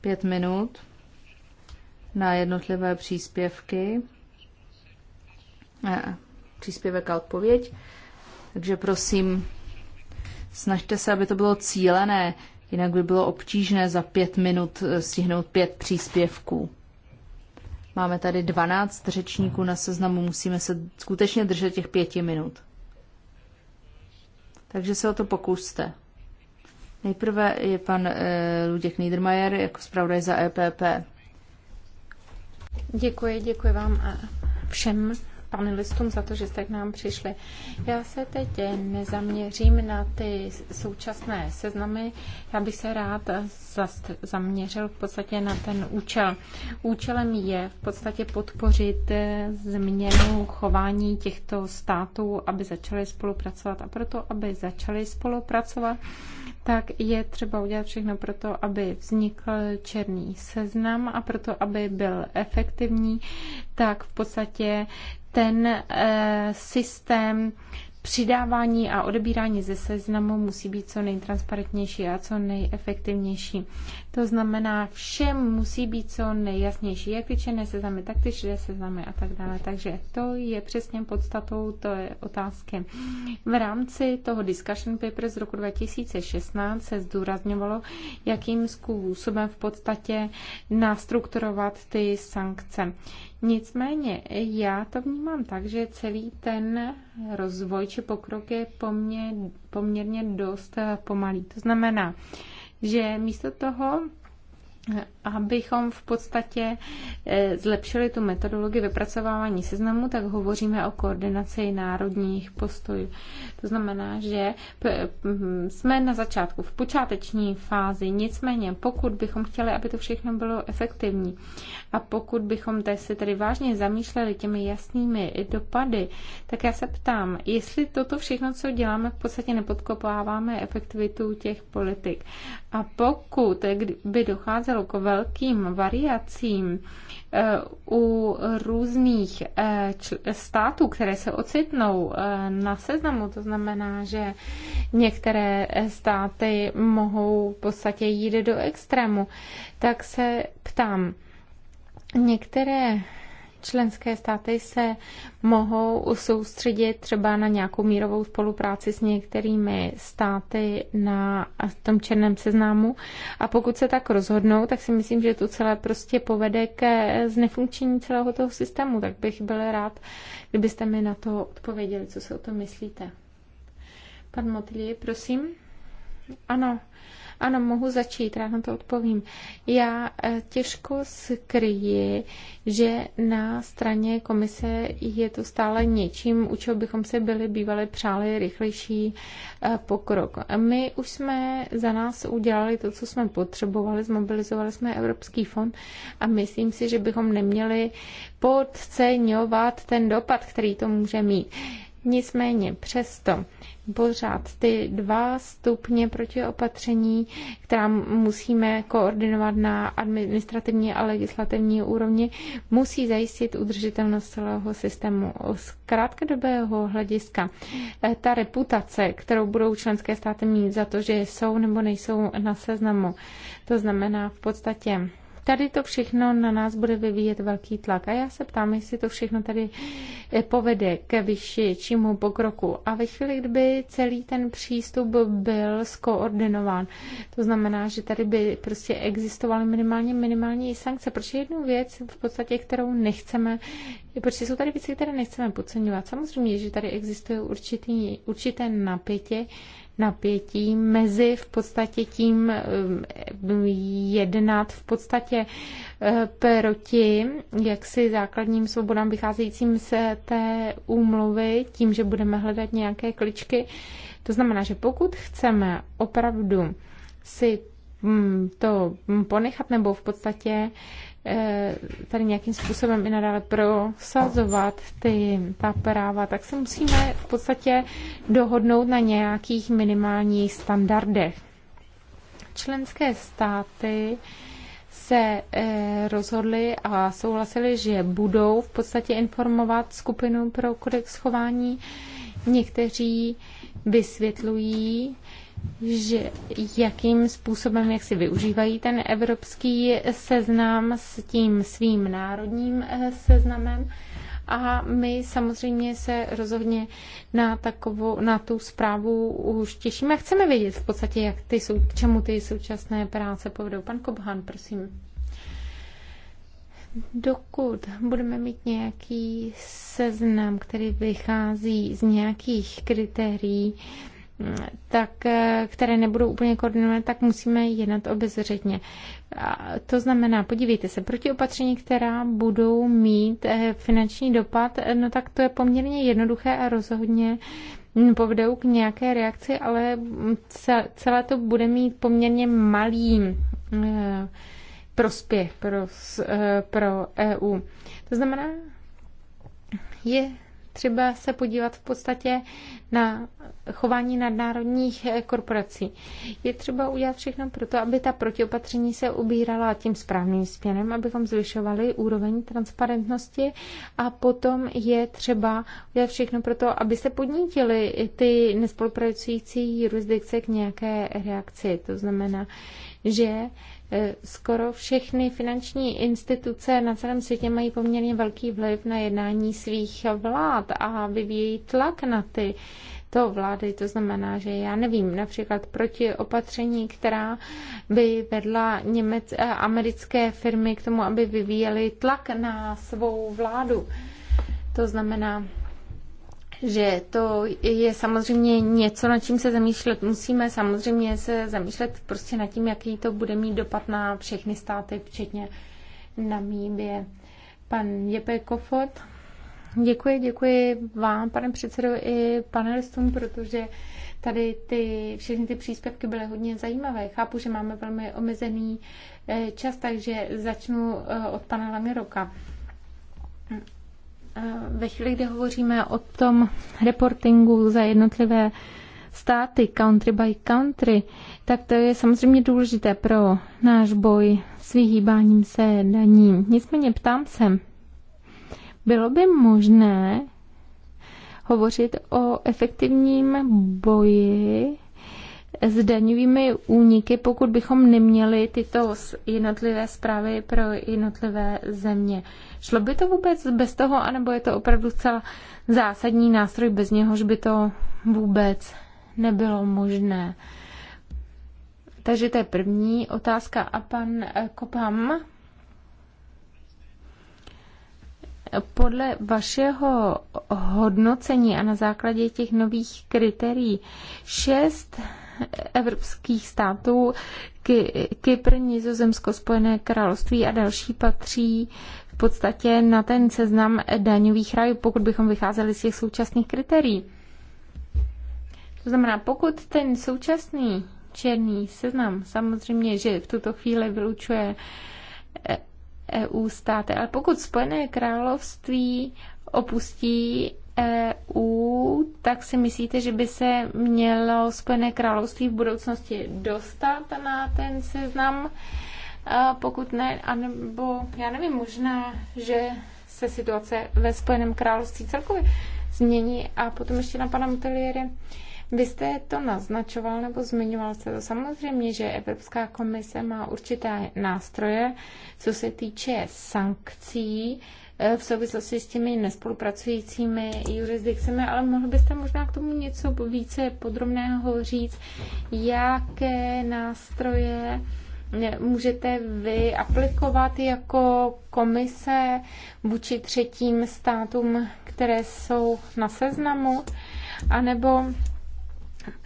Pět minut na jednotlivé příspěvky příspěvek a odpověď. Takže prosím, snažte se, aby to bylo cílené, jinak by bylo obtížné za pět minut eh, stihnout pět příspěvků. Máme tady 12 řečníků na seznamu, musíme se skutečně držet těch pěti minut. Takže se o to pokuste. Nejprve je pan e, Luděk Niedermayer jako zpravodaj za EPP. Děkuji, děkuji vám a všem panelistům za to, že jste k nám přišli. Já se teď nezaměřím na ty současné seznamy. Já bych se rád zaměřil v podstatě na ten účel. Účelem je v podstatě podpořit změnu chování těchto států, aby začaly spolupracovat. A proto, aby začaly spolupracovat, tak je třeba udělat všechno pro to, aby vznikl černý seznam a proto, aby byl efektivní, tak v podstatě ten eh, systém přidávání a odebírání ze seznamu musí být co nejtransparentnější a co nejefektivnější. To znamená, všem musí být co nejjasnější, jak černé seznamy, tak ty šedé seznamy a tak dále. Takže to je přesně podstatou to je otázky. V rámci toho discussion paper z roku 2016 se zdůrazňovalo, jakým způsobem v podstatě nastrukturovat ty sankce. Nicméně já to vnímám tak, že celý ten rozvoj či pokrok je poměr, poměrně dost pomalý. To znamená, že místo toho, abychom v podstatě eh, zlepšili tu metodologii vypracovávání seznamu, tak hovoříme o koordinaci národních postojů. To znamená, že jsme na začátku, v počáteční fázi, nicméně pokud bychom chtěli, aby to všechno bylo efektivní a pokud bychom se tedy vážně zamýšleli těmi jasnými dopady, tak já se ptám, jestli toto všechno, co děláme, v podstatě nepodkopáváme efektivitu těch politik. A pokud eh, by docházelo k velkým variacím eh, u různých eh, států, které se ocitnou eh, na seznamu. To znamená, že některé státy mohou v podstatě jít do extrému. Tak se ptám, některé členské státy se mohou soustředit třeba na nějakou mírovou spolupráci s některými státy na tom černém seznamu. A pokud se tak rozhodnou, tak si myslím, že to celé prostě povede ke znefunkčení celého toho systému. Tak bych byl rád, kdybyste mi na to odpověděli, co si o tom myslíte. Pan Motlí, prosím. Ano, ano, mohu začít, ráno to odpovím. Já eh, těžko skryji, že na straně komise je to stále něčím, u čeho bychom se byli bývali přáli rychlejší eh, pokrok. My už jsme za nás udělali to, co jsme potřebovali, zmobilizovali jsme Evropský fond a myslím si, že bychom neměli podceňovat ten dopad, který to může mít. Nicméně přesto pořád ty dva stupně protiopatření, která musíme koordinovat na administrativní a legislativní úrovni, musí zajistit udržitelnost celého systému. Z krátkodobého hlediska eh, ta reputace, kterou budou členské státy mít za to, že jsou nebo nejsou na seznamu, to znamená v podstatě tady to všechno na nás bude vyvíjet velký tlak. A já se ptám, jestli to všechno tady eh, povede ke vyššímu pokroku. A ve chvíli, kdyby celý ten přístup byl skoordinován, to znamená, že tady by prostě existovaly minimálně minimální sankce. Protože jednu věc v podstatě, kterou nechceme, protože jsou tady věci, které nechceme podceňovat. Samozřejmě, že tady existuje určitý, určité napětí, napětí mezi v podstatě tím um, jednat v podstatě eh, proti jaksi základním svobodám vycházejícím se té úmluvy, tím, že budeme hledat nějaké kličky. To znamená, že pokud chceme opravdu si mm, to ponechat nebo v podstatě Eh, tady nějakým způsobem i nadále prosazovat ty, ta práva, tak se musíme v podstatě dohodnout na nějakých minimálních standardech. Členské státy se eh, rozhodly a souhlasili, že budou v podstatě informovat skupinu pro kodex chování. Někteří vysvětlují, že jakým způsobem, jak si využívají ten evropský seznam s tím svým národním eh, seznamem. A my samozřejmě se rozhodně na, takovou, na tu zprávu už těšíme. Chceme vědět v podstatě, jak ty, jsou, čemu ty současné práce povedou. Pan Kobhan, prosím dokud budeme mít nějaký seznam, který vychází z nějakých kritérií, tak, eh, které nebudou úplně koordinované, tak musíme jednat obezřetně. A to znamená, podívejte se, proti opatření, která budou mít eh, finanční dopad, eh, no tak to je poměrně jednoduché a rozhodně hm, povedou k nějaké reakci, ale hm, celé to bude mít poměrně malý hm, prospěch pro, pro EU. To znamená, je třeba se podívat v podstatě na chování nadnárodních eh, korporací. Je třeba udělat všechno pro to, aby ta protiopatření se ubírala tím správným směrem, abychom zvyšovali úroveň transparentnosti a potom je třeba udělat všechno pro to, aby se podnítili ty nespolupracující jurisdikce k nějaké reakci. To znamená, že Eh, skoro všechny finanční instituce na celém světě mají poměrně velký vliv na jednání svých vlád a vyvíjí tlak na ty to vlády. To znamená, že já nevím, například proti opatření, která by vedla němec, eh, americké firmy k tomu, aby vyvíjely tlak na svou vládu. To znamená, že to je samozřejmě něco, nad čím se zamýšlet musíme. Samozřejmě se zamýšlet prostě nad tím, jaký to bude mít dopad na všechny státy, včetně Namíbie. Pan Jepe Kofot. Děkuji, děkuji vám, pane předsedo, i panelistům, protože tady ty, všechny ty příspěvky byly hodně zajímavé. Chápu, že máme velmi omezený eh, čas, takže začnu eh, od pana Langeroka. Eh, ve chvíli, kdy hovoříme o tom reportingu za jednotlivé státy country by country, tak to je samozřejmě důležité pro náš boj s vyhýbáním se daním. Nicméně ptám se, bylo by možné hovořit o efektivním boji s daňovými úniky, pokud bychom neměli tyto jednotlivé zprávy pro jednotlivé země. Šlo by to vůbec bez toho, anebo je to opravdu celá zásadní nástroj, bez něhož by to vůbec nebylo možné? Takže to je první otázka. A pan eh, Kopam, podle vašeho hodnocení a na základě těch nových kritérií šest evropských států, Ky- Kypr, Nizozemsko, Spojené království a další patří v podstatě na ten seznam daňových rájů, pokud bychom vycházeli z těch současných kritérií. To znamená, pokud ten současný černý seznam, samozřejmě, že v tuto chvíli vylučuje EU e státy, ale pokud Spojené království opustí EU, tak si myslíte, že by se mělo Spojené království v budoucnosti dostat na ten seznam? E, pokud ne, anebo já nevím, možná, že se situace ve Spojeném království celkově změní. A potom ještě na pana Moteliere. Vy jste to naznačoval nebo zmiňoval se? to. Samozřejmě, že Evropská komise má určité nástroje, co se týče sankcí, E, v souvislosti s těmi nespolupracujícími jurisdikcemi, ale mohl byste možná k tomu něco více podrobného říct, jaké nástroje e, můžete vy aplikovat jako komise vůči třetím státům, které jsou na seznamu, anebo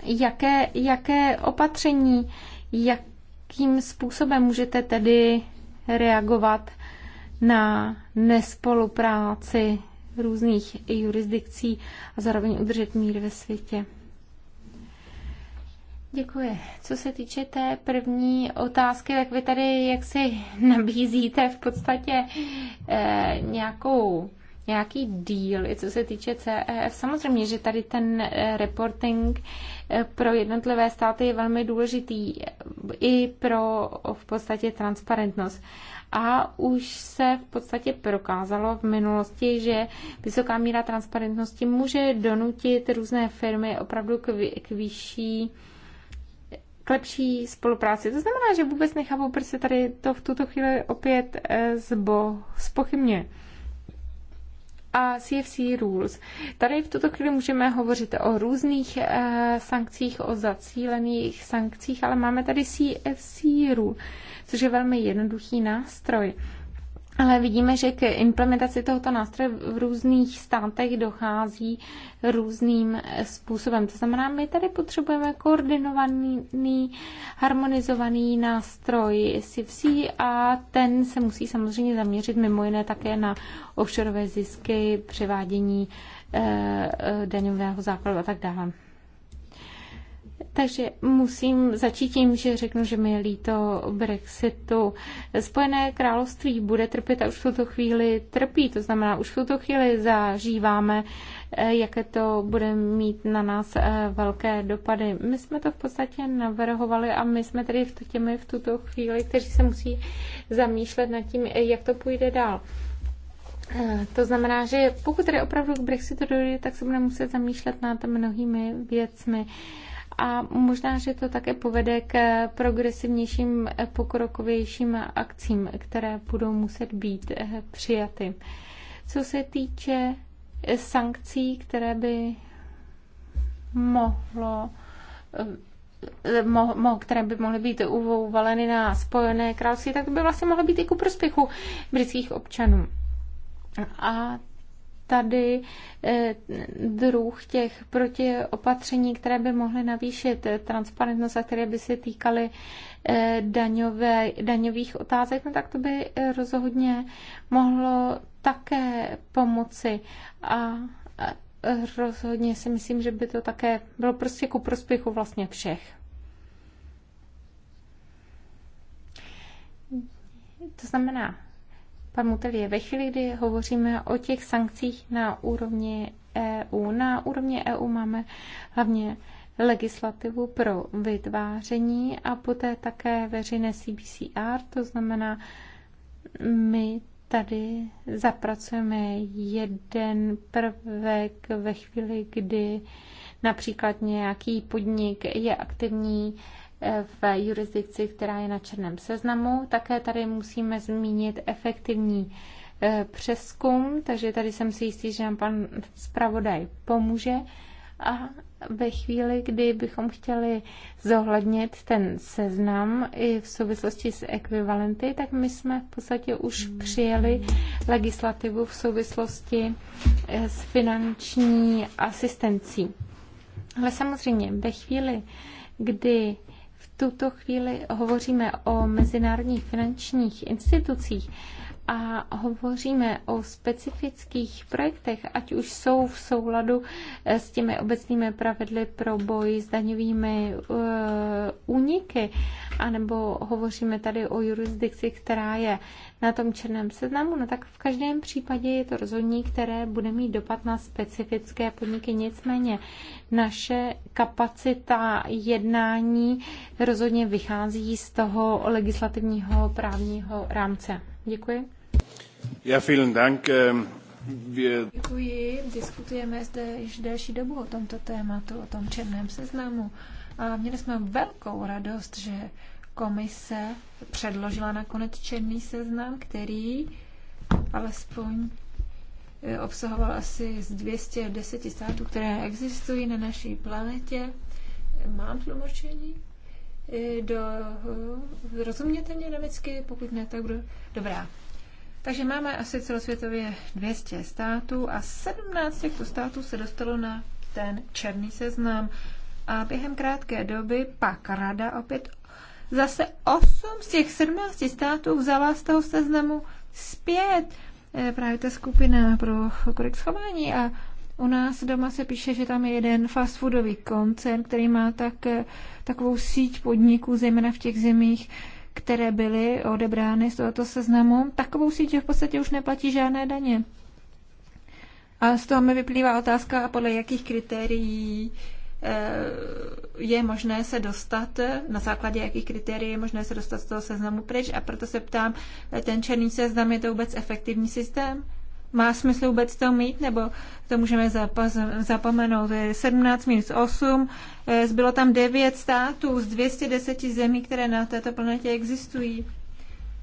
jaké, jaké opatření, jakým způsobem můžete tedy reagovat na nespolupráci různých jurisdikcí a zároveň udržet mír ve světě. Děkuji. Co se týče té první otázky, tak vy tady jak si nabízíte v podstatě eh, nějakou nějaký deal, i co se týče CEF. Samozřejmě, že tady ten eh, reporting eh, pro jednotlivé státy je velmi důležitý eh, i pro v podstatě transparentnost a už se v podstatě prokázalo v minulosti, že vysoká míra transparentnosti může donutit různé firmy opravdu k, k vyšší k lepší spolupráci. To znamená, že vůbec nechápu, proč se tady to v tuto chvíli opět eh, zbo, spochybňuje a CFC rules. Tady v tuto chvíli můžeme hovořit o různých eh, sankcích, o zacílených sankcích, ale máme tady CFC rule což je velmi jednoduchý nástroj. Ale vidíme, že k implementaci tohoto nástroje v různých státech dochází různým způsobem. To znamená, my tady potřebujeme koordinovaný, harmonizovaný nástroj CFC a ten se musí samozřejmě zaměřit mimo jiné také na offshore zisky, převádění eh, eh, daňového základu a tak dále. Takže musím začít tím, že řeknu, že mi je líto Brexitu. Spojené království bude trpět a už v tuto chvíli trpí, to znamená, už v tuto chvíli zažíváme, eh, jaké to bude mít na nás eh, velké dopady. My jsme to v podstatě navrhovali a my jsme tedy v těmi v tuto chvíli, kteří se musí zamýšlet nad tím, eh, jak to půjde dál. To znamená, že pokud tedy opravdu k Brexitu dojde, tak se bude muset zamýšlet nad mnohými věcmi a možná, že to také povede k progresivnějším, pokrokovějším akcím, které budou muset být eh, přijaty. Co se týče eh, sankcí, které by mohlo eh, mo, mo, které by mohly být uvaleny na Spojené království, tak by vlastně mohlo být i ku prospěchu britských občanů. A tady eh, druh těch protiopatření, které by mohly navýšit eh, transparentnost a které by se týkaly eh, daňové, daňových otázek, no tak to by rozhodně mohlo také pomoci a rozhodně si myslím, že by to také bylo prostě ku prospěchu vlastně všech. To znamená, pan Mutelie, ve chvíli, kdy hovoříme o těch sankcích na úrovni EU, na úrovni EU máme hlavně legislativu pro vytváření a poté také veřejné CBCR, to znamená, my tady zapracujeme jeden prvek ve chvíli, kdy například nějaký podnik je aktivní v jurisdikci, která je na černém seznamu. Také tady musíme zmínit efektivní e, přeskum, takže tady jsem si jistý, že nám pan zpravodaj pomůže. A ve chvíli, kdy bychom chtěli zohlednit ten seznam i v souvislosti s ekvivalenty, tak my jsme v podstatě už přijeli legislativu v souvislosti e, s finanční asistencí. Ale samozřejmě ve chvíli, kdy v tuto chvíli hovoříme o mezinárodních finančních institucích, a hovoříme o specifických projektech, ať už jsou v souladu eh, s těmi obecnými pravidly pro boj s daňovými eh, úniky, anebo hovoříme tady o jurisdikci, která je na tom černém seznamu, no tak v každém případě je to rozhodní, které bude mít dopad na specifické podniky. Nicméně naše kapacita jednání rozhodně vychází z toho legislativního právního rámce. Děkuji. Ja, vielen Dank. Ähm, Děkuji. Diskutujeme zde již delší dobu o tomto tématu, o tom černém seznamu. A měli jsme velkou radost, že komise předložila nakonec černý seznam, který alespoň e, obsahoval asi z 210 států, které existují na naší planetě. Mám tlumočení? do... Rozuměte mě německy? Pokud ne, tak budu... Dobrá. Takže máme asi celosvětově 200 států a 17 těchto států se dostalo na ten černý seznam. A během krátké doby pak rada opět zase 8 z těch 17 států vzala z toho seznamu zpět e, právě ta skupina pro korek schování a u nás doma se píše, že tam je jeden fast foodový koncern, který má tak, eh, takovou síť podniků, zejména v těch zemích, které byly odebrány z tohoto seznamu. Takovou síť, že v podstatě už neplatí žádné daně. A z toho mi vyplývá otázka, podle jakých kritérií eh, je možné se dostat, na základě jakých kritérií je možné se dostat z toho seznamu pryč a proto se ptám, ten černý seznam je to vůbec efektivní systém? Má smysl vůbec to mít, nebo to můžeme zapomenout? 17 minus 8, eh, zbylo tam 9 států z 210 zemí, které na této planetě existují.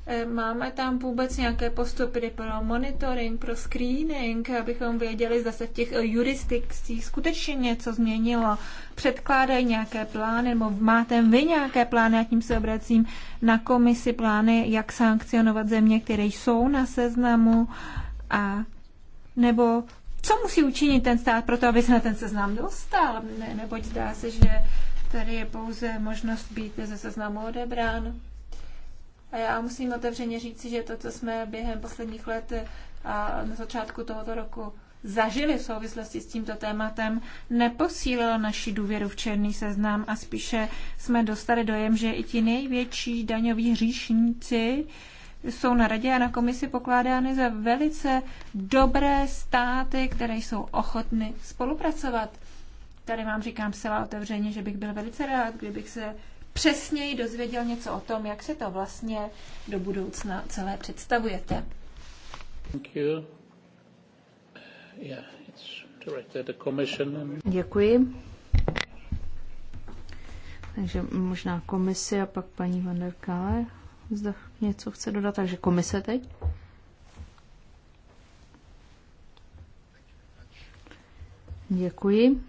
Eh, máme tam vůbec nějaké postupy pro monitoring, pro screening, abychom věděli, zda se v těch eh, jurisdikcích skutečně něco změnilo. Předkládají nějaké plány, nebo máte vy nějaké plány, a tím se obracím na komisi plány, jak sankcionovat země, které jsou na seznamu a nebo co musí učinit ten stát pro to, aby se na ten seznam dostal? Ne, neboť zdá se, že tady je pouze možnost být ze seznamu odebrán. A já musím otevřeně říci, že to, co jsme během posledních let a na začátku tohoto roku zažili v souvislosti s tímto tématem, neposílilo naši důvěru v černý seznam a spíše jsme dostali dojem, že i ti největší daňoví hříšníci jsou na radě a na komisi pokládány za velice dobré státy, které jsou ochotny spolupracovat. Tady vám říkám celá otevřeně, že bych byl velice rád, kdybych se přesněji dozvěděl něco o tom, jak se to vlastně do budoucna celé představujete. Děkuji. Takže možná komisi a pak paní van der Zdech něco chce dodat, takže komise teď. Děkuji.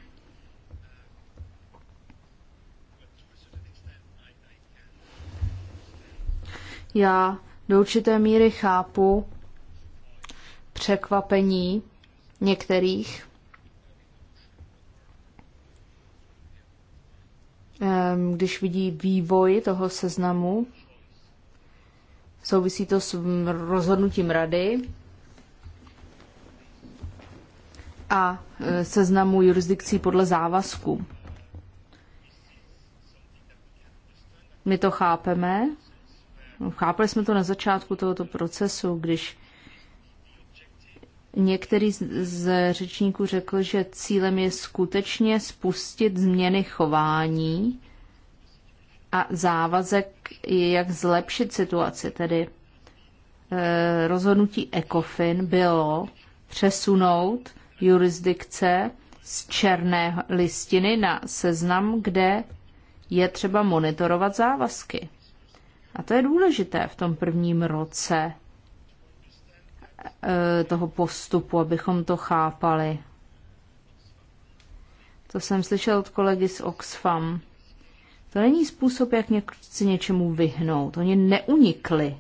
Já do určité míry chápu překvapení některých. Když vidí vývoj toho seznamu, Souvisí to s mm, rozhodnutím rady a e, seznamu jurisdikcí podle závazku. My to chápeme. Chápali jsme to na začátku tohoto procesu, když některý z řečníků řekl, že cílem je skutečně spustit změny chování a závazek je, jak zlepšit situaci. Tedy eh, rozhodnutí ECOFIN bylo přesunout jurisdikce z černé listiny na seznam, kde je třeba monitorovat závazky. A to je důležité v tom prvním roce eh, toho postupu, abychom to chápali. To jsem slyšel od kolegy z Oxfam. To není způsob, jak se něčemu vyhnout. Oni neunikli.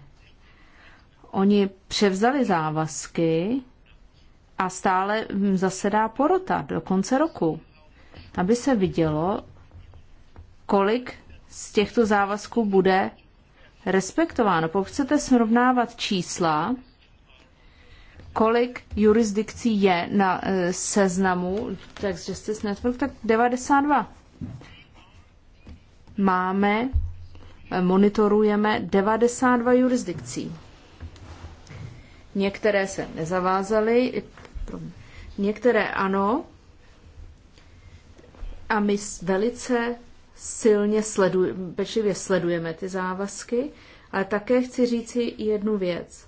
Oni převzali závazky a stále hm, zasedá porota do konce roku, aby se vidělo, kolik z těchto závazků bude respektováno. Pokud chcete srovnávat čísla, kolik jurisdikcí je na e, seznamu Tax Justice Network, tak 92 máme, eh, monitorujeme 92 jurisdikcí. Některé se nezavázaly, některé ano, a my velice silně sledujeme, pečlivě sledujeme ty závazky, ale také chci říci jednu věc.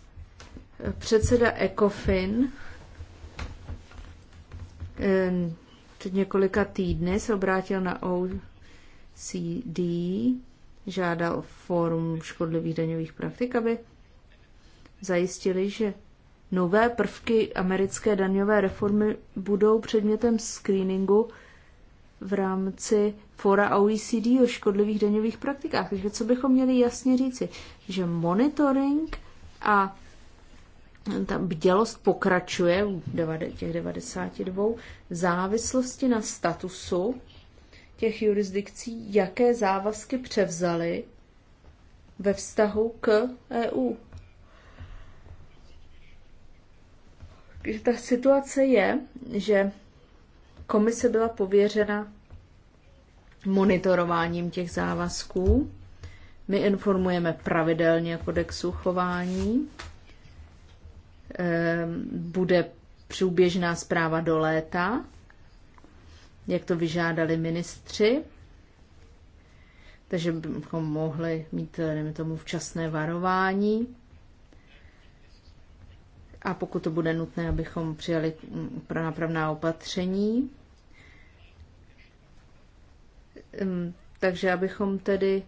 Předseda ECOFIN eh, před několika týdny se obrátil na CD žádá o fórum škodlivých daňových praktik, aby zajistili, že nové prvky americké daňové reformy budou předmětem screeningu v rámci fora OECD o škodlivých daňových praktikách. Takže co bychom měli jasně říci? Že monitoring a ta bdělost pokračuje u těch 92 závislosti na statusu těch jurisdikcí, jaké závazky převzaly ve vztahu k EU. ta situace je, že komise byla pověřena monitorováním těch závazků. My informujeme pravidelně o kodexu chování. Ehm, bude průběžná zpráva do léta jak to vyžádali ministři, takže bychom mohli mít, nevím tomu, včasné varování. A pokud to bude nutné, abychom přijali pro nápravná opatření. Ehm, takže abychom tedy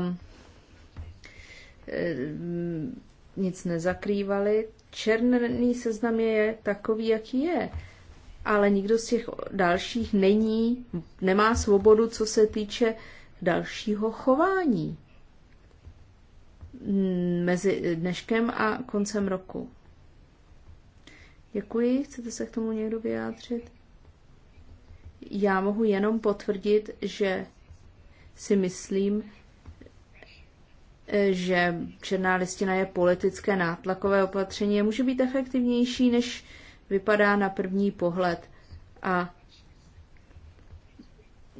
um, nic nezakrývali. Černý seznam je takový, jaký je ale nikdo z těch dalších není, nemá svobodu, co se týče dalšího chování mezi dneškem a koncem roku. Děkuji. Chcete se k tomu někdo vyjádřit? Já mohu jenom potvrdit, že si myslím, že černá listina je politické nátlakové opatření a může být efektivnější než vypadá na první pohled. A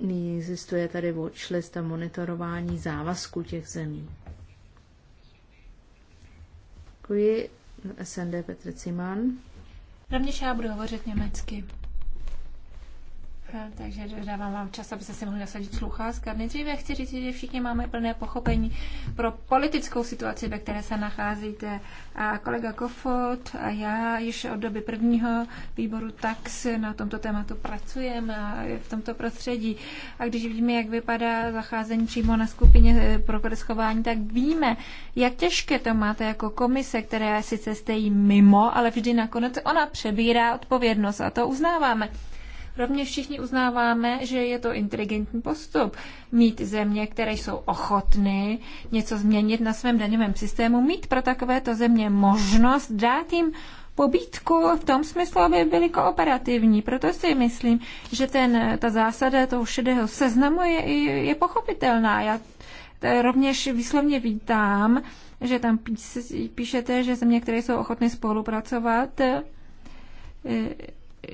nyní existuje tady watchlist a monitorování závazku těch zemí. Děkuji. SND Petr Ciman. Rovněž já budu hovořit německy takže dodávám vám čas, abyste si mohli nasadit sluchátka. Nejdříve chci říct, že všichni máme plné pochopení pro politickou situaci, ve které se nacházíte. A kolega Kofot a já již od doby prvního výboru TAX na tomto tématu pracujeme a v tomto prostředí. A když vidíme, jak vypadá zacházení přímo na skupině eh, pro schování, tak víme, jak těžké to máte jako komise, která sice stejí mimo, ale vždy nakonec ona přebírá odpovědnost a to uznáváme. Rovněž všichni uznáváme, že je to inteligentní postup. Mít země, které jsou ochotny něco změnit na svém daňovém systému, mít pro takovéto země možnost dát jim pobítku v tom smyslu, aby byli kooperativní. Proto si myslím, že ten, ta zásada toho šedého seznamu je, je pochopitelná. Já rovněž výslovně vítám, že tam píšete, že země, které jsou ochotny spolupracovat, e,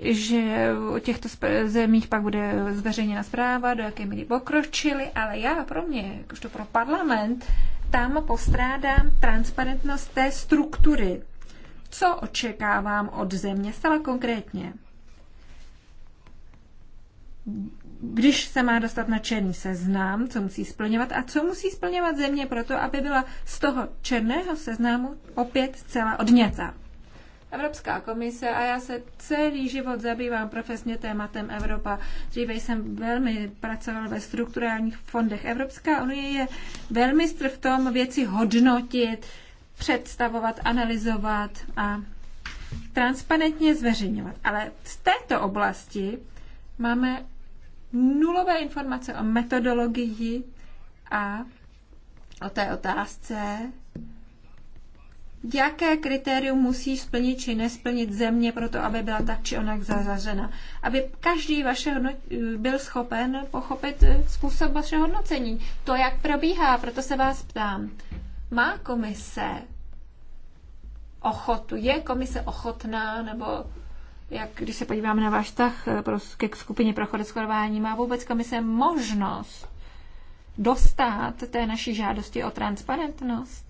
že o těchto zemích pak bude zveřejněna zpráva, do jaké míry pokročili, ale já pro mě, jakožto pro parlament, tam postrádám transparentnost té struktury. Co očekávám od země zcela konkrétně? Když se má dostat na černý seznam, co musí splňovat a co musí splňovat země proto, aby byla z toho černého seznamu opět celá odňata. Evropská komise a já se celý život zabývám profesně tématem Evropa. Dříve jsem velmi pracoval ve strukturálních fondech. Evropská unie je velmi str v tom věci hodnotit, představovat, analyzovat a transparentně zveřejňovat. Ale z této oblasti máme nulové informace o metodologii a o té otázce, jaké kritérium musí splnit či nesplnit země pro to, aby byla tak či onak zazařena. Aby každý vaše byl schopen pochopit eh, způsob vašeho hodnocení, to, jak probíhá. Proto se vás ptám, má komise ochotu, je komise ochotná, nebo jak když se podíváme na váš vztah eh, ke skupině pro chodeckodování, má vůbec komise možnost dostat té naší žádosti o transparentnost?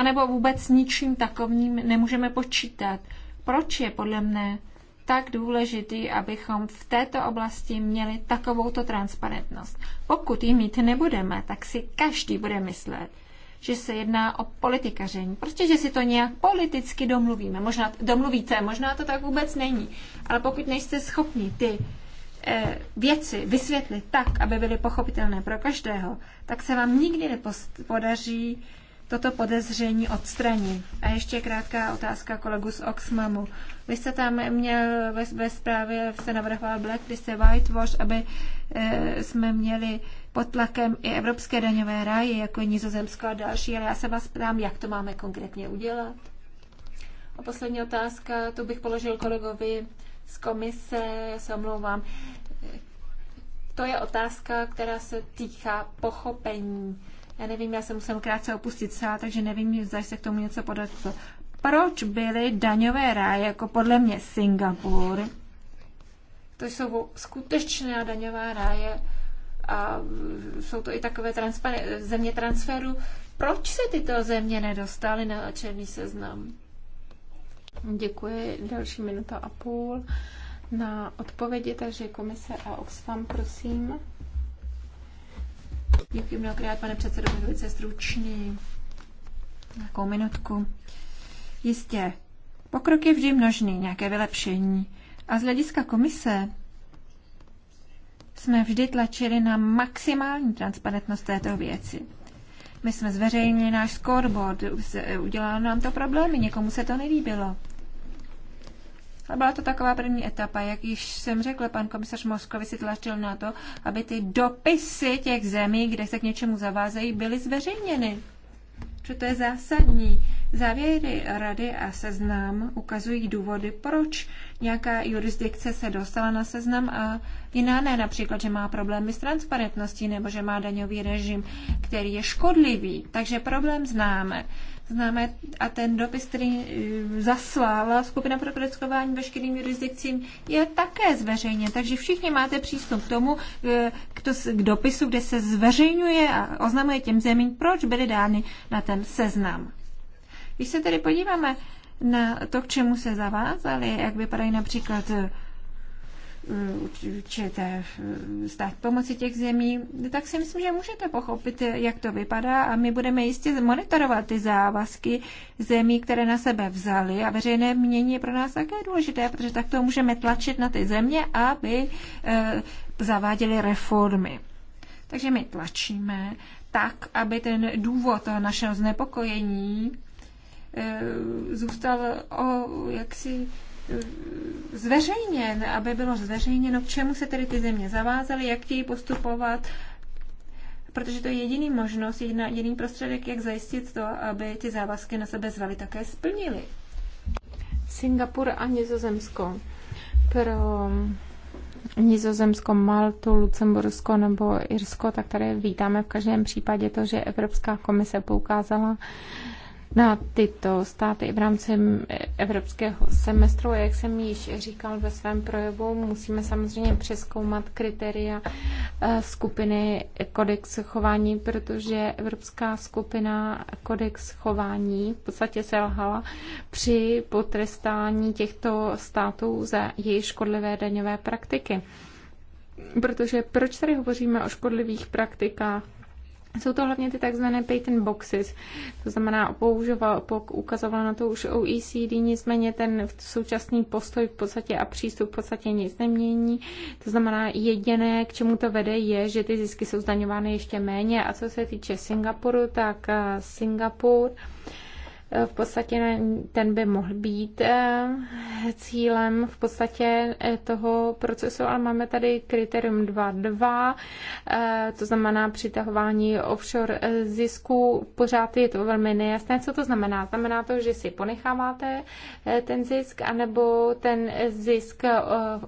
anebo vůbec ničím takovým nemůžeme počítat. Proč je podle mne tak důležitý, abychom v této oblasti měli takovouto transparentnost? Pokud ji mít nebudeme, tak si každý bude myslet, že se jedná o politikaření. Prostě, že si to nějak politicky domluvíme. Možná domluvíte, možná to tak vůbec není. Ale pokud nejste schopni ty eh, věci vysvětlit tak, aby byly pochopitelné pro každého, tak se vám nikdy nepodaří toto podezření odstranit. A ještě krátká otázka kolegu z Oxmamu. Vy jste tam měl ve, ve zprávě, se navrhoval Black, vy se Whitewash, aby e, jsme měli pod tlakem i evropské daňové ráje, jako Nizozemsko a další, ale já se vás ptám, jak to máme konkrétně udělat. A poslední otázka, tu bych položil kolegovi z komise, já se omlouvám. To je otázka, která se týká pochopení já nevím, já se musím krátce opustit sál, takže nevím, zda se k tomu něco podat. Proč byly daňové ráje, jako podle mě Singapur, to jsou skutečná daňová ráje a jsou to i takové země transferu, proč se tyto země nedostaly na černý seznam? Děkuji. Další minuta a půl na odpovědi, takže komise a Oxfam, prosím. Děkuji mnohokrát, pane předsedo, byl velice stručný. Nějakou minutku. Jistě, pokrok je vždy množný, nějaké vylepšení. A z hlediska komise jsme vždy tlačili na maximální transparentnost této věci. My jsme zveřejnili náš scoreboard, udělalo nám to problémy, někomu se to nelíbilo. Ale byla to taková první etapa. Jak již jsem řekla, pan komisař Moskovi si tlačil na to, aby ty dopisy těch zemí, kde se k něčemu zavázejí, byly zveřejněny. Co to je zásadní. Závěry rady a seznam ukazují důvody, proč nějaká jurisdikce se dostala na seznam a jiná ne. Například, že má problémy s transparentností nebo že má daňový režim, který je škodlivý. Takže problém známe známe, a ten dopis, který e, zaslala skupina pro kreckování veškerým jurisdikcím, je také zveřejněn. Takže všichni máte přístup k tomu, e, k, to, k dopisu, kde se zveřejňuje a oznamuje těm zemím, proč byly dány na ten seznam. Když se tedy podíváme na to, k čemu se zavázali, jak vypadají například e, Mm, určité mm, stát pomoci těch zemí, tak si myslím, že můžete pochopit, jak to vypadá a my budeme jistě monitorovat ty závazky zemí, které na sebe vzaly a veřejné mění je pro nás také důležité, protože tak to můžeme tlačit na ty země, aby eh, zaváděly reformy. Takže my tlačíme tak, aby ten důvod toho našeho znepokojení eh, zůstal o jaksi zveřejněn, aby bylo zveřejněno, k čemu se tedy ty země zavázaly, jak chtějí postupovat, protože to je jediný možnost, jediná, jediný prostředek, jak zajistit to, aby ty závazky na sebe zvali také splnili. Singapur a Nizozemsko. Pro Nizozemsko, Maltu, Lucembursko nebo Irsko, tak tady vítáme v každém případě to, že Evropská komise poukázala na tyto státy i v rámci evropského semestru. Jak jsem již říkal ve svém projevu, musíme samozřejmě přeskoumat kritéria eh, skupiny kodex chování, protože Evropská skupina kodex chování v podstatě selhala při potrestání těchto států za jejich škodlivé daňové praktiky. Protože proč tady hovoříme o škodlivých praktikách jsou to hlavně ty takzvané patent boxes, to znamená, použoval, ukazovalo na to už OECD, nicméně ten současný postoj v podstatě a přístup v podstatě nic nemění. To znamená, jediné, k čemu to vede, je, že ty zisky jsou zdaňovány ještě méně. A co se týče Singapuru, tak eh, Singapur Eh, v podstatě ten by mohl být eh, cílem v podstatě eh, toho procesu, ale máme tady kritérium 2.2, to znamená přitahování offshore zisku. Pořád je to velmi nejasné, co to znamená. Znamená to, že si ponecháváte ten zisk, anebo ten zisk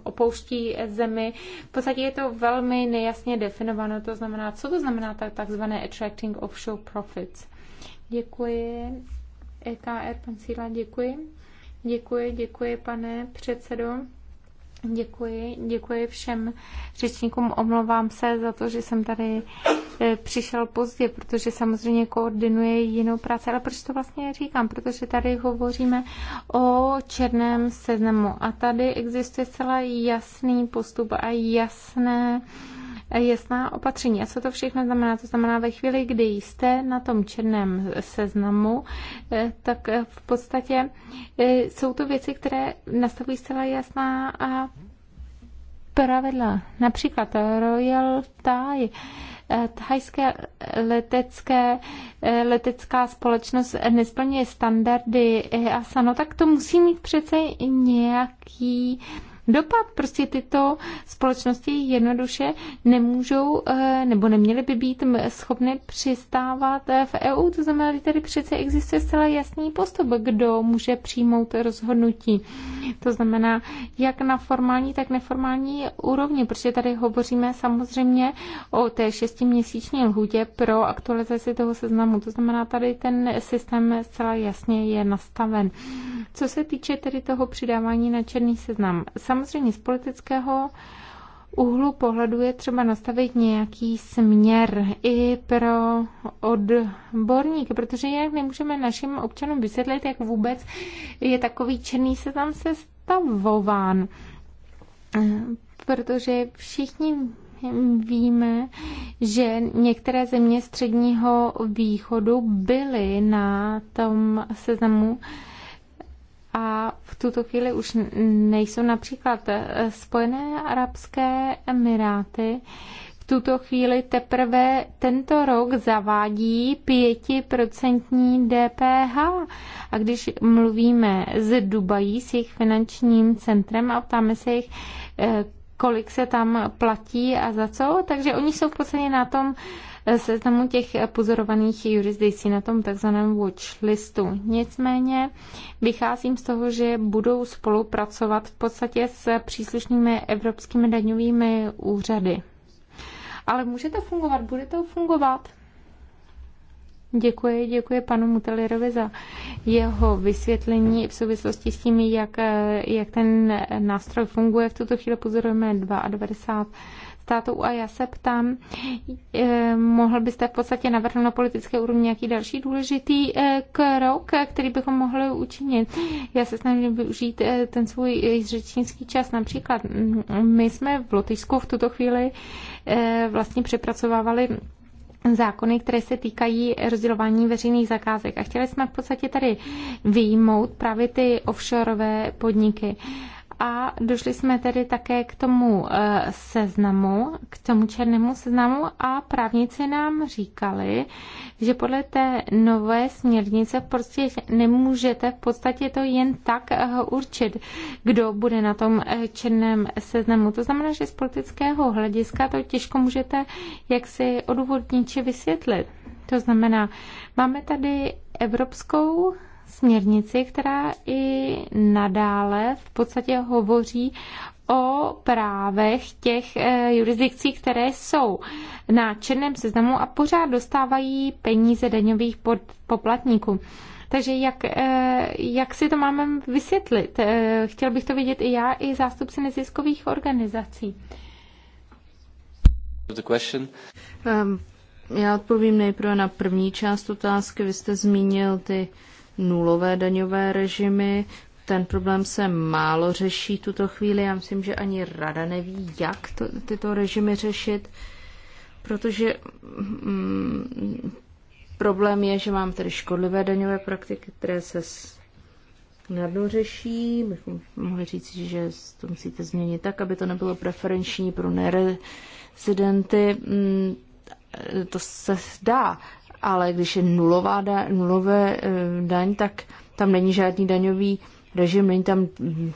opouští zemi. V podstatě je to velmi nejasně definováno, to znamená, co to znamená takzvané attracting offshore profits. Děkuji. EKR, pan Síla, děkuji. Děkuji, děkuji, pane předsedo. Děkuji, děkuji všem řečníkům. Omlouvám se za to, že jsem tady e, přišel pozdě, protože samozřejmě koordinuje jinou práci. Ale proč to vlastně říkám? Protože tady hovoříme o černém seznamu a tady existuje celá jasný postup a jasné jasná opatření. A co to všechno znamená? To znamená, ve chvíli, kdy jste na tom černém seznamu, eh, tak eh, v podstatě eh, jsou to věci, které nastavují zcela jasná a pravidla. Například Royal Thai, thajské letecké, letecká společnost nesplňuje standardy e a sano, tak to musí mít přece nějaký dopad. Prostě tyto společnosti jednoduše nemůžou eh, nebo neměly by být schopny přistávat eh, v EU. To znamená, že tady přece existuje zcela jasný postup, kdo může přijmout rozhodnutí. To znamená, jak na formální, tak neformální úrovni, protože tady hovoříme samozřejmě o té šestiměsíční lhůtě pro aktualizaci toho seznamu. To znamená, tady ten systém zcela jasně je nastaven. Co se týče tedy toho přidávání na černý seznam, Samozřejmě z politického úhlu pohledu je třeba nastavit nějaký směr i pro odborníky, protože jinak nemůžeme našim občanům vysvětlit, jak vůbec je takový černý se tam sestavován. Protože všichni víme, že některé země středního východu byly na tom seznamu a v tuto chvíli už nejsou například eh, Spojené arabské emiráty, v tuto chvíli teprve tento rok zavádí pětiprocentní DPH. A když mluvíme z Dubají s jejich finančním centrem a ptáme se jich, eh, kolik se tam platí a za co, takže oni jsou v podstatě na tom seznamu těch pozorovaných jurisdikcí na tom takzvaném watch listu. Nicméně vycházím z toho, že budou spolupracovat v podstatě s příslušnými evropskými daňovými úřady. Ale může to fungovat, bude to fungovat. Děkuji, děkuji panu Mutelirovi za jeho vysvětlení v souvislosti s tím, jak, jak ten nástroj funguje. V tuto chvíli pozorujeme 92 Státu a já se ptám, eh, mohl byste v podstatě navrhnout na politické úrovni nějaký další důležitý eh, krok, který bychom mohli učinit. Já se snažím využít eh, ten svůj řečnický čas. Například mm, my jsme v Lotyšsku v tuto chvíli vlastně přepracovávali zákony, které se týkají rozdělování veřejných zakázek. A chtěli jsme v podstatě tady vyjmout právě ty offshoreové podniky a došli jsme tedy také k tomu eh, seznamu, k tomu černému seznamu a právníci nám říkali, že podle té nové směrnice prostě nemůžete v podstatě to jen tak eh, určit, kdo bude na tom eh, černém seznamu. To znamená, že z politického hlediska to těžko můžete jaksi odůvodnit či vysvětlit. To znamená, máme tady evropskou směrnici, která i nadále v podstatě hovoří o právech těch eh, jurisdikcí, které jsou na černém seznamu a pořád dostávají peníze daňových poplatníků. Takže jak, eh, jak si to máme vysvětlit? Eh, chtěl bych to vidět i já, i zástupci neziskových organizací. Ehm, já odpovím nejprve na první část otázky. Vy jste zmínil ty uh, nulové daňové režimy. Ten problém se málo řeší tuto chvíli. Já myslím, že ani rada neví, jak to, tyto režimy řešit, protože mm, problém je, že mám tedy škodlivé daňové praktiky, které se snadno řeší. Bychom mohli říct, že to musíte změnit tak, aby to nebylo preferenční pro nerezidenty. Mm, to se dá ale když je nulová da, nulové eh, daň, tak tam není žádný daňový režim, není tam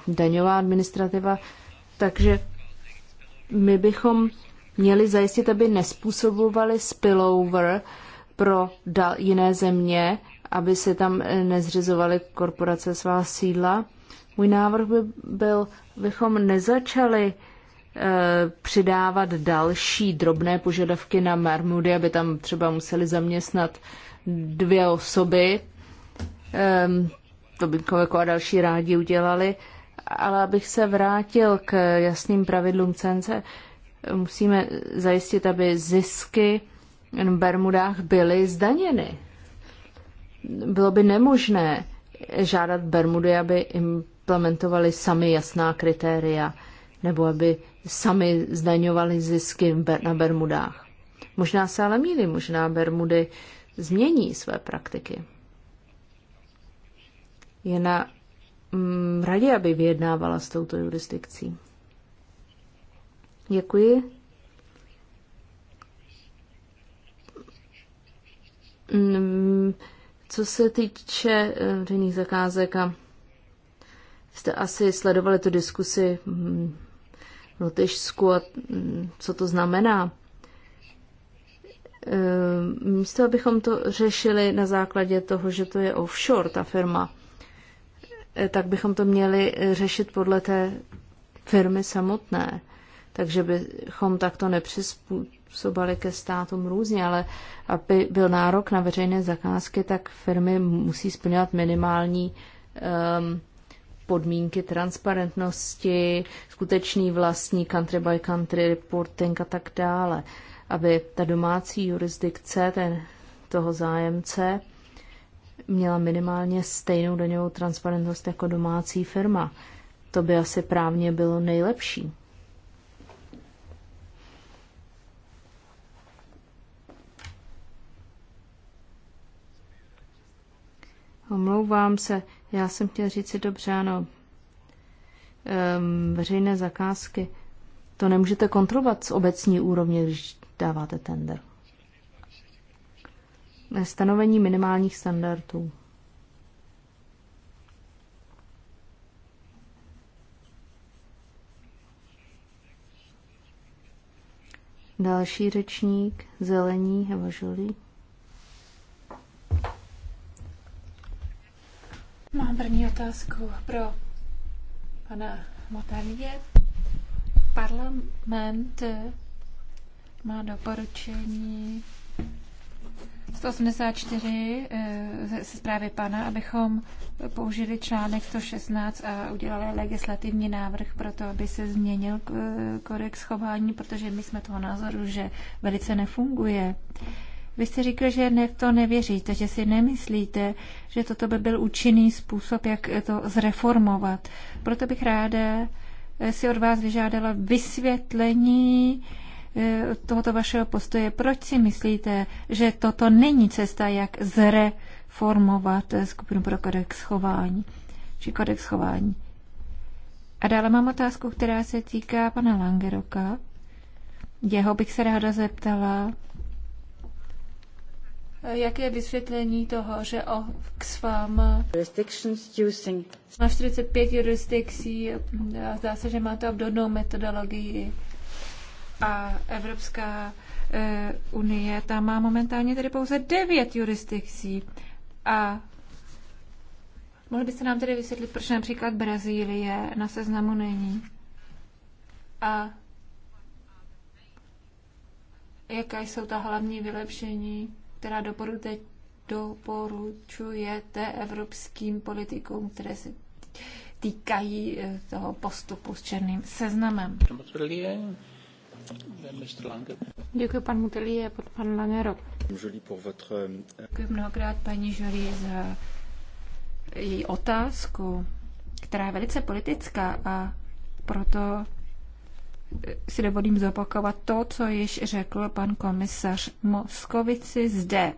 daňová administrativa, takže my bychom měli zajistit, aby nespůsobovali spillover pro dal, jiné země, aby se tam eh, nezřizovaly korporace svá sídla. Můj návrh by byl, bychom nezačali Eh, přidávat další drobné požadavky na Marmudy, aby tam třeba museli zaměstnat dvě osoby. Ehm, to by Koveko jako- jako a další rádi udělali. Ale abych se vrátil k jasným pravidlům cence, musíme zajistit, aby zisky v Bermudách byly zdaněny. Bylo by nemožné žádat Bermudy, aby implementovali sami jasná kritéria nebo aby sami zdaňovali zisky na Bermudách. Možná se ale míli, možná Bermudy změní své praktiky. Je na mm, radě, aby vyjednávala s touto jurisdikcí. Děkuji. Mm, co se týče eh, veřejných zakázek, a jste asi sledovali tu diskusi mm, Lotyšsku a mm, co to znamená. E, místo, abychom to řešili na základě toho, že to je offshore, ta firma, e, tak bychom to měli řešit podle té firmy samotné. Takže bychom takto nepřizpůsobili ke státům různě, ale aby byl nárok na veřejné zakázky, tak firmy musí splňovat minimální um, podmínky transparentnosti, skutečný vlastní country by country reporting a tak dále, aby ta domácí jurisdikce ten, toho zájemce měla minimálně stejnou daňovou transparentnost jako domácí firma. To by asi právně bylo nejlepší. Omlouvám se, já jsem chtěl říct si dobře, ano, ehm, veřejné zakázky, to nemůžete kontrolovat z obecní úrovně, když dáváte tender. Stanovení minimálních standardů. Další řečník, zelení, hevažolík. Mám první otázku pro pana Motarie. Parlament má doporučení 184 eh, ze zprávy pana, abychom použili článek 116 a udělali legislativní návrh pro to, aby se změnil eh, kodex chování, protože my jsme toho názoru, že velice nefunguje. Vy jste říkal, že ne, v to nevěříte, že si nemyslíte, že toto by byl účinný způsob, jak to zreformovat. Proto bych ráda eh, si od vás vyžádala vysvětlení eh, tohoto vašeho postoje. Proč si myslíte, že toto není cesta, jak zreformovat eh, skupinu pro kodex chování? Či kodex chování. A dále mám otázku, která se týká pana Langeroka. Jeho bych se ráda zeptala, Jaké vysvětlení toho, že Oxfam má 45 jurisdikcí a zdá se, že má to obdobnou metodologii a Evropská e, unie, tam má momentálně tedy pouze 9 jurisdikcí a mohli byste nám tedy vysvětlit, proč například Brazílie na seznamu není a jaké jsou ta hlavní vylepšení? která doporučuje doporučujete evropským politikům, které se týkají eh, toho postupu s černým seznamem. Děkuji pan Mutelie a pan Langero. Eh, Děkuji mnohokrát paní Žolí za její otázku, která je velice politická a proto si dovolím zopakovat to, co již řekl pan komisař Moskovici zde.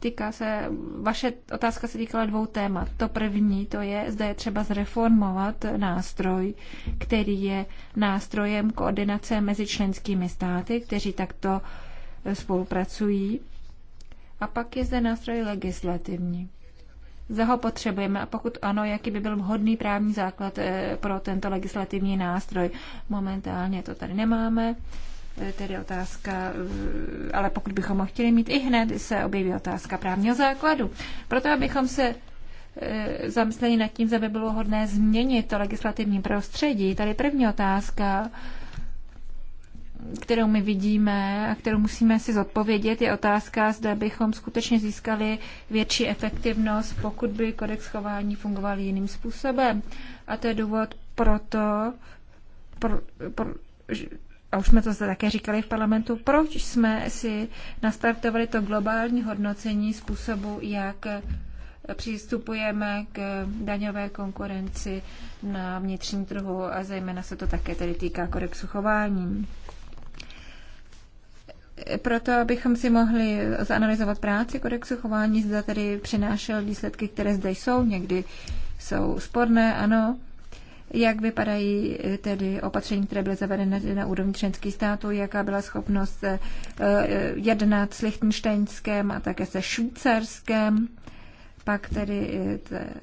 Týká se, vaše otázka se týkala dvou témat. To první, to je, zda je třeba zreformovat nástroj, který je nástrojem koordinace mezi členskými státy, kteří takto spolupracují. A pak je zde nástroj legislativní. Zda ho potřebujeme a pokud ano, jaký by byl vhodný právní základ eh, pro tento legislativní nástroj. Momentálně to tady nemáme, eh, tedy otázka, eh, ale pokud bychom ho chtěli mít i hned, se objeví otázka právního základu. Proto, abychom se zamysleli nad tím, zda by bylo hodné změnit to legislativní prostředí. Tady první otázka, kterou my vidíme a kterou musíme si zodpovědět, je otázka, zda bychom skutečně získali větší efektivnost, pokud by kodex chování fungoval jiným způsobem. A to je důvod proto, pro, pro, a už jsme to zde také říkali v parlamentu, proč jsme si nastartovali to globální hodnocení způsobu, jak přistupujeme k daňové konkurenci na vnitřním trhu a zejména se to také tedy týká kodexu chování proto, abychom si mohli zanalizovat práci kodexu chování, zda tedy přinášel výsledky, které zde jsou, někdy jsou sporné, ano, jak vypadají eh, tedy opatření, které byly zavedeny na úrovni členských států, jaká byla schopnost eh, eh, jednat s Lichtensteinskem a také se Švýcarskem, pak tedy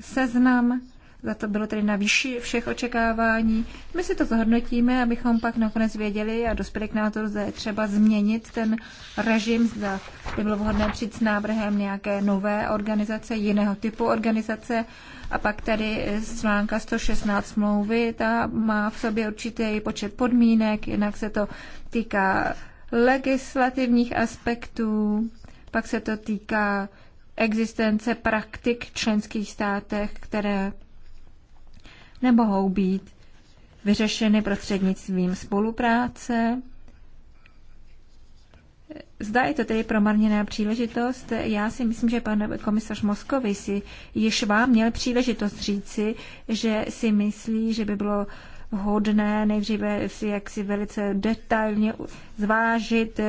seznam za to bylo tedy na výši všech očekávání. My si to zhodnotíme, abychom pak nakonec věděli a dospěli k názoru, že je třeba změnit ten režim, zda by bylo vhodné přijít s návrhem nějaké nové organizace, jiného typu organizace. A pak tady z článka 116 smlouvy, ta má v sobě určitý počet podmínek, jinak se to týká legislativních aspektů, pak se to týká existence praktik v členských státech, které nemohou být vyřešeny prostřednictvím spolupráce. Zda je to tedy promarněná příležitost? Já si myslím, že pan komisař Moskovi si již vám měl příležitost říci, že si myslí, že by bylo hodné nejdříve si jaksi velice detailně zvážit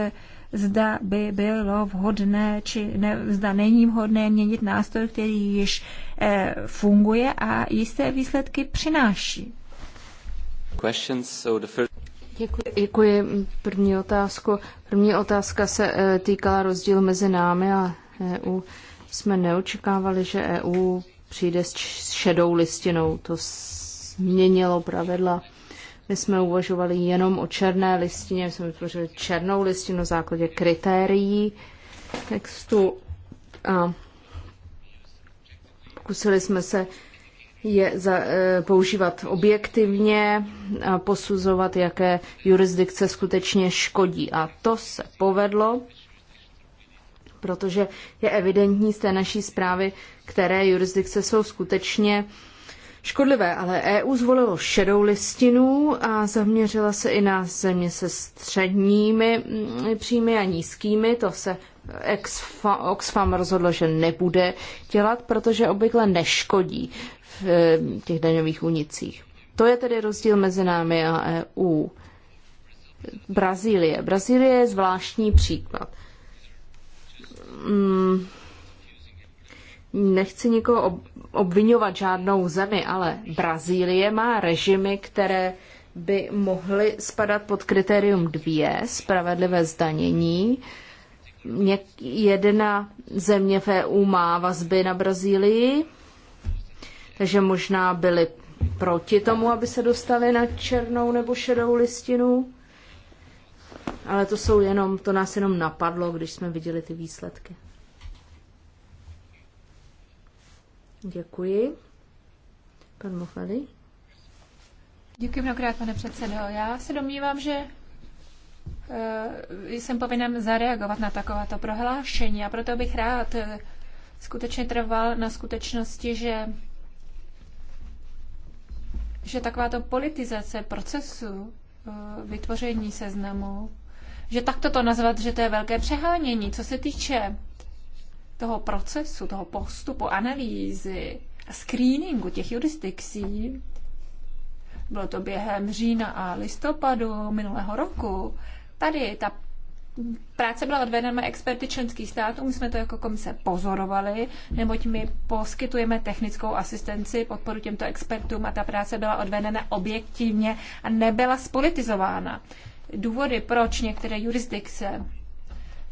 zda by bylo vhodné, či ne, zda není vhodné měnit nástroj, který již e, funguje a jisté výsledky přináší. Děkuji. Děkuji. První otázku. První otázka se eh, týkala rozdíl mezi námi a EU. Jsme neočekávali, že EU přijde s šedou listinou. To změnilo pravidla my jsme uvažovali jenom o černé listině, my jsme vytvořili černou listinu na základě kritérií textu a pokusili jsme se je za, e, používat objektivně, a posuzovat, jaké jurisdikce skutečně škodí. A to se povedlo, protože je evidentní z té naší zprávy, které jurisdikce jsou skutečně škodlivé, ale EU zvolilo šedou listinu a zaměřila se i na země se středními mm, příjmy a nízkými. To se Oxfam rozhodlo, že nebude dělat, protože obvykle neškodí v eh, těch daňových únicích. To je tedy rozdíl mezi námi a EU. Brazílie. Brazílie je zvláštní příklad. Mm, nechci nikoho obvinovat žádnou zemi, ale Brazílie má režimy, které by mohly spadat pod kritérium dvě, spravedlivé zdanění. Jedna země v EU má vazby na Brazílii, takže možná byly proti tomu, aby se dostali na černou nebo šedou listinu. Ale to jsou jenom, to nás jenom napadlo, když jsme viděli ty výsledky. Děkuji. Pan Mofady. Děkuji mnohokrát, pane předsedo. Já se domnívám, že eh, jsem povinen zareagovat na takováto prohlášení a proto bych rád eh, skutečně trval na skutečnosti, že že takováto politizace procesu eh, vytvoření seznamu, že takto to nazvat, že to je velké přehánění. Co se týče toho procesu, toho postupu, analýzy a screeningu těch jurisdikcí, bylo to během října a listopadu minulého roku, tady ta práce byla odvedena experty členských států, my jsme to jako komise pozorovali, neboť my poskytujeme technickou asistenci, podporu těmto expertům a ta práce byla odvedena objektivně a nebyla spolitizována. Důvody, proč některé jurisdikce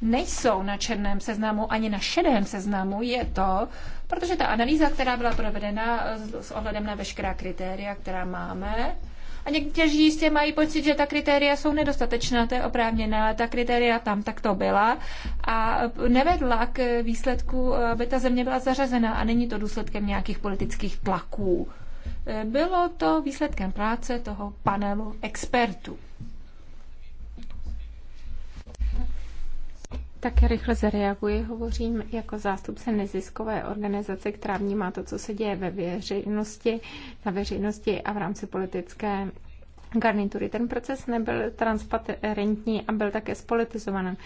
nejsou na černém seznamu ani na šedém seznamu, je to, protože ta analýza, která byla provedena s ohledem na veškerá kritéria, která máme, a někteří jistě mají pocit, že ta kritéria jsou nedostatečná, to je oprávněné, ale ta kritéria tam takto byla a nevedla k výsledku, aby ta země byla zařazena a není to důsledkem nějakých politických tlaků. Bylo to výsledkem práce toho panelu expertů. Také rychle zareaguji, hovořím jako zástupce neziskové organizace, která vnímá to, co se děje ve veřejnosti, na veřejnosti a v rámci politické garnitury. Ten proces nebyl transparentní a byl také spolitizovaný.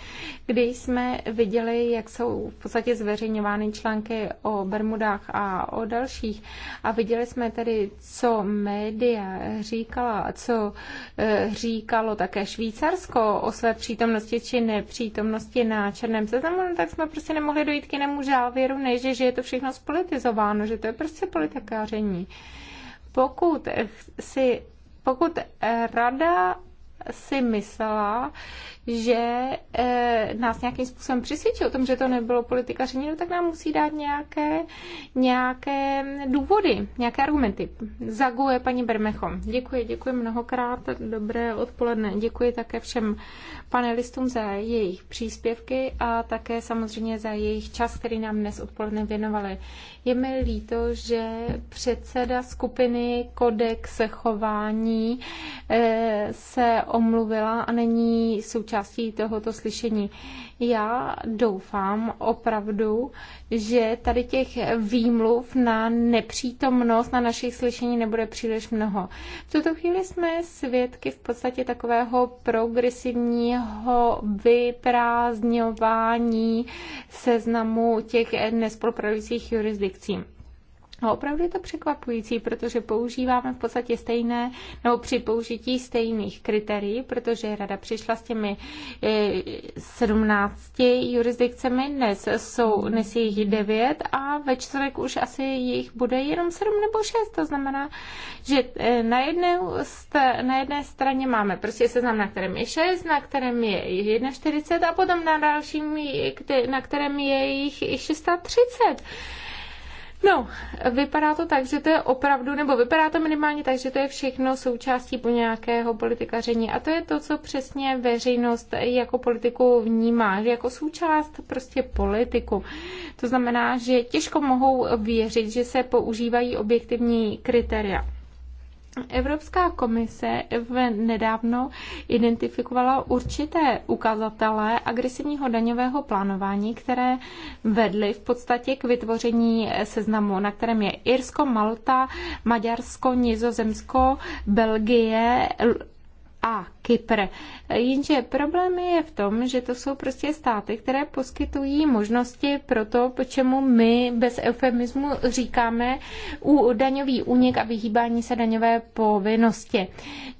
když jsme viděli, jak jsou v podstatě zveřejňovány články o Bermudách a o dalších a viděli jsme tedy, co média říkala a co eh, říkalo také Švýcarsko o své přítomnosti či nepřítomnosti na černém seznamu, no tak jsme prostě nemohli dojít k jinému žávěru, než že je to všechno spolitizováno, že to je prostě politikáření pokud si pokud rada si myslela, že e, nás nějakým způsobem přisvědčí o tom, že to nebylo politikaření, no tak nám musí dát nějaké, nějaké důvody, nějaké argumenty. Zaguje paní Bermecho. Děkuji, děkuji mnohokrát. Dobré odpoledne. Děkuji také všem panelistům za jejich příspěvky a také samozřejmě za jejich čas, který nám dnes odpoledne věnovali. Je mi líto, že předseda skupiny Kodex chování e, se omluvila a není součástí součástí tohoto slyšení. Já doufám opravdu, že tady těch výmluv na nepřítomnost na našich slyšení nebude příliš mnoho. V tuto chvíli jsme svědky v podstatě takového progresivního vyprázdňování seznamu těch nespolupracujících jurisdikcí. No opravdu je to překvapující, protože používáme v podstatě stejné, nebo při použití stejných kritérií, protože rada přišla s těmi 17 eh, jurisdikcemi, dnes jsou, dnes je jich 9 a ve čtvrtek už asi jich bude jenom 7 nebo 6, to znamená, že eh, na jedné, na jedné straně máme prostě seznam, na kterém je 6, na kterém je 41 a potom na dalším, na kterém je jich 630. No, vypadá to tak, že to je opravdu, nebo vypadá to minimálně tak, že to je všechno součástí po nějakého politikaření. A to je to, co přesně veřejnost jako politiku vnímá, že jako součást prostě politiku. To znamená, že těžko mohou věřit, že se používají objektivní kritéria. Evropská komise v nedávno identifikovala určité ukazatele agresivního daňového plánování, které vedly v podstatě k vytvoření seznamu, na kterém je Irsko, Malta, Maďarsko, Nizozemsko, Belgie a Kypr. Jenže problém je v tom, že to jsou prostě státy, které poskytují možnosti pro to, po čemu my bez eufemismu říkáme u daňový únik a vyhýbání se daňové povinnosti.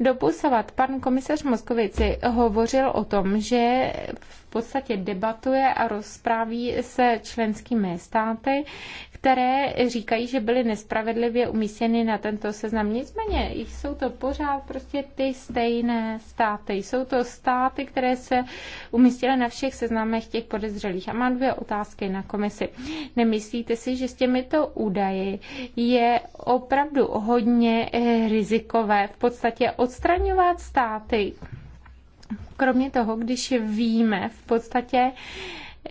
Doposavat pan komisař Moskovici hovořil o tom, že v podstatě debatuje a rozpráví se členskými státy, které říkají, že byly nespravedlivě umístěny na tento seznam. Nicméně jsou to pořád prostě ty stejné státy. Jsou to státy, které se umístily na všech seznamech těch podezřelých. A mám dvě otázky na komisi. Nemyslíte si, že s těmito údaji je opravdu hodně eh, rizikové v podstatě odstraňovat státy? Kromě toho, když víme v podstatě,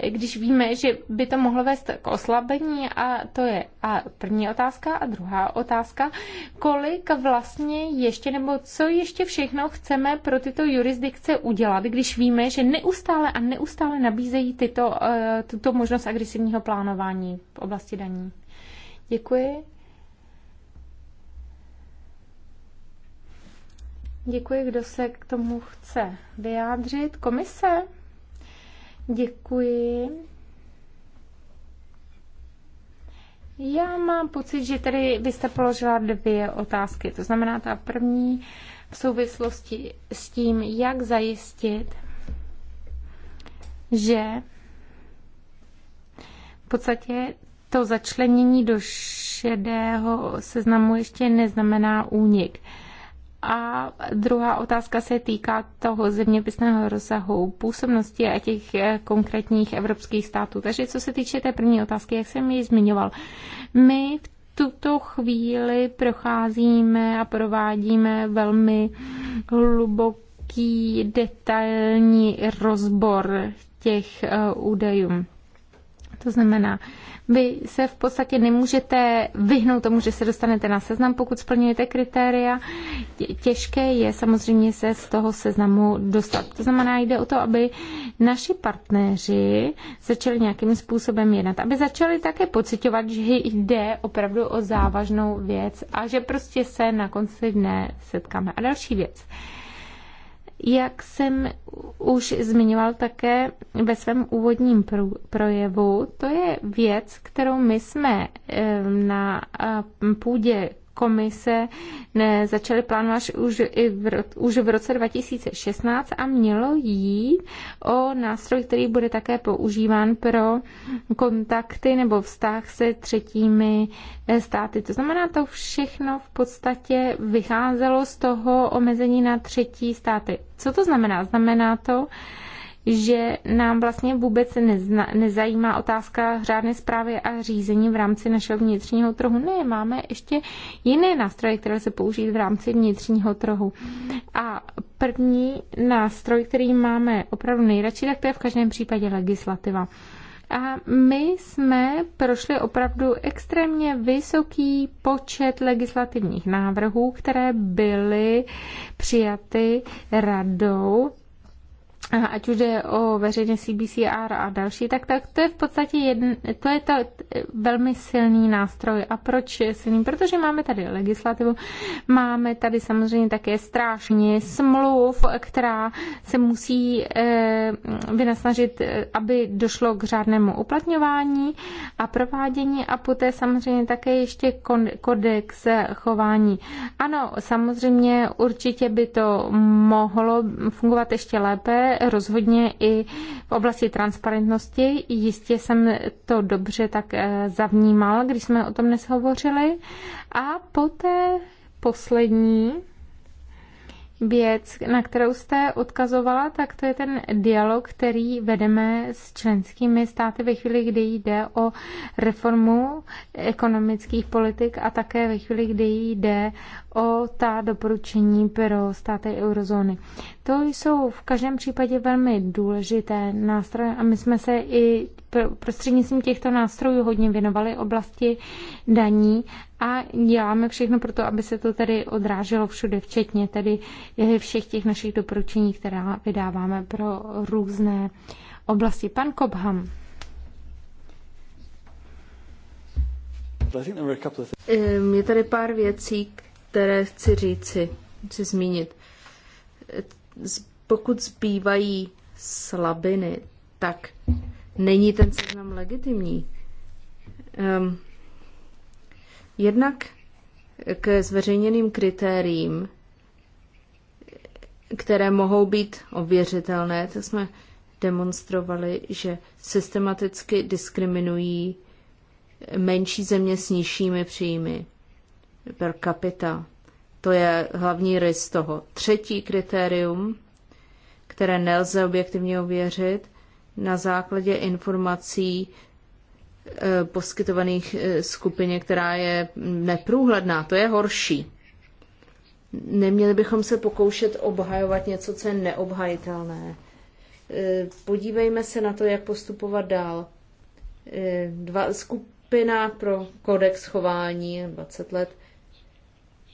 když víme, že by to mohlo vést k oslabení a to je a první otázka a druhá otázka, kolik vlastně ještě nebo co ještě všechno chceme pro tyto jurisdikce udělat, když víme, že neustále a neustále nabízejí tyto, eh, tuto možnost agresivního plánování v oblasti daní. Děkuji. Děkuji, kdo se k tomu chce vyjádřit. Komise? Děkuji. Já mám pocit, že tady vy jste položila dvě otázky. To znamená ta první v souvislosti s tím, jak zajistit, že v podstatě to začlenění do šedého seznamu ještě neznamená únik. A druhá otázka se týká toho zeměpisného rozsahu působnosti a těch eh, konkrétních evropských států. Takže co se týče té první otázky, jak jsem ji zmiňoval, my v tuto chvíli procházíme a provádíme velmi hluboký, detailní rozbor těch eh, údajů. To znamená, vy se v podstatě nemůžete vyhnout tomu, že se dostanete na seznam, pokud splňujete kritéria. Těžké je samozřejmě se z toho seznamu dostat. To znamená, jde o to, aby naši partnéři začali nějakým způsobem jednat, aby začali také pocitovat, že jde opravdu o závažnou věc a že prostě se na konci dne setkáme. A další věc. Jak jsem už zmiňoval také ve svém úvodním projevu, to je věc, kterou my jsme eh, na eh, půdě komise ne, začaly plánovat už, i v, už v roce 2016 a mělo jít o nástroj, který bude také používán pro kontakty nebo vztah se třetími eh, státy. To znamená, to všechno v podstatě vycházelo z toho omezení na třetí státy. Co to znamená? Znamená to, že nám vlastně vůbec nezna, nezajímá otázka řádné zprávy a řízení v rámci našeho vnitřního trhu. Ne, máme ještě jiné nástroje, které se použít v rámci vnitřního trhu. A první nástroj, který máme opravdu nejradši, tak to je v každém případě legislativa. A my jsme prošli opravdu extrémně vysoký počet legislativních návrhů, které byly přijaty radou ať už jde o veřejně CBCR a další, tak, tak to je v podstatě jedn, to je to velmi silný nástroj. A proč silný? Protože máme tady legislativu, máme tady samozřejmě také strážně smluv, která se musí eh, vynasnažit, eh, aby došlo k řádnému uplatňování a provádění a poté samozřejmě také ještě kodex chování. Ano, samozřejmě určitě by to mohlo fungovat ještě lépe, rozhodně i v oblasti transparentnosti. Jistě jsem to dobře tak eh, zavnímal, když jsme o tom dnes hovořili. A poté poslední věc, na kterou jste odkazovala, tak to je ten dialog, který vedeme s členskými státy ve chvíli, kdy jde o reformu ekonomických politik a také ve chvíli, kdy jde o ta doporučení pro státy eurozóny. To jsou v každém případě velmi důležité nástroje a my jsme se i prostřednictvím těchto nástrojů hodně věnovali oblasti daní a děláme všechno pro to, aby se to tedy odráželo všude, včetně tedy všech těch našich doporučení, která vydáváme pro různé oblasti. Pan Kobham. Ehm, je tady pár věcí, které chci říci, chci zmínit. Pokud zbývají slabiny, tak není ten seznam legitimní. Um, jednak k zveřejněným kritériím, které mohou být ověřitelné, to jsme demonstrovali, že systematicky diskriminují menší země s nižšími příjmy per capita. To je hlavní rys toho. Třetí kritérium, které nelze objektivně ověřit, na základě informací e, poskytovaných e, skupině, která je neprůhledná. To je horší. Neměli bychom se pokoušet obhajovat něco, co je neobhajitelné. E, podívejme se na to, jak postupovat dál. Dva, skupina pro kodex chování 20 let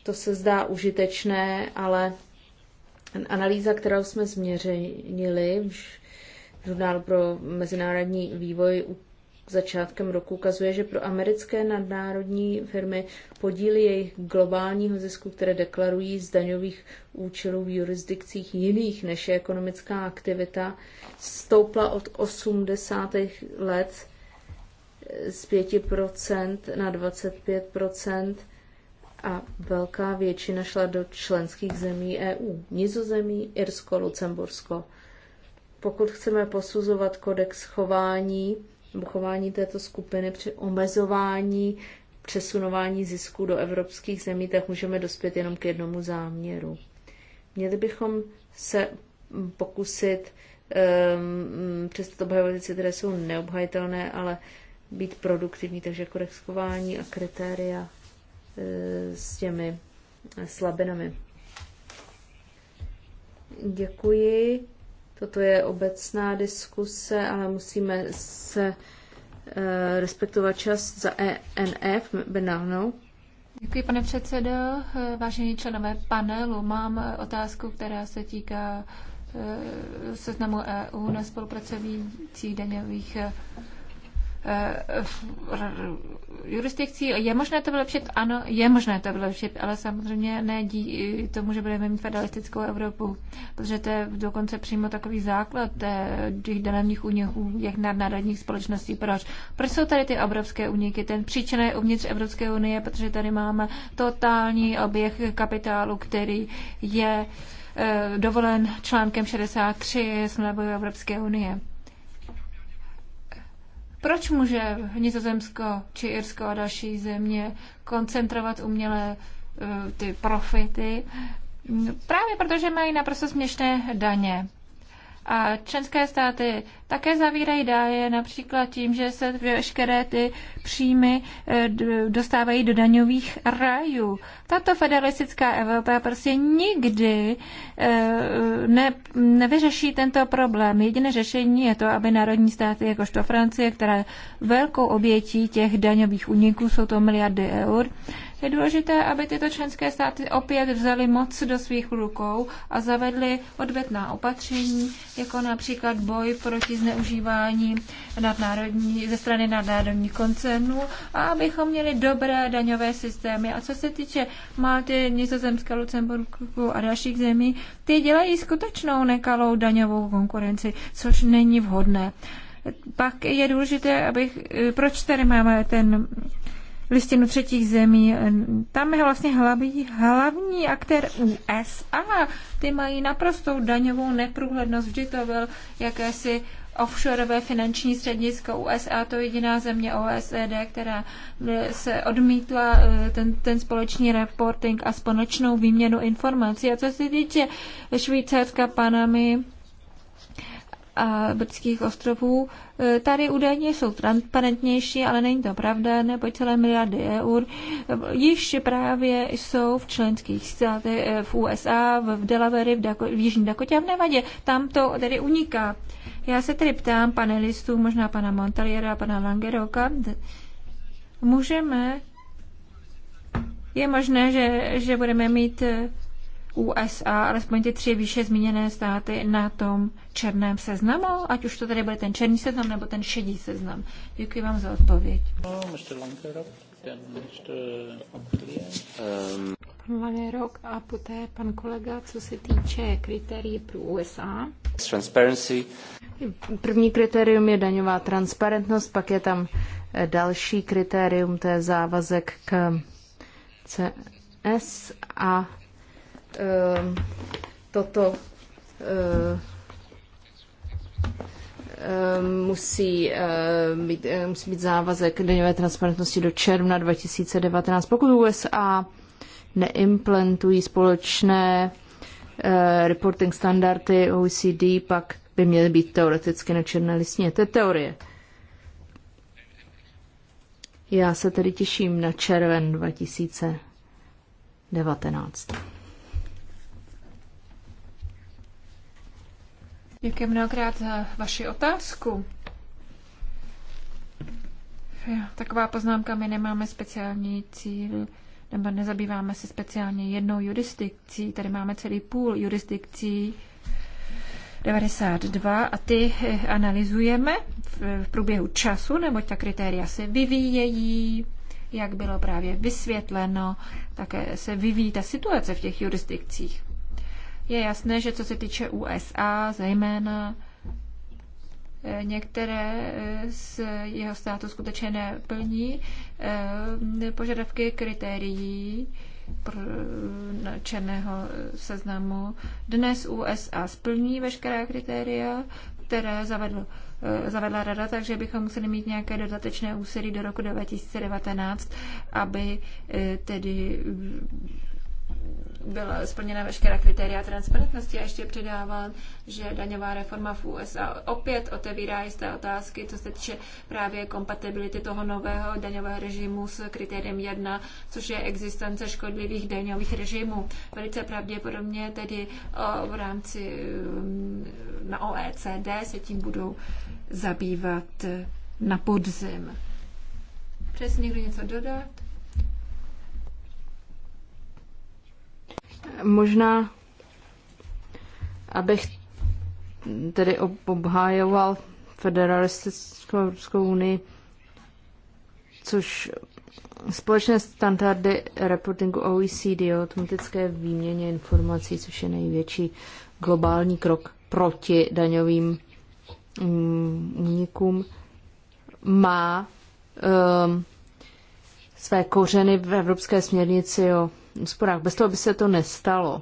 to se zdá užitečné, ale analýza, kterou jsme změřili v žurnálu pro mezinárodní vývoj začátkem roku, ukazuje, že pro americké nadnárodní firmy podíly jejich globálního zisku, které deklarují z daňových účelů v jurisdikcích jiných než je ekonomická aktivita, stoupla od 80. let z 5% na 25% a velká většina šla do členských zemí EU. Nizozemí, Irsko, Lucembursko. Pokud chceme posuzovat kodex chování nebo chování této skupiny při omezování přesunování zisků do evropských zemí, tak můžeme dospět jenom k jednomu záměru. Měli bychom se pokusit um, ehm, přesto obhajovat věci, které jsou neobhajitelné, ale být produktivní, takže kodex chování a kritéria Eh, s těmi slabinami. Děkuji. Toto je obecná diskuse, ale musíme se eh, respektovat čas za ENF Benahnou. Děkuji, pane předsedo. Vážení členové panelu, mám otázku, která se týká eh, seznamu EU na spolupracujících daňových Eh, jurisdikcí. Je možné to vylepšit? Ano, je možné to vylepšit, ale samozřejmě ne díky tomu, že budeme mít federalistickou Evropu, protože to je dokonce přímo takový základ eh, těch daných úniků, jak nadnárodních společností. Proč? Proč jsou tady ty obrovské úniky? Ten příčina je uvnitř Evropské unie, protože tady máme totální oběh kapitálu, který je eh, dovolen článkem 63 smlouvy Evropské unie. Proč může Nizozemsko či Irsko a další země koncentrovat umělé eh, ty profity? Právě protože mají naprosto směšné daně. A členské státy také zavírají dáje například tím, že se veškeré ty příjmy eh, dostávají do daňových rajů. Tato federalistická Evropa prostě nikdy eh, ne, nevyřeší tento problém. Jediné řešení je to, aby národní státy, jakožto Francie, která velkou obětí těch daňových úniků, jsou to miliardy eur, je důležité, aby tyto členské státy opět vzaly moc do svých rukou a zavedly odvetná opatření, jako například boj proti zneužívání nadnárodní, ze strany nadnárodních koncernů a abychom měli dobré daňové systémy. A co se týče Malty, Nizozemska, Lucemburku a dalších zemí, ty dělají skutečnou nekalou daňovou konkurenci, což není vhodné. Pak je důležité, abych, proč tady máme ten listinu třetích zemí. Tam je vlastně hlavní, hlavní aktér USA. Ty mají naprostou daňovou neprůhlednost. Vždy to byl jakési offshoreové finanční středisko USA, to je jediná země OECD, která se odmítla eh, ten, ten společný reporting a společnou výměnu informací. A co se týče Švýcarska, Panamy, a britských ostrovů. E, Tady údajně jsou transparentnější, ale není to pravda, nebo celé miliardy eur. Již právě jsou v členských státech, e, v USA, v Delaware, v, Dako, v Jižní Dakotě a v Nevadě. Tam to tedy uniká. Já se tedy ptám panelistů, možná pana Montaliera a pana Langeroka, můžeme, je možné, že, že budeme mít e, USA, alespoň ty tři výše zmíněné státy na tom černém seznamu, ať už to tady bude ten černý seznam nebo ten šedý seznam. Děkuji vám za odpověď. No, pan Langerok a poté pan kolega, co se týče kritérií pro USA. Transparency. První kritérium je daňová transparentnost, pak je tam eh, další kritérium, to je závazek k CS a Ehm, toto ehm, ehm, musí být, eh, musí být závazek daňové transparentnosti do června 2019. Pokud USA neimplantují společné eh, reporting standardy OECD, pak by měly být teoreticky na černé listině. To je teorie. Já se tedy těším na červen 2019. Děkuji mnohokrát za vaši otázku. Taková poznámka, my nemáme speciální cíl, nebo nezabýváme se speciálně jednou jurisdikcí, tady máme celý půl jurisdikcí 92 a ty eh, analyzujeme v průběhu času, neboť ta kritéria se vyvíjejí, jak bylo právě vysvětleno, také se vyvíjí ta situace v těch jurisdikcích. Je jasné, že co se týče USA, zejména eh, některé eh, z jeho státu skutečně neplní eh, požadavky kritérií černého seznamu. Dnes USA splní veškerá kritéria, které zavedl, zavedla rada, takže bychom museli mít nějaké dodatečné úsilí do roku 2019, aby tedy byla splněna veškerá kritéria transparentnosti a ještě předávám, že daňová reforma v USA opět otevírá jisté otázky, co se týče právě kompatibility toho nového daňového režimu s kritériem 1, což je existence škodlivých daňových režimů. Velice pravděpodobně tedy v rámci mm, na OECD se tím budou zabývat eh, na podzim. Přesně někdo něco dodat? Možná, abych tedy obhájoval federalistickou Evropskou unii, což společné standardy reportingu OECD o automatické výměně informací, což je největší globální krok proti daňovým mm, únikům, má um, své kořeny v Evropské směrnici o úsporách, bez toho by se to nestalo.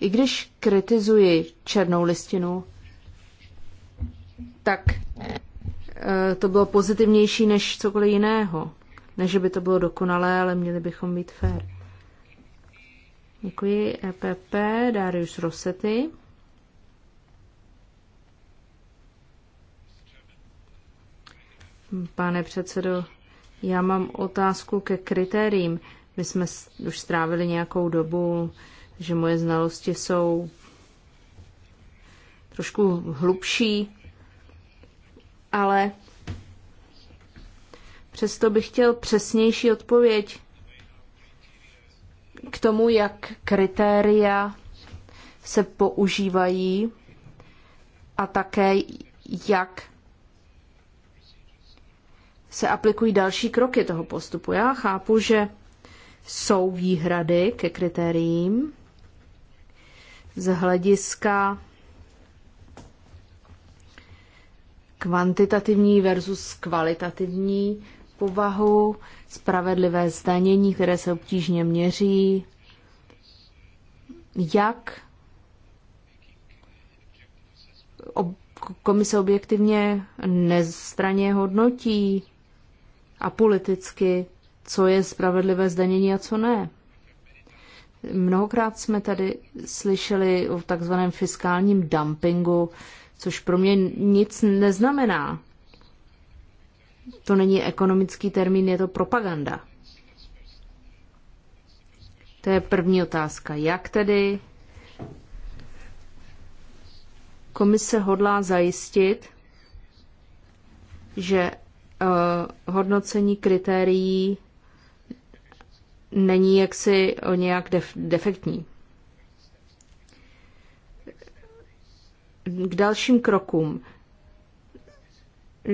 I když kritizuji černou listinu, tak eh, to bylo pozitivnější než cokoliv jiného. Ne, že by to bylo dokonalé, ale měli bychom být fér. Děkuji. EPP, Darius Rosety. Pane předsedo, já mám otázku ke kritériím. My jsme už strávili nějakou dobu, že moje znalosti jsou trošku hlubší, ale přesto bych chtěl přesnější odpověď k tomu, jak kritéria se používají a také jak se aplikují další kroky toho postupu. Já chápu, že jsou výhrady ke kritériím z hlediska kvantitativní versus kvalitativní povahu, spravedlivé zdanění, které se obtížně měří, jak komise objektivně nestraně hodnotí a politicky co je spravedlivé zdanění a co ne. Mnohokrát jsme tady slyšeli o takzvaném fiskálním dumpingu, což pro mě nic neznamená. To není ekonomický termín, je to propaganda. To je první otázka. Jak tedy komise hodlá zajistit, že uh, hodnocení kritérií není jaksi o nějak def, defektní. K dalším krokům.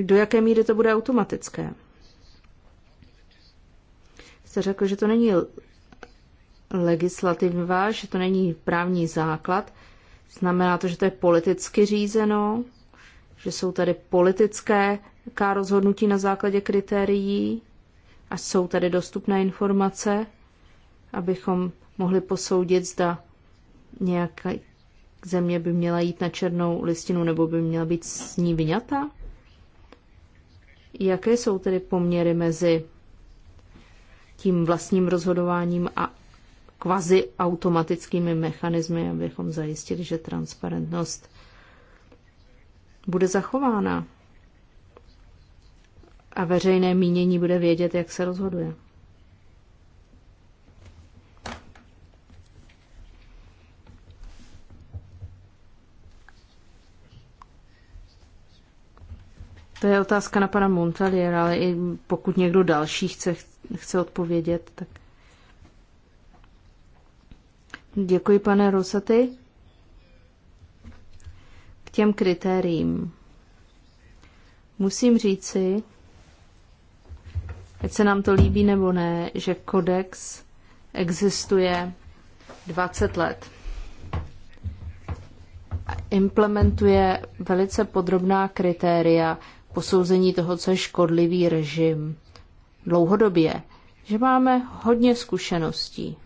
Do jaké míry to bude automatické? Jste řekl, že to není legislativa, že to není právní základ. Znamená to, že to je politicky řízeno, že jsou tady politické rozhodnutí na základě kritérií, a jsou tady dostupné informace, abychom mohli posoudit, zda nějaká země by měla jít na černou listinu nebo by měla být s ní vyňata? Jaké jsou tedy poměry mezi tím vlastním rozhodováním a kvazi automatickými mechanismy, abychom zajistili, že transparentnost bude zachována? a veřejné mínění bude vědět, jak se rozhoduje. To je otázka na pana Montalier, ale i pokud někdo další chce, chce odpovědět, tak... Děkuji, pane Rosaty. K těm kritériím. Musím říci, ať se nám to líbí nebo ne, že kodex existuje 20 let. Implementuje velice podrobná kritéria posouzení toho, co je škodlivý režim dlouhodobě, že máme hodně zkušeností.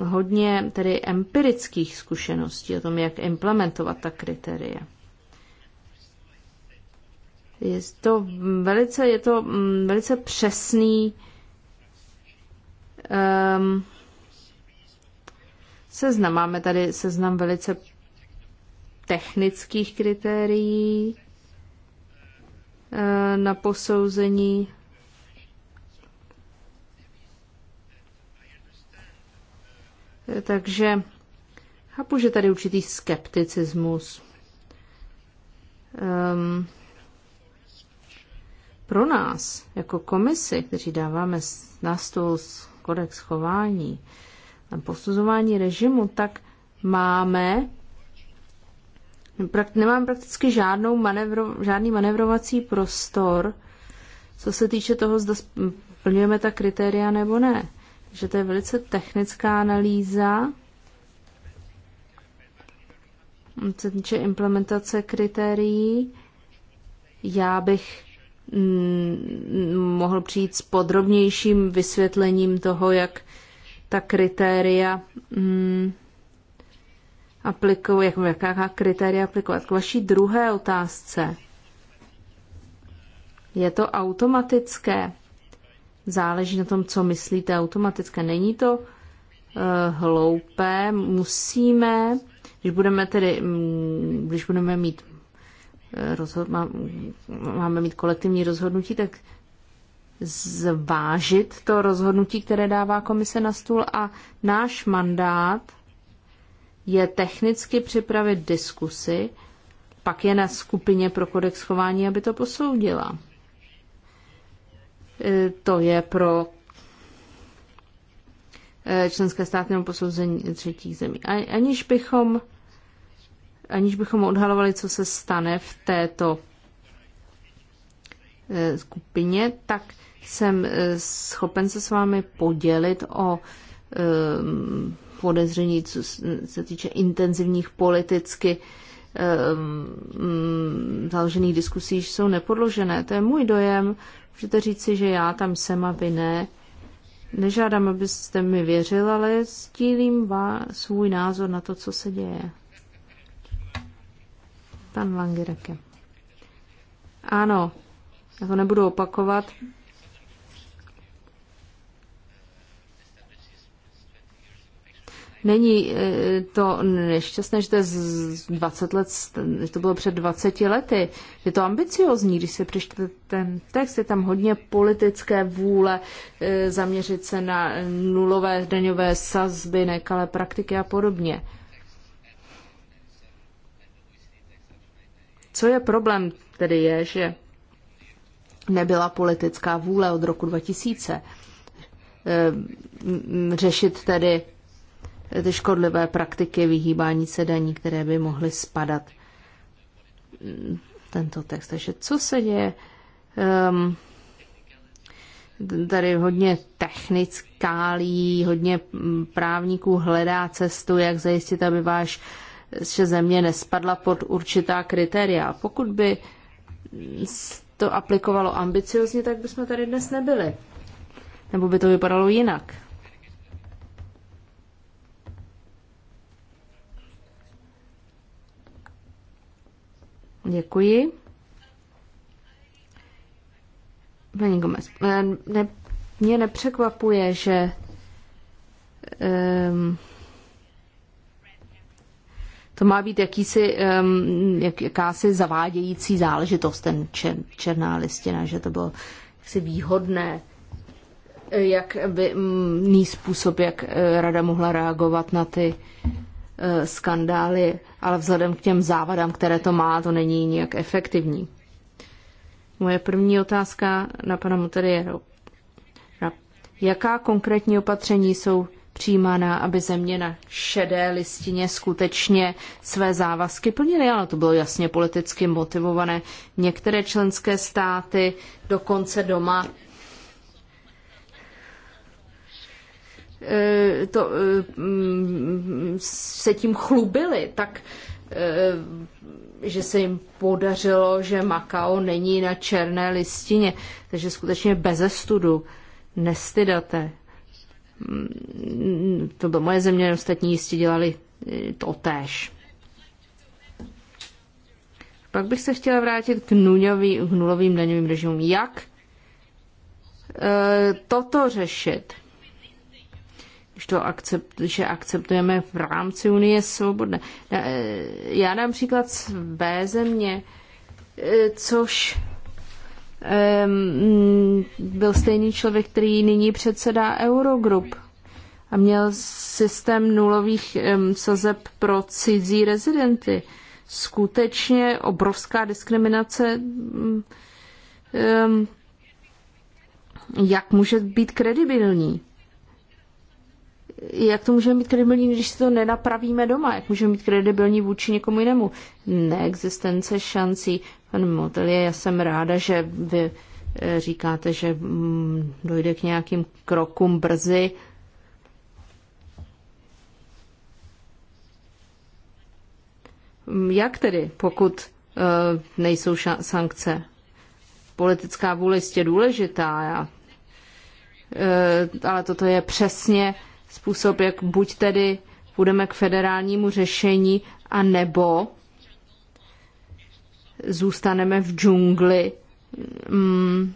Hodně tedy empirických zkušeností o tom, jak implementovat ta kritéria. Je to velice, je to mm, velice přesný um, seznam. Máme tady seznam velice technických kritérií eh, na posouzení. Takže chápu, že tady určitý skepticismus. Um, pro nás, jako komisi, kteří dáváme na stůl kodex chování na posuzování režimu, tak máme nemám prakticky žádnou manevro, žádný manevrovací prostor, co se týče toho, zda splňujeme ta kritéria nebo ne. Že to je velice technická analýza, co se týče implementace kritérií, já bych Mm, mohl přijít s podrobnějším vysvětlením toho, jak ta kritéria mm, aplikují, jak, jaká kritéria aplikovat. K vaší druhé otázce. Je to automatické? Záleží na tom, co myslíte automatické. Není to uh, hloupé, musíme, když budeme tedy, mm, když budeme mít rozhod, má, máme mít kolektivní rozhodnutí, tak zvážit to rozhodnutí, které dává komise na stůl a náš mandát je technicky připravit diskusy, pak je na skupině pro kodex chování, aby to posoudila. E, to je pro e, členské státy nebo posouzení třetích zemí. Aniž bychom aniž bychom odhalovali, co se stane v této eh, skupině, tak jsem eh, schopen se s vámi podělit o eh, podezření, co se týče intenzivních politicky mm, založených diskusí, jsou nepodložené. To je můj dojem. Můžete říci, že já tam jsem a vy ne. Nežádám, abyste mi věřil, ale sdílím svůj názor na to, co se děje. Pan Langirake. Ano, já to nebudu opakovat. Není eh, to nešťastné, že to, je z 20 let, že to bylo před 20 lety. Je to ambiciozní, když se přečtete ten text, je tam hodně politické vůle eh, zaměřit se na nulové daňové sazby, nekalé praktiky a podobně. Co je problém tedy je, že nebyla politická vůle od roku 2000 ehm, řešit tedy ty škodlivé praktiky vyhýbání se daní, které by mohly spadat ehm, tento text. Takže co se děje? Um, tady hodně technickálí, hodně mm, právníků hledá cestu, jak zajistit, aby váš že země nespadla pod určitá kritéria. Pokud by to aplikovalo ambiciozně, tak bychom tady dnes nebyli. Nebo by to vypadalo jinak. Děkuji. Paní Gomez, ne, mě nepřekvapuje, že um, to má být jakýsi, jak, jakási zavádějící záležitost, ten čer, černá listina, že to bylo jaksi výhodné, jak by mý mm, způsob, jak eh, rada mohla reagovat na ty eh, skandály, ale vzhledem k těm závadám, které to má, to není nijak efektivní. Moje první otázka na pana Moteriero. Jaká konkrétní opatření jsou přijímána, aby země na šedé listině skutečně své závazky plnily. ale to bylo jasně politicky motivované. Některé členské státy dokonce doma eh, to, eh, se tím chlubili, tak eh, že se jim podařilo, že Makao není na černé listině, takže skutečně bez studu nestydate. Mm, to by moje země ostatní jistě dělali eh, to též. Pak bych se chtěla vrátit k, nuňový, k nulovým daňovým režimům. Jak e, toto řešit? Když, to akcept, když je akceptujeme v rámci Unie svobodné. Eh, já dám příklad své země, e, což Mm, byl stejný člověk, který nyní předsedá Eurogroup a měl systém nulových sazeb pro cizí rezidenty. Skutečně obrovská diskriminace. Mm, jak může být kredibilní? jak to můžeme být kredibilní, když si to nenapravíme doma? Jak můžeme být kredibilní vůči někomu jinému? Neexistence šancí. Pane Motelie, já jsem ráda, že vy eh, říkáte, že mm, dojde k nějakým krokům brzy. Mm, jak tedy, pokud eh, nejsou sankce? Politická vůle je důležitá, já, eh, ale toto je přesně způsob, jak buď tedy půjdeme k federálnímu řešení, a nebo zůstaneme v džungli mm,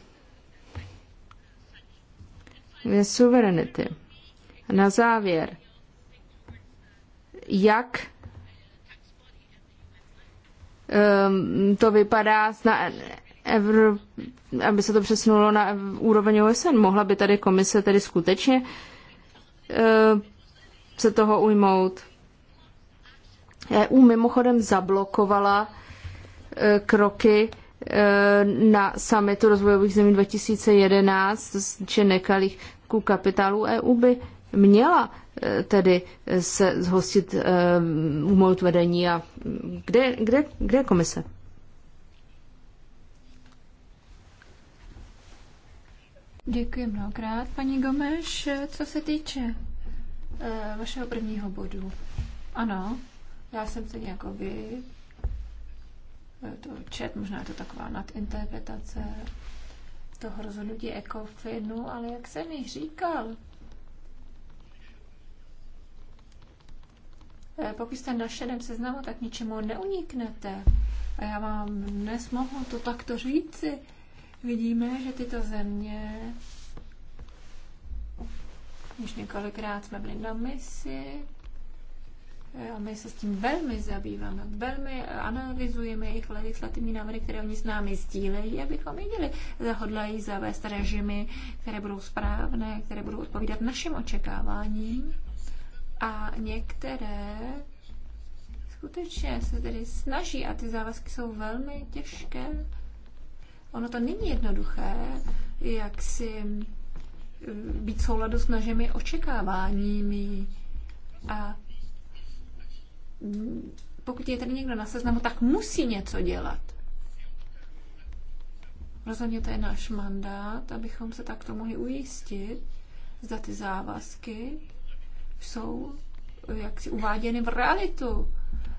suverenity. Na závěr, jak um, to vypadá na Evro, aby se to přesunulo na úroveň OSN. Mohla by tady komise tedy skutečně Eh, se toho ujmout. EU mimochodem zablokovala eh, kroky eh, na summitu rozvojových zemí 2011 či nekalých ku kapitálu EU by měla tedy se zhostit umout vedení a kde, kde, kde je komise? Děkuji mnohokrát, paní Gomeš. Co se týče e, vašeho prvního bodu, ano, já jsem se nějakoby eh, to čet, možná je to taková nadinterpretace toho rozhodnutí ECOFINu, ale jak jsem jich říkal, eh, pokud jste na šedém seznamu, tak ničemu neuniknete. A já vám dnes mohu to takto říci vidíme, že tyto země už několikrát jsme byli na misi a my se s tím velmi zabýváme, velmi analyzujeme jejich legislativní návrhy, které oni s námi sdílejí, abychom viděli, zahodlají zavést režimy, které budou správné, které budou odpovídat našim očekáváním. A některé skutečně se tedy snaží a ty závazky jsou velmi těžké, Ono to není jednoduché, jak si mm, být souladu s našimi očekáváními. A mm, pokud je tady někdo na seznamu, tak musí něco dělat. Rozhodně to je náš mandát, abychom se takto mohli ujistit, zda ty závazky jsou jaksi uváděny v realitu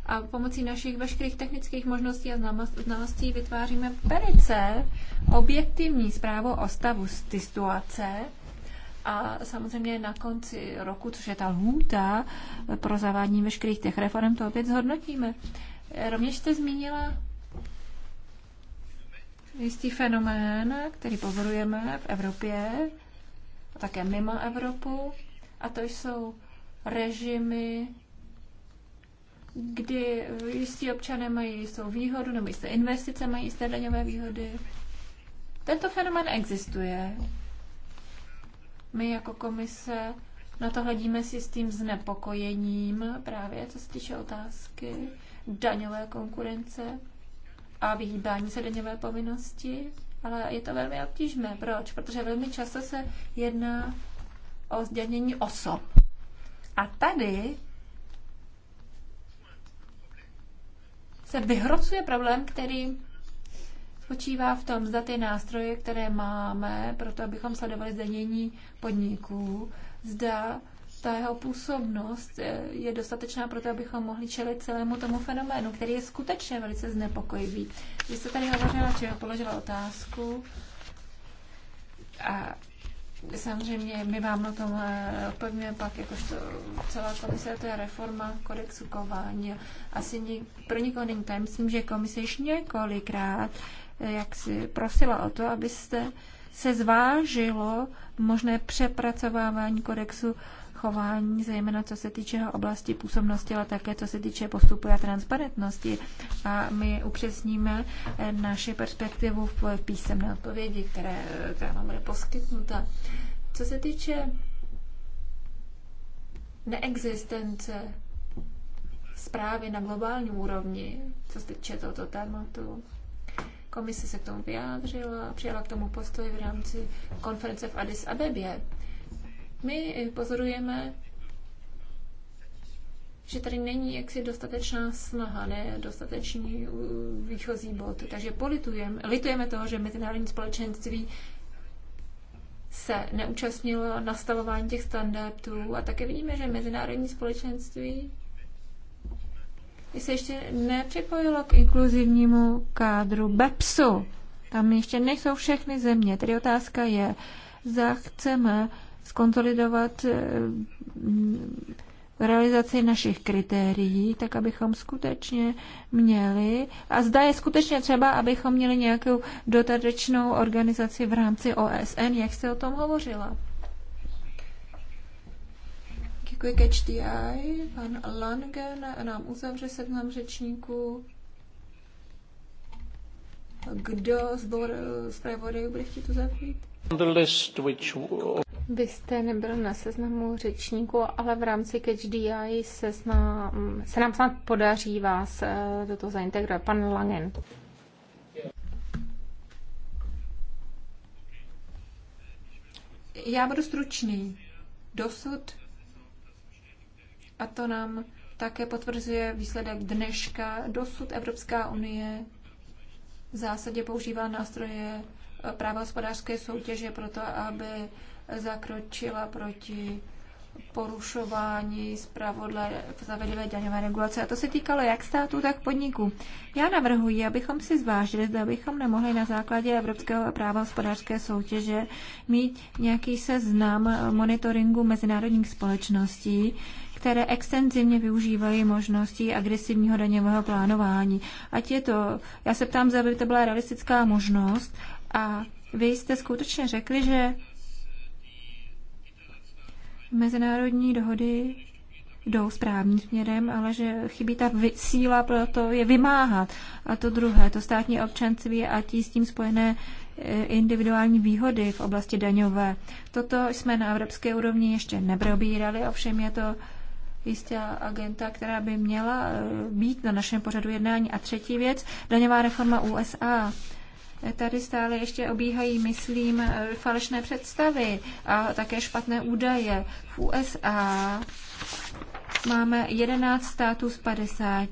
a pomocí našich veškerých technických možností a znalostí vytváříme velice objektivní zprávu o stavu situace. A samozřejmě na konci roku, což je ta lhůta pro zavádění veškerých těch reform, to opět zhodnotíme. Rovněž jste zmínila jistý fenomén, který pozorujeme v Evropě, a také mimo Evropu, a to jsou režimy kdy jistí občané mají jistou výhodu, nebo jisté investice mají jisté daňové výhody. Tento fenomen existuje. My jako komise na to hledíme si s tím znepokojením, právě co se týče otázky daňové konkurence a vyhýbání se daňové povinnosti, ale je to velmi obtížné. Proč? Protože velmi často se jedná o zdanění osob. A tady se vyhrocuje problém, který spočívá v tom, zda ty nástroje, které máme, proto abychom sledovali zdanění podniků, zda ta jeho působnost eh, je dostatečná pro to, abychom mohli čelit celému tomu fenoménu, který je skutečně velice znepokojivý. Vy jste tady hovořila, či položila otázku a Samozřejmě my vám na tom eh, odpovíme pak, jakožto celá komise, to je reforma kodexu kování, Asi nik, pro nikoho není tajemstvím, že komise již několikrát eh, jak si prosila o to, abyste se zvážilo možné přepracovávání kodexu chování, zejména co se týče oblasti působnosti, ale také co se týče postupu a transparentnosti. A my upřesníme eh, naši perspektivu v písemné odpovědi, které, která vám bude poskytnuta. Co se týče neexistence zprávy na globální úrovni, co se týče tohoto tématu, Komise se k tomu vyjádřila, přijala k tomu postoj v rámci konference v Addis Abebě. My pozorujeme, že tady není jaksi dostatečná snaha, ne dostatečný uh, výchozí bod. Takže politujeme, litujeme toho, že mezinárodní společenství se neúčastnilo nastavování těch standardů a také vidíme, že mezinárodní společenství se ještě nepřipojilo k inkluzivnímu kádru BEPSu. Tam ještě nejsou všechny země. Tedy otázka je, zda chceme skonsolidovat eh, mm, realizaci našich kritérií, tak abychom skutečně měli, a zda je skutečně třeba, abychom měli nějakou dotadečnou organizaci v rámci OSN, jak jste o tom hovořila. Děkuji HDI. Pan Langen nám uzavře seznam řečníků. Kdo z zpravodajů bude chtít uzavřít? The list which... Vy jste nebyl na seznamu řečníků, ale v rámci CatchDI se, snám, se nám snad podaří vás eh, do toho zaintegrovat. Pan Langen. Já budu stručný. Dosud, a to nám také potvrzuje výsledek dneška, dosud Evropská unie v zásadě používá nástroje eh, práva hospodářské soutěže proto, aby zakročila proti porušování spravedlivé daňové regulace. A to se týkalo jak států, tak podniků. Já navrhuji, abychom si zvážili, zda bychom nemohli na základě Evropského práva hospodářské soutěže mít nějaký seznam monitoringu mezinárodních společností, které extenzivně využívají možnosti agresivního daňového plánování. Ať je to, já se ptám, zda by to byla realistická možnost a vy jste skutečně řekli, že mezinárodní dohody jdou správným směrem, ale že chybí ta síla pro to je vymáhat. A to druhé, to státní občanství a tí s tím spojené eh, individuální výhody v oblasti daňové. Toto jsme na evropské úrovni ještě neprobírali, ovšem je to jistá agenta, která by měla eh, být na našem pořadu jednání. A třetí věc, daňová reforma USA tady stále ještě obíhají, myslím, falešné představy a také špatné údaje. V USA máme 11 států z 50,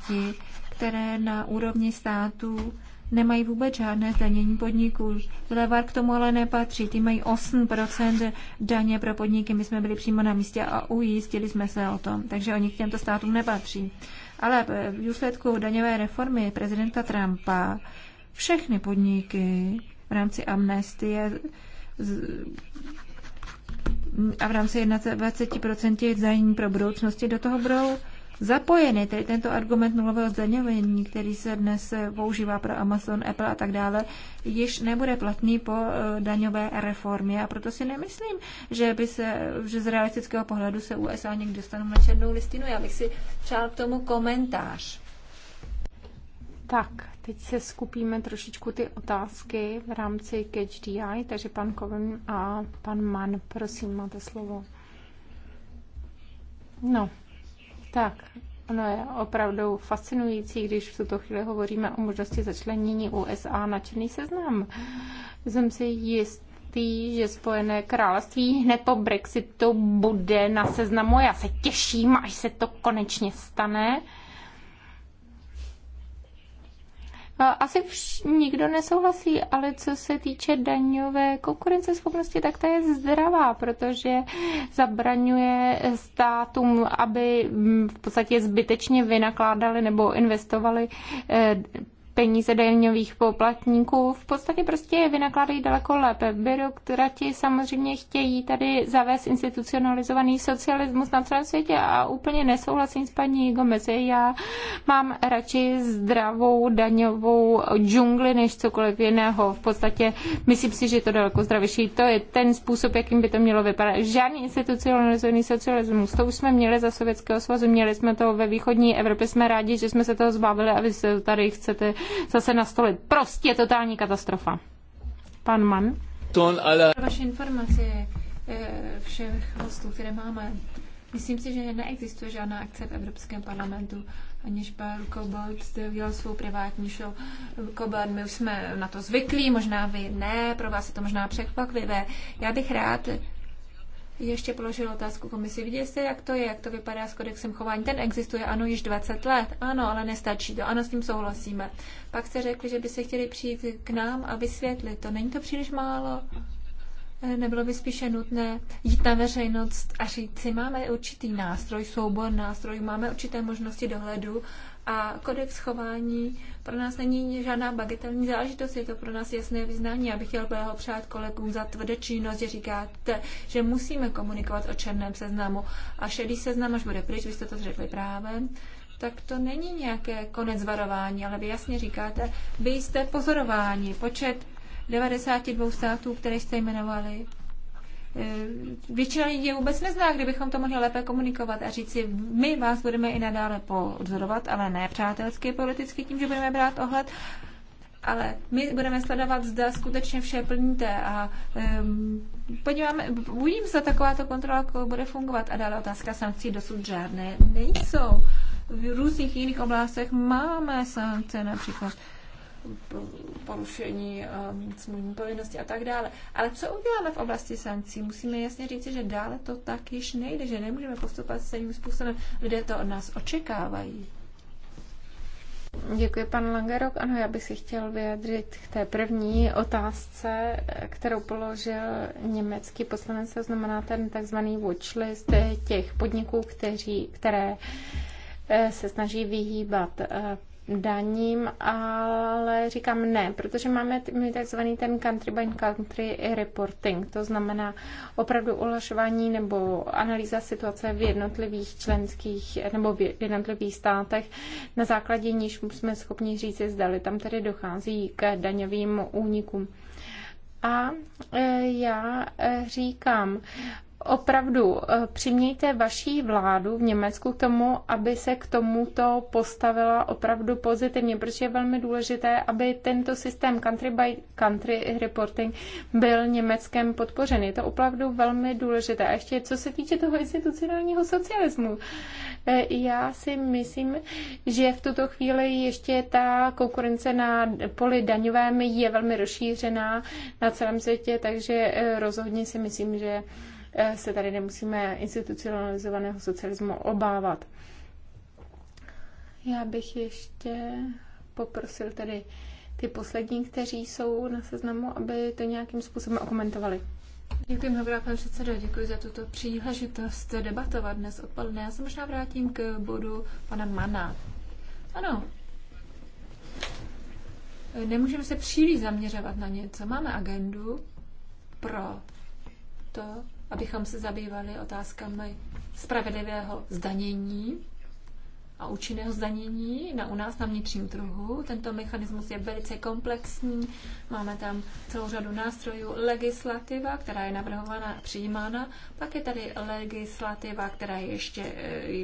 které na úrovni států nemají vůbec žádné zdanění podniků. Levar k tomu ale nepatří. Ty mají 8% daně pro podniky. My jsme byli přímo na místě a ujistili jsme se o tom. Takže oni k těmto státům nepatří. Ale v důsledku daňové reformy prezidenta Trumpa všechny podniky v rámci amnestie a v rámci 21% zdanění pro budoucnosti do toho budou zapojeny. Tedy tento argument nulového zdaňování, který se dnes používá pro Amazon, Apple a tak dále, již nebude platný po eh, daňové reformě a proto si nemyslím, že, by se, že z realistického pohledu se USA někdy dostanou na černou listinu. Já bych si přál k tomu komentář. Tak, Teď se skupíme trošičku ty otázky v rámci CatchDI, takže pan Koven a pan Mann, prosím, máte slovo. No, tak, ono je opravdu fascinující, když v tuto chvíli hovoříme o možnosti začlenění USA na černý seznam. Jsem si jist, jistý, že Spojené království hned po Brexitu bude na seznamu. Já se těším, až se to konečně stane. asi nikdo nesouhlasí, ale co se týče daňové konkurenceschopnosti, tak ta je zdravá, protože zabraňuje státům, aby v podstatě zbytečně vynakládali nebo investovali eh, peníze daňových poplatníků v podstatě prostě je vynakládají daleko lépe. Byrokrati samozřejmě chtějí tady zavést institucionalizovaný socialismus na celém světě a úplně nesouhlasím s paní Gomez. Já mám radši zdravou daňovou džungli než cokoliv jiného. V podstatě myslím si, že je to daleko zdravější. To je ten způsob, jakým by to mělo vypadat. Žádný institucionalizovaný socialismus. To už jsme měli za Sovětského svazu, měli jsme to ve východní Evropě. Jsme rádi, že jsme se toho zbavili a vy se tady chcete zase nastolit. Prostě totální katastrofa. Pan Mann. Ale... vaše informace eh, všech hostů, které máme, myslím si, že neexistuje žádná akce v Evropském parlamentu, aniž pan Kobold zde udělal svou privátní show. Kobold, my už jsme na to zvyklí, možná vy ne, pro vás je to možná překvapivé. Já bych rád ještě položil otázku komisi. Viděli jste, jak to je, jak to vypadá s kodexem chování. Ten existuje, ano, již 20 let. Ano, ale nestačí to. Ano, s tím souhlasíme. Pak se řekli, že by se chtěli přijít k nám a vysvětlit to. Není to příliš málo? Eh, nebylo by spíše nutné jít na veřejnost a říct si, máme určitý nástroj, soubor nástrojů, máme určité možnosti dohledu a kodex chování pro nás není žádná bagatelní záležitost, je to pro nás jasné vyznání. Já bych chtěl přát kolegům za tvrdé činnost, že říkáte, že musíme komunikovat o černém seznamu. A šedý seznam, až bude pryč, vy jste to řekli právě, tak to není nějaké konec varování, ale vy jasně říkáte, vy jste pozorováni. Počet 92 států, které jste jmenovali, Eh, většina lidí je vůbec nezná, kdybychom to mohli lépe komunikovat a říci, my vás budeme i nadále pozorovat, ale ne přátelsky politicky tím, že budeme brát ohled, ale my budeme sledovat, zda skutečně vše plníte a um, podíváme, uvidím, zda takováto kontrola jako bude fungovat a dále otázka sankcí dosud žádné nejsou. V různých jiných oblastech máme sankce, například porušení eh, smluvní povinnosti a tak dále. Ale co uděláme v oblasti sankcí? Musíme jasně říct, že dále to tak již nejde, že nemůžeme postupovat stejným způsobem. Lidé to od nás očekávají. Děkuji, pan Langerok. Ano, já bych si chtěl vyjádřit k té první otázce, kterou položil německý poslanec, to znamená ten takzvaný watchlist těch podniků, kteří, které eh, se snaží vyhýbat eh, daním, ale říkám ne, protože máme my takzvaný ten country by country reporting, to znamená opravdu ulašování nebo analýza situace v jednotlivých členských nebo v jednotlivých státech, na základě níž jsme schopni říct, zdali tam tedy dochází k daňovým únikům. A e, já e, říkám, opravdu eh, přimějte vaší vládu v Německu k tomu, aby se k tomuto postavila opravdu pozitivně, protože je velmi důležité, aby tento systém country by country reporting byl Německem podpořen. Je to opravdu velmi důležité. A ještě co se týče toho institucionálního socialismu, eh, já si myslím, že v tuto chvíli ještě ta konkurence na poli daňovém je velmi rozšířená na celém světě, takže eh, rozhodně si myslím, že Eh, se tady nemusíme institucionalizovaného socialismu obávat. Já bych ještě poprosil tedy ty poslední, kteří jsou na seznamu, aby to nějakým způsobem okomentovali. Děkuji mnohokrát, pane předsedo, děkuji za tuto příležitost debatovat dnes odpoledne. Já se možná vrátím k bodu pana Mana. Ano, nemůžeme se příliš zaměřovat na něco. Máme agendu pro to, abychom se zabývali otázkami spravedlivého zdanění a účinného zdanění na, u nás na vnitřním trhu. Tento mechanismus je velice komplexní, máme tam celou řadu nástrojů. Legislativa, která je navrhovaná a přijímána, pak je tady legislativa, která je ještě,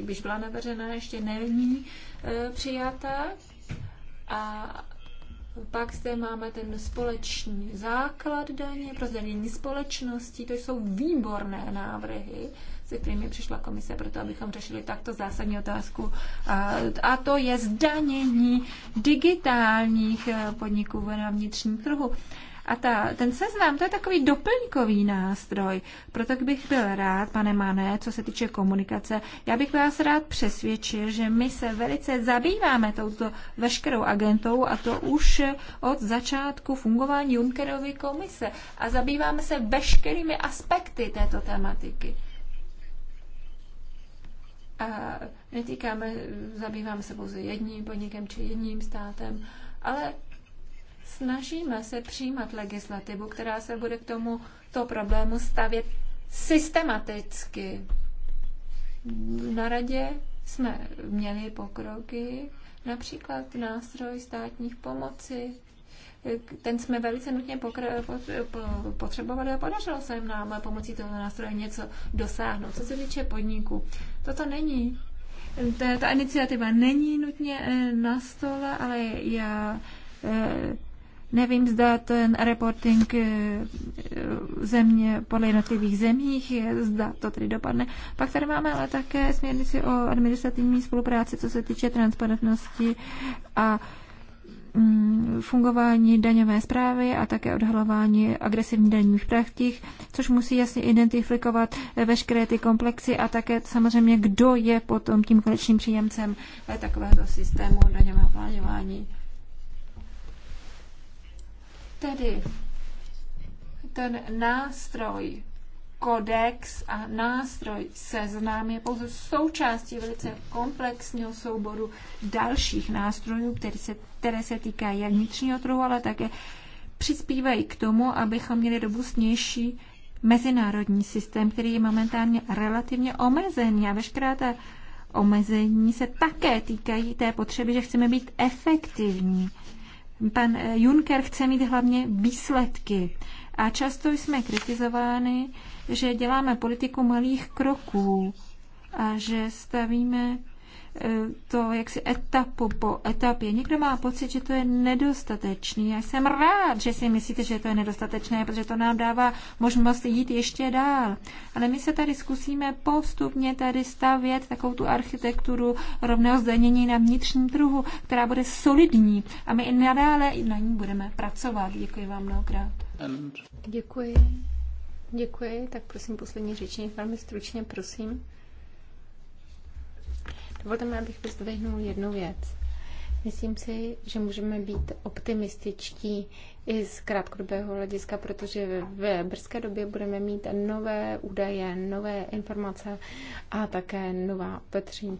když eh, byla navržena, ještě není eh, přijata. A pak zde máme ten společný základ daně pro zdanění společností. To jsou výborné návrhy, se kterými přišla komise proto, abychom řešili takto zásadní otázku. A to je zdanění digitálních eh, podniků na vnitřním trhu. A ta, ten seznam, to je takový doplňkový nástroj. Proto bych byl rád, pane Mané, co se týče komunikace, já bych vás rád přesvědčil, že my se velice zabýváme touto veškerou agentou a to už od začátku fungování Junckerovy komise a zabýváme se veškerými aspekty této tematiky. A netýkáme, zabýváme se pouze jedním podnikem či jedním státem, ale Snažíme se přijímat legislativu, která se bude k to problému stavět systematicky. Na radě jsme měli pokroky, například nástroj státních pomoci, ten jsme velice nutně pokr- potřebovali a podařilo se jim nám pomocí toho nástroje něco dosáhnout. Co se týče podniku, toto není. ta iniciativa není nutně eh, na stole, ale já eh, Nevím, zda ten reporting eh, země podle jednotlivých zemích, je, zda to tedy dopadne. Pak tady máme ale také směrnici o administrativní spolupráci, co se týče transparentnosti a mm, fungování daňové zprávy a také odhalování agresivních daňových praktik, což musí jasně identifikovat veškeré ty komplexy a také samozřejmě, kdo je potom tím konečným příjemcem takového systému daňového plánování. Tedy ten nástroj kodex a nástroj seznám je pouze součástí velice komplexního souboru dalších nástrojů, které se, které se týkají jak vnitřního trhu, ale také přispívají k tomu, abychom měli robustnější mezinárodní systém, který je momentálně relativně omezený a veškerá ta omezení se také týkají té potřeby, že chceme být efektivní. Pan eh, Juncker chce mít hlavně výsledky. A často jsme kritizovány, že děláme politiku malých kroků a že stavíme to jaksi etapu po etapě. Někdo má pocit, že to je nedostatečný. Já jsem rád, že si myslíte, že to je nedostatečné, protože to nám dává možnost jít ještě dál. Ale my se tady zkusíme postupně tady stavět takovou tu architekturu rovného zdanění na vnitřním trhu, která bude solidní a my i nadále i na ní budeme pracovat. Děkuji vám mnohokrát. Děkuji. Děkuji. Tak prosím, poslední řečník, velmi stručně, prosím. Dovolte mi, abych vyzdvihnul jednu věc. Myslím si, že můžeme být optimističtí i z krátkodobého hlediska, protože v brzké době budeme mít nové údaje, nové informace a také nová opatření.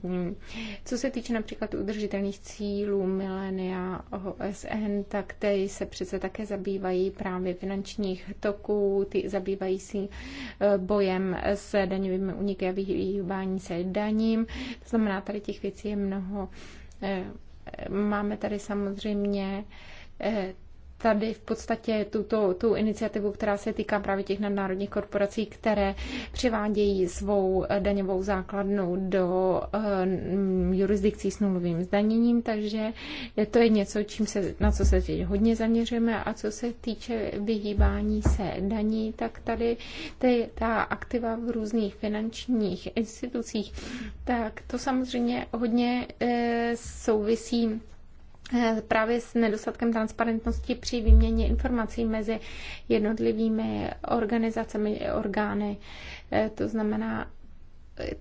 Co se týče například udržitelných cílů milénia OSN, tak ty se přece také zabývají právě finančních toků, ty zabývají si eh, bojem s daňovými úniky a vyhýbání se daním. To znamená, tady těch věcí je mnoho eh, Máme tady samozřejmě eh, tady v podstatě tuto, tu iniciativu, která se týká právě těch nadnárodních korporací, které přivádějí svou daňovou základnou do uh, jurisdikcí s nulovým zdaněním, takže je to je něco, čím se, na co se teď hodně zaměřujeme a co se týče vyhýbání se daní, tak tady ty, ta aktiva v různých finančních institucích, tak to samozřejmě hodně uh, souvisí Eh, právě s nedostatkem transparentnosti při výměně informací mezi jednotlivými organizacemi, orgány. Eh, to znamená,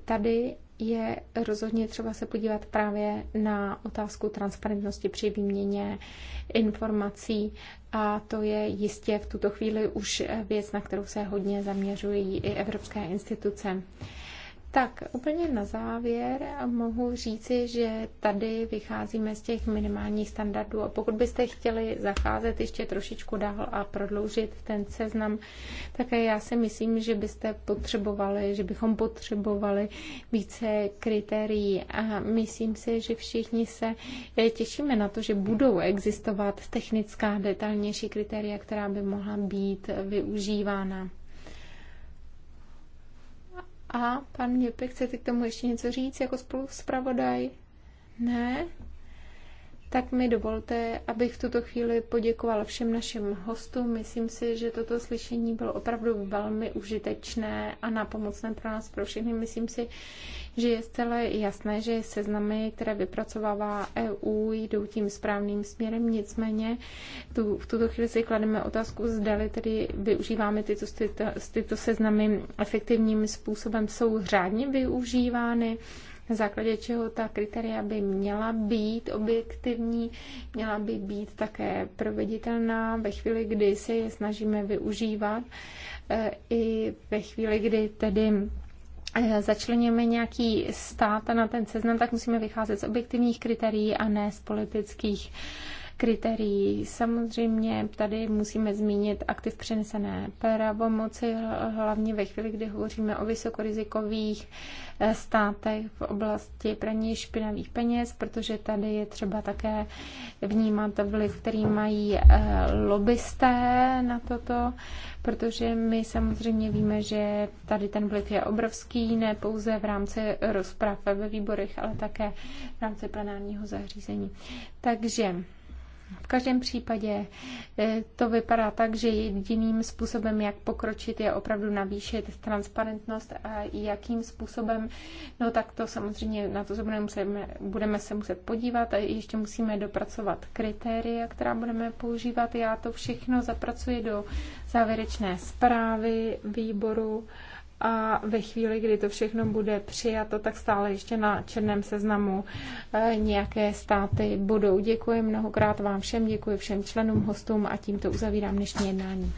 tady je rozhodně třeba se podívat právě na otázku transparentnosti při výměně informací a to je jistě v tuto chvíli už věc, na kterou se hodně zaměřují i evropské instituce. Tak úplně na závěr mohu říci, že tady vycházíme z těch minimálních standardů a pokud byste chtěli zacházet ještě trošičku dál a prodloužit ten seznam, tak já si myslím, že byste potřebovali, že bychom potřebovali více kritérií a myslím si, že všichni se těšíme na to, že budou existovat technická detailnější kritéria, která by mohla být využívána. A pan Jepek, chcete k tomu ještě něco říct jako zpravodaj? Ne? Tak mi dovolte, abych v tuto chvíli poděkovala všem našim hostům. Myslím si, že toto slyšení bylo opravdu velmi užitečné a napomocné pro nás, pro všechny. Myslím si, že je zcela jasné, že seznamy, které vypracovává EU, jdou tím správným směrem. Nicméně tu, v tuto chvíli si klademe otázku, zdali tedy využíváme tyto, tyto, tyto seznamy efektivním způsobem, jsou řádně využívány na základě čeho ta kritéria by měla být objektivní, měla by být také proveditelná ve chvíli, kdy se je snažíme využívat, e, i ve chvíli, kdy tedy Eh, začleníme nějaký stát na ten seznam, tak musíme vycházet z objektivních kritérií a ne z politických kritérií. Samozřejmě tady musíme zmínit aktiv přenesené pravomoci, hlavně ve chvíli, kdy hovoříme o vysokorizikových eh, státech v oblasti praní špinavých peněz, protože tady je třeba také vnímat vliv, který mají eh, lobbysté na toto, protože my samozřejmě víme, že tady ten vliv je obrovský, ne pouze v rámci rozprav ve výborech, ale také v rámci plenárního zařízení. Takže v každém případě eh, to vypadá tak, že jediným způsobem, jak pokročit, je opravdu navýšit transparentnost a jakým způsobem, no tak to samozřejmě na to se budeme, muset, budeme se muset podívat a ještě musíme dopracovat kritéria, která budeme používat. Já to všechno zapracuji do závěrečné zprávy výboru a ve chvíli, kdy to všechno bude přijato, tak stále ještě na černém seznamu eh, nějaké státy budou. Děkuji mnohokrát vám všem, děkuji všem členům, hostům a tímto uzavírám dnešní jednání.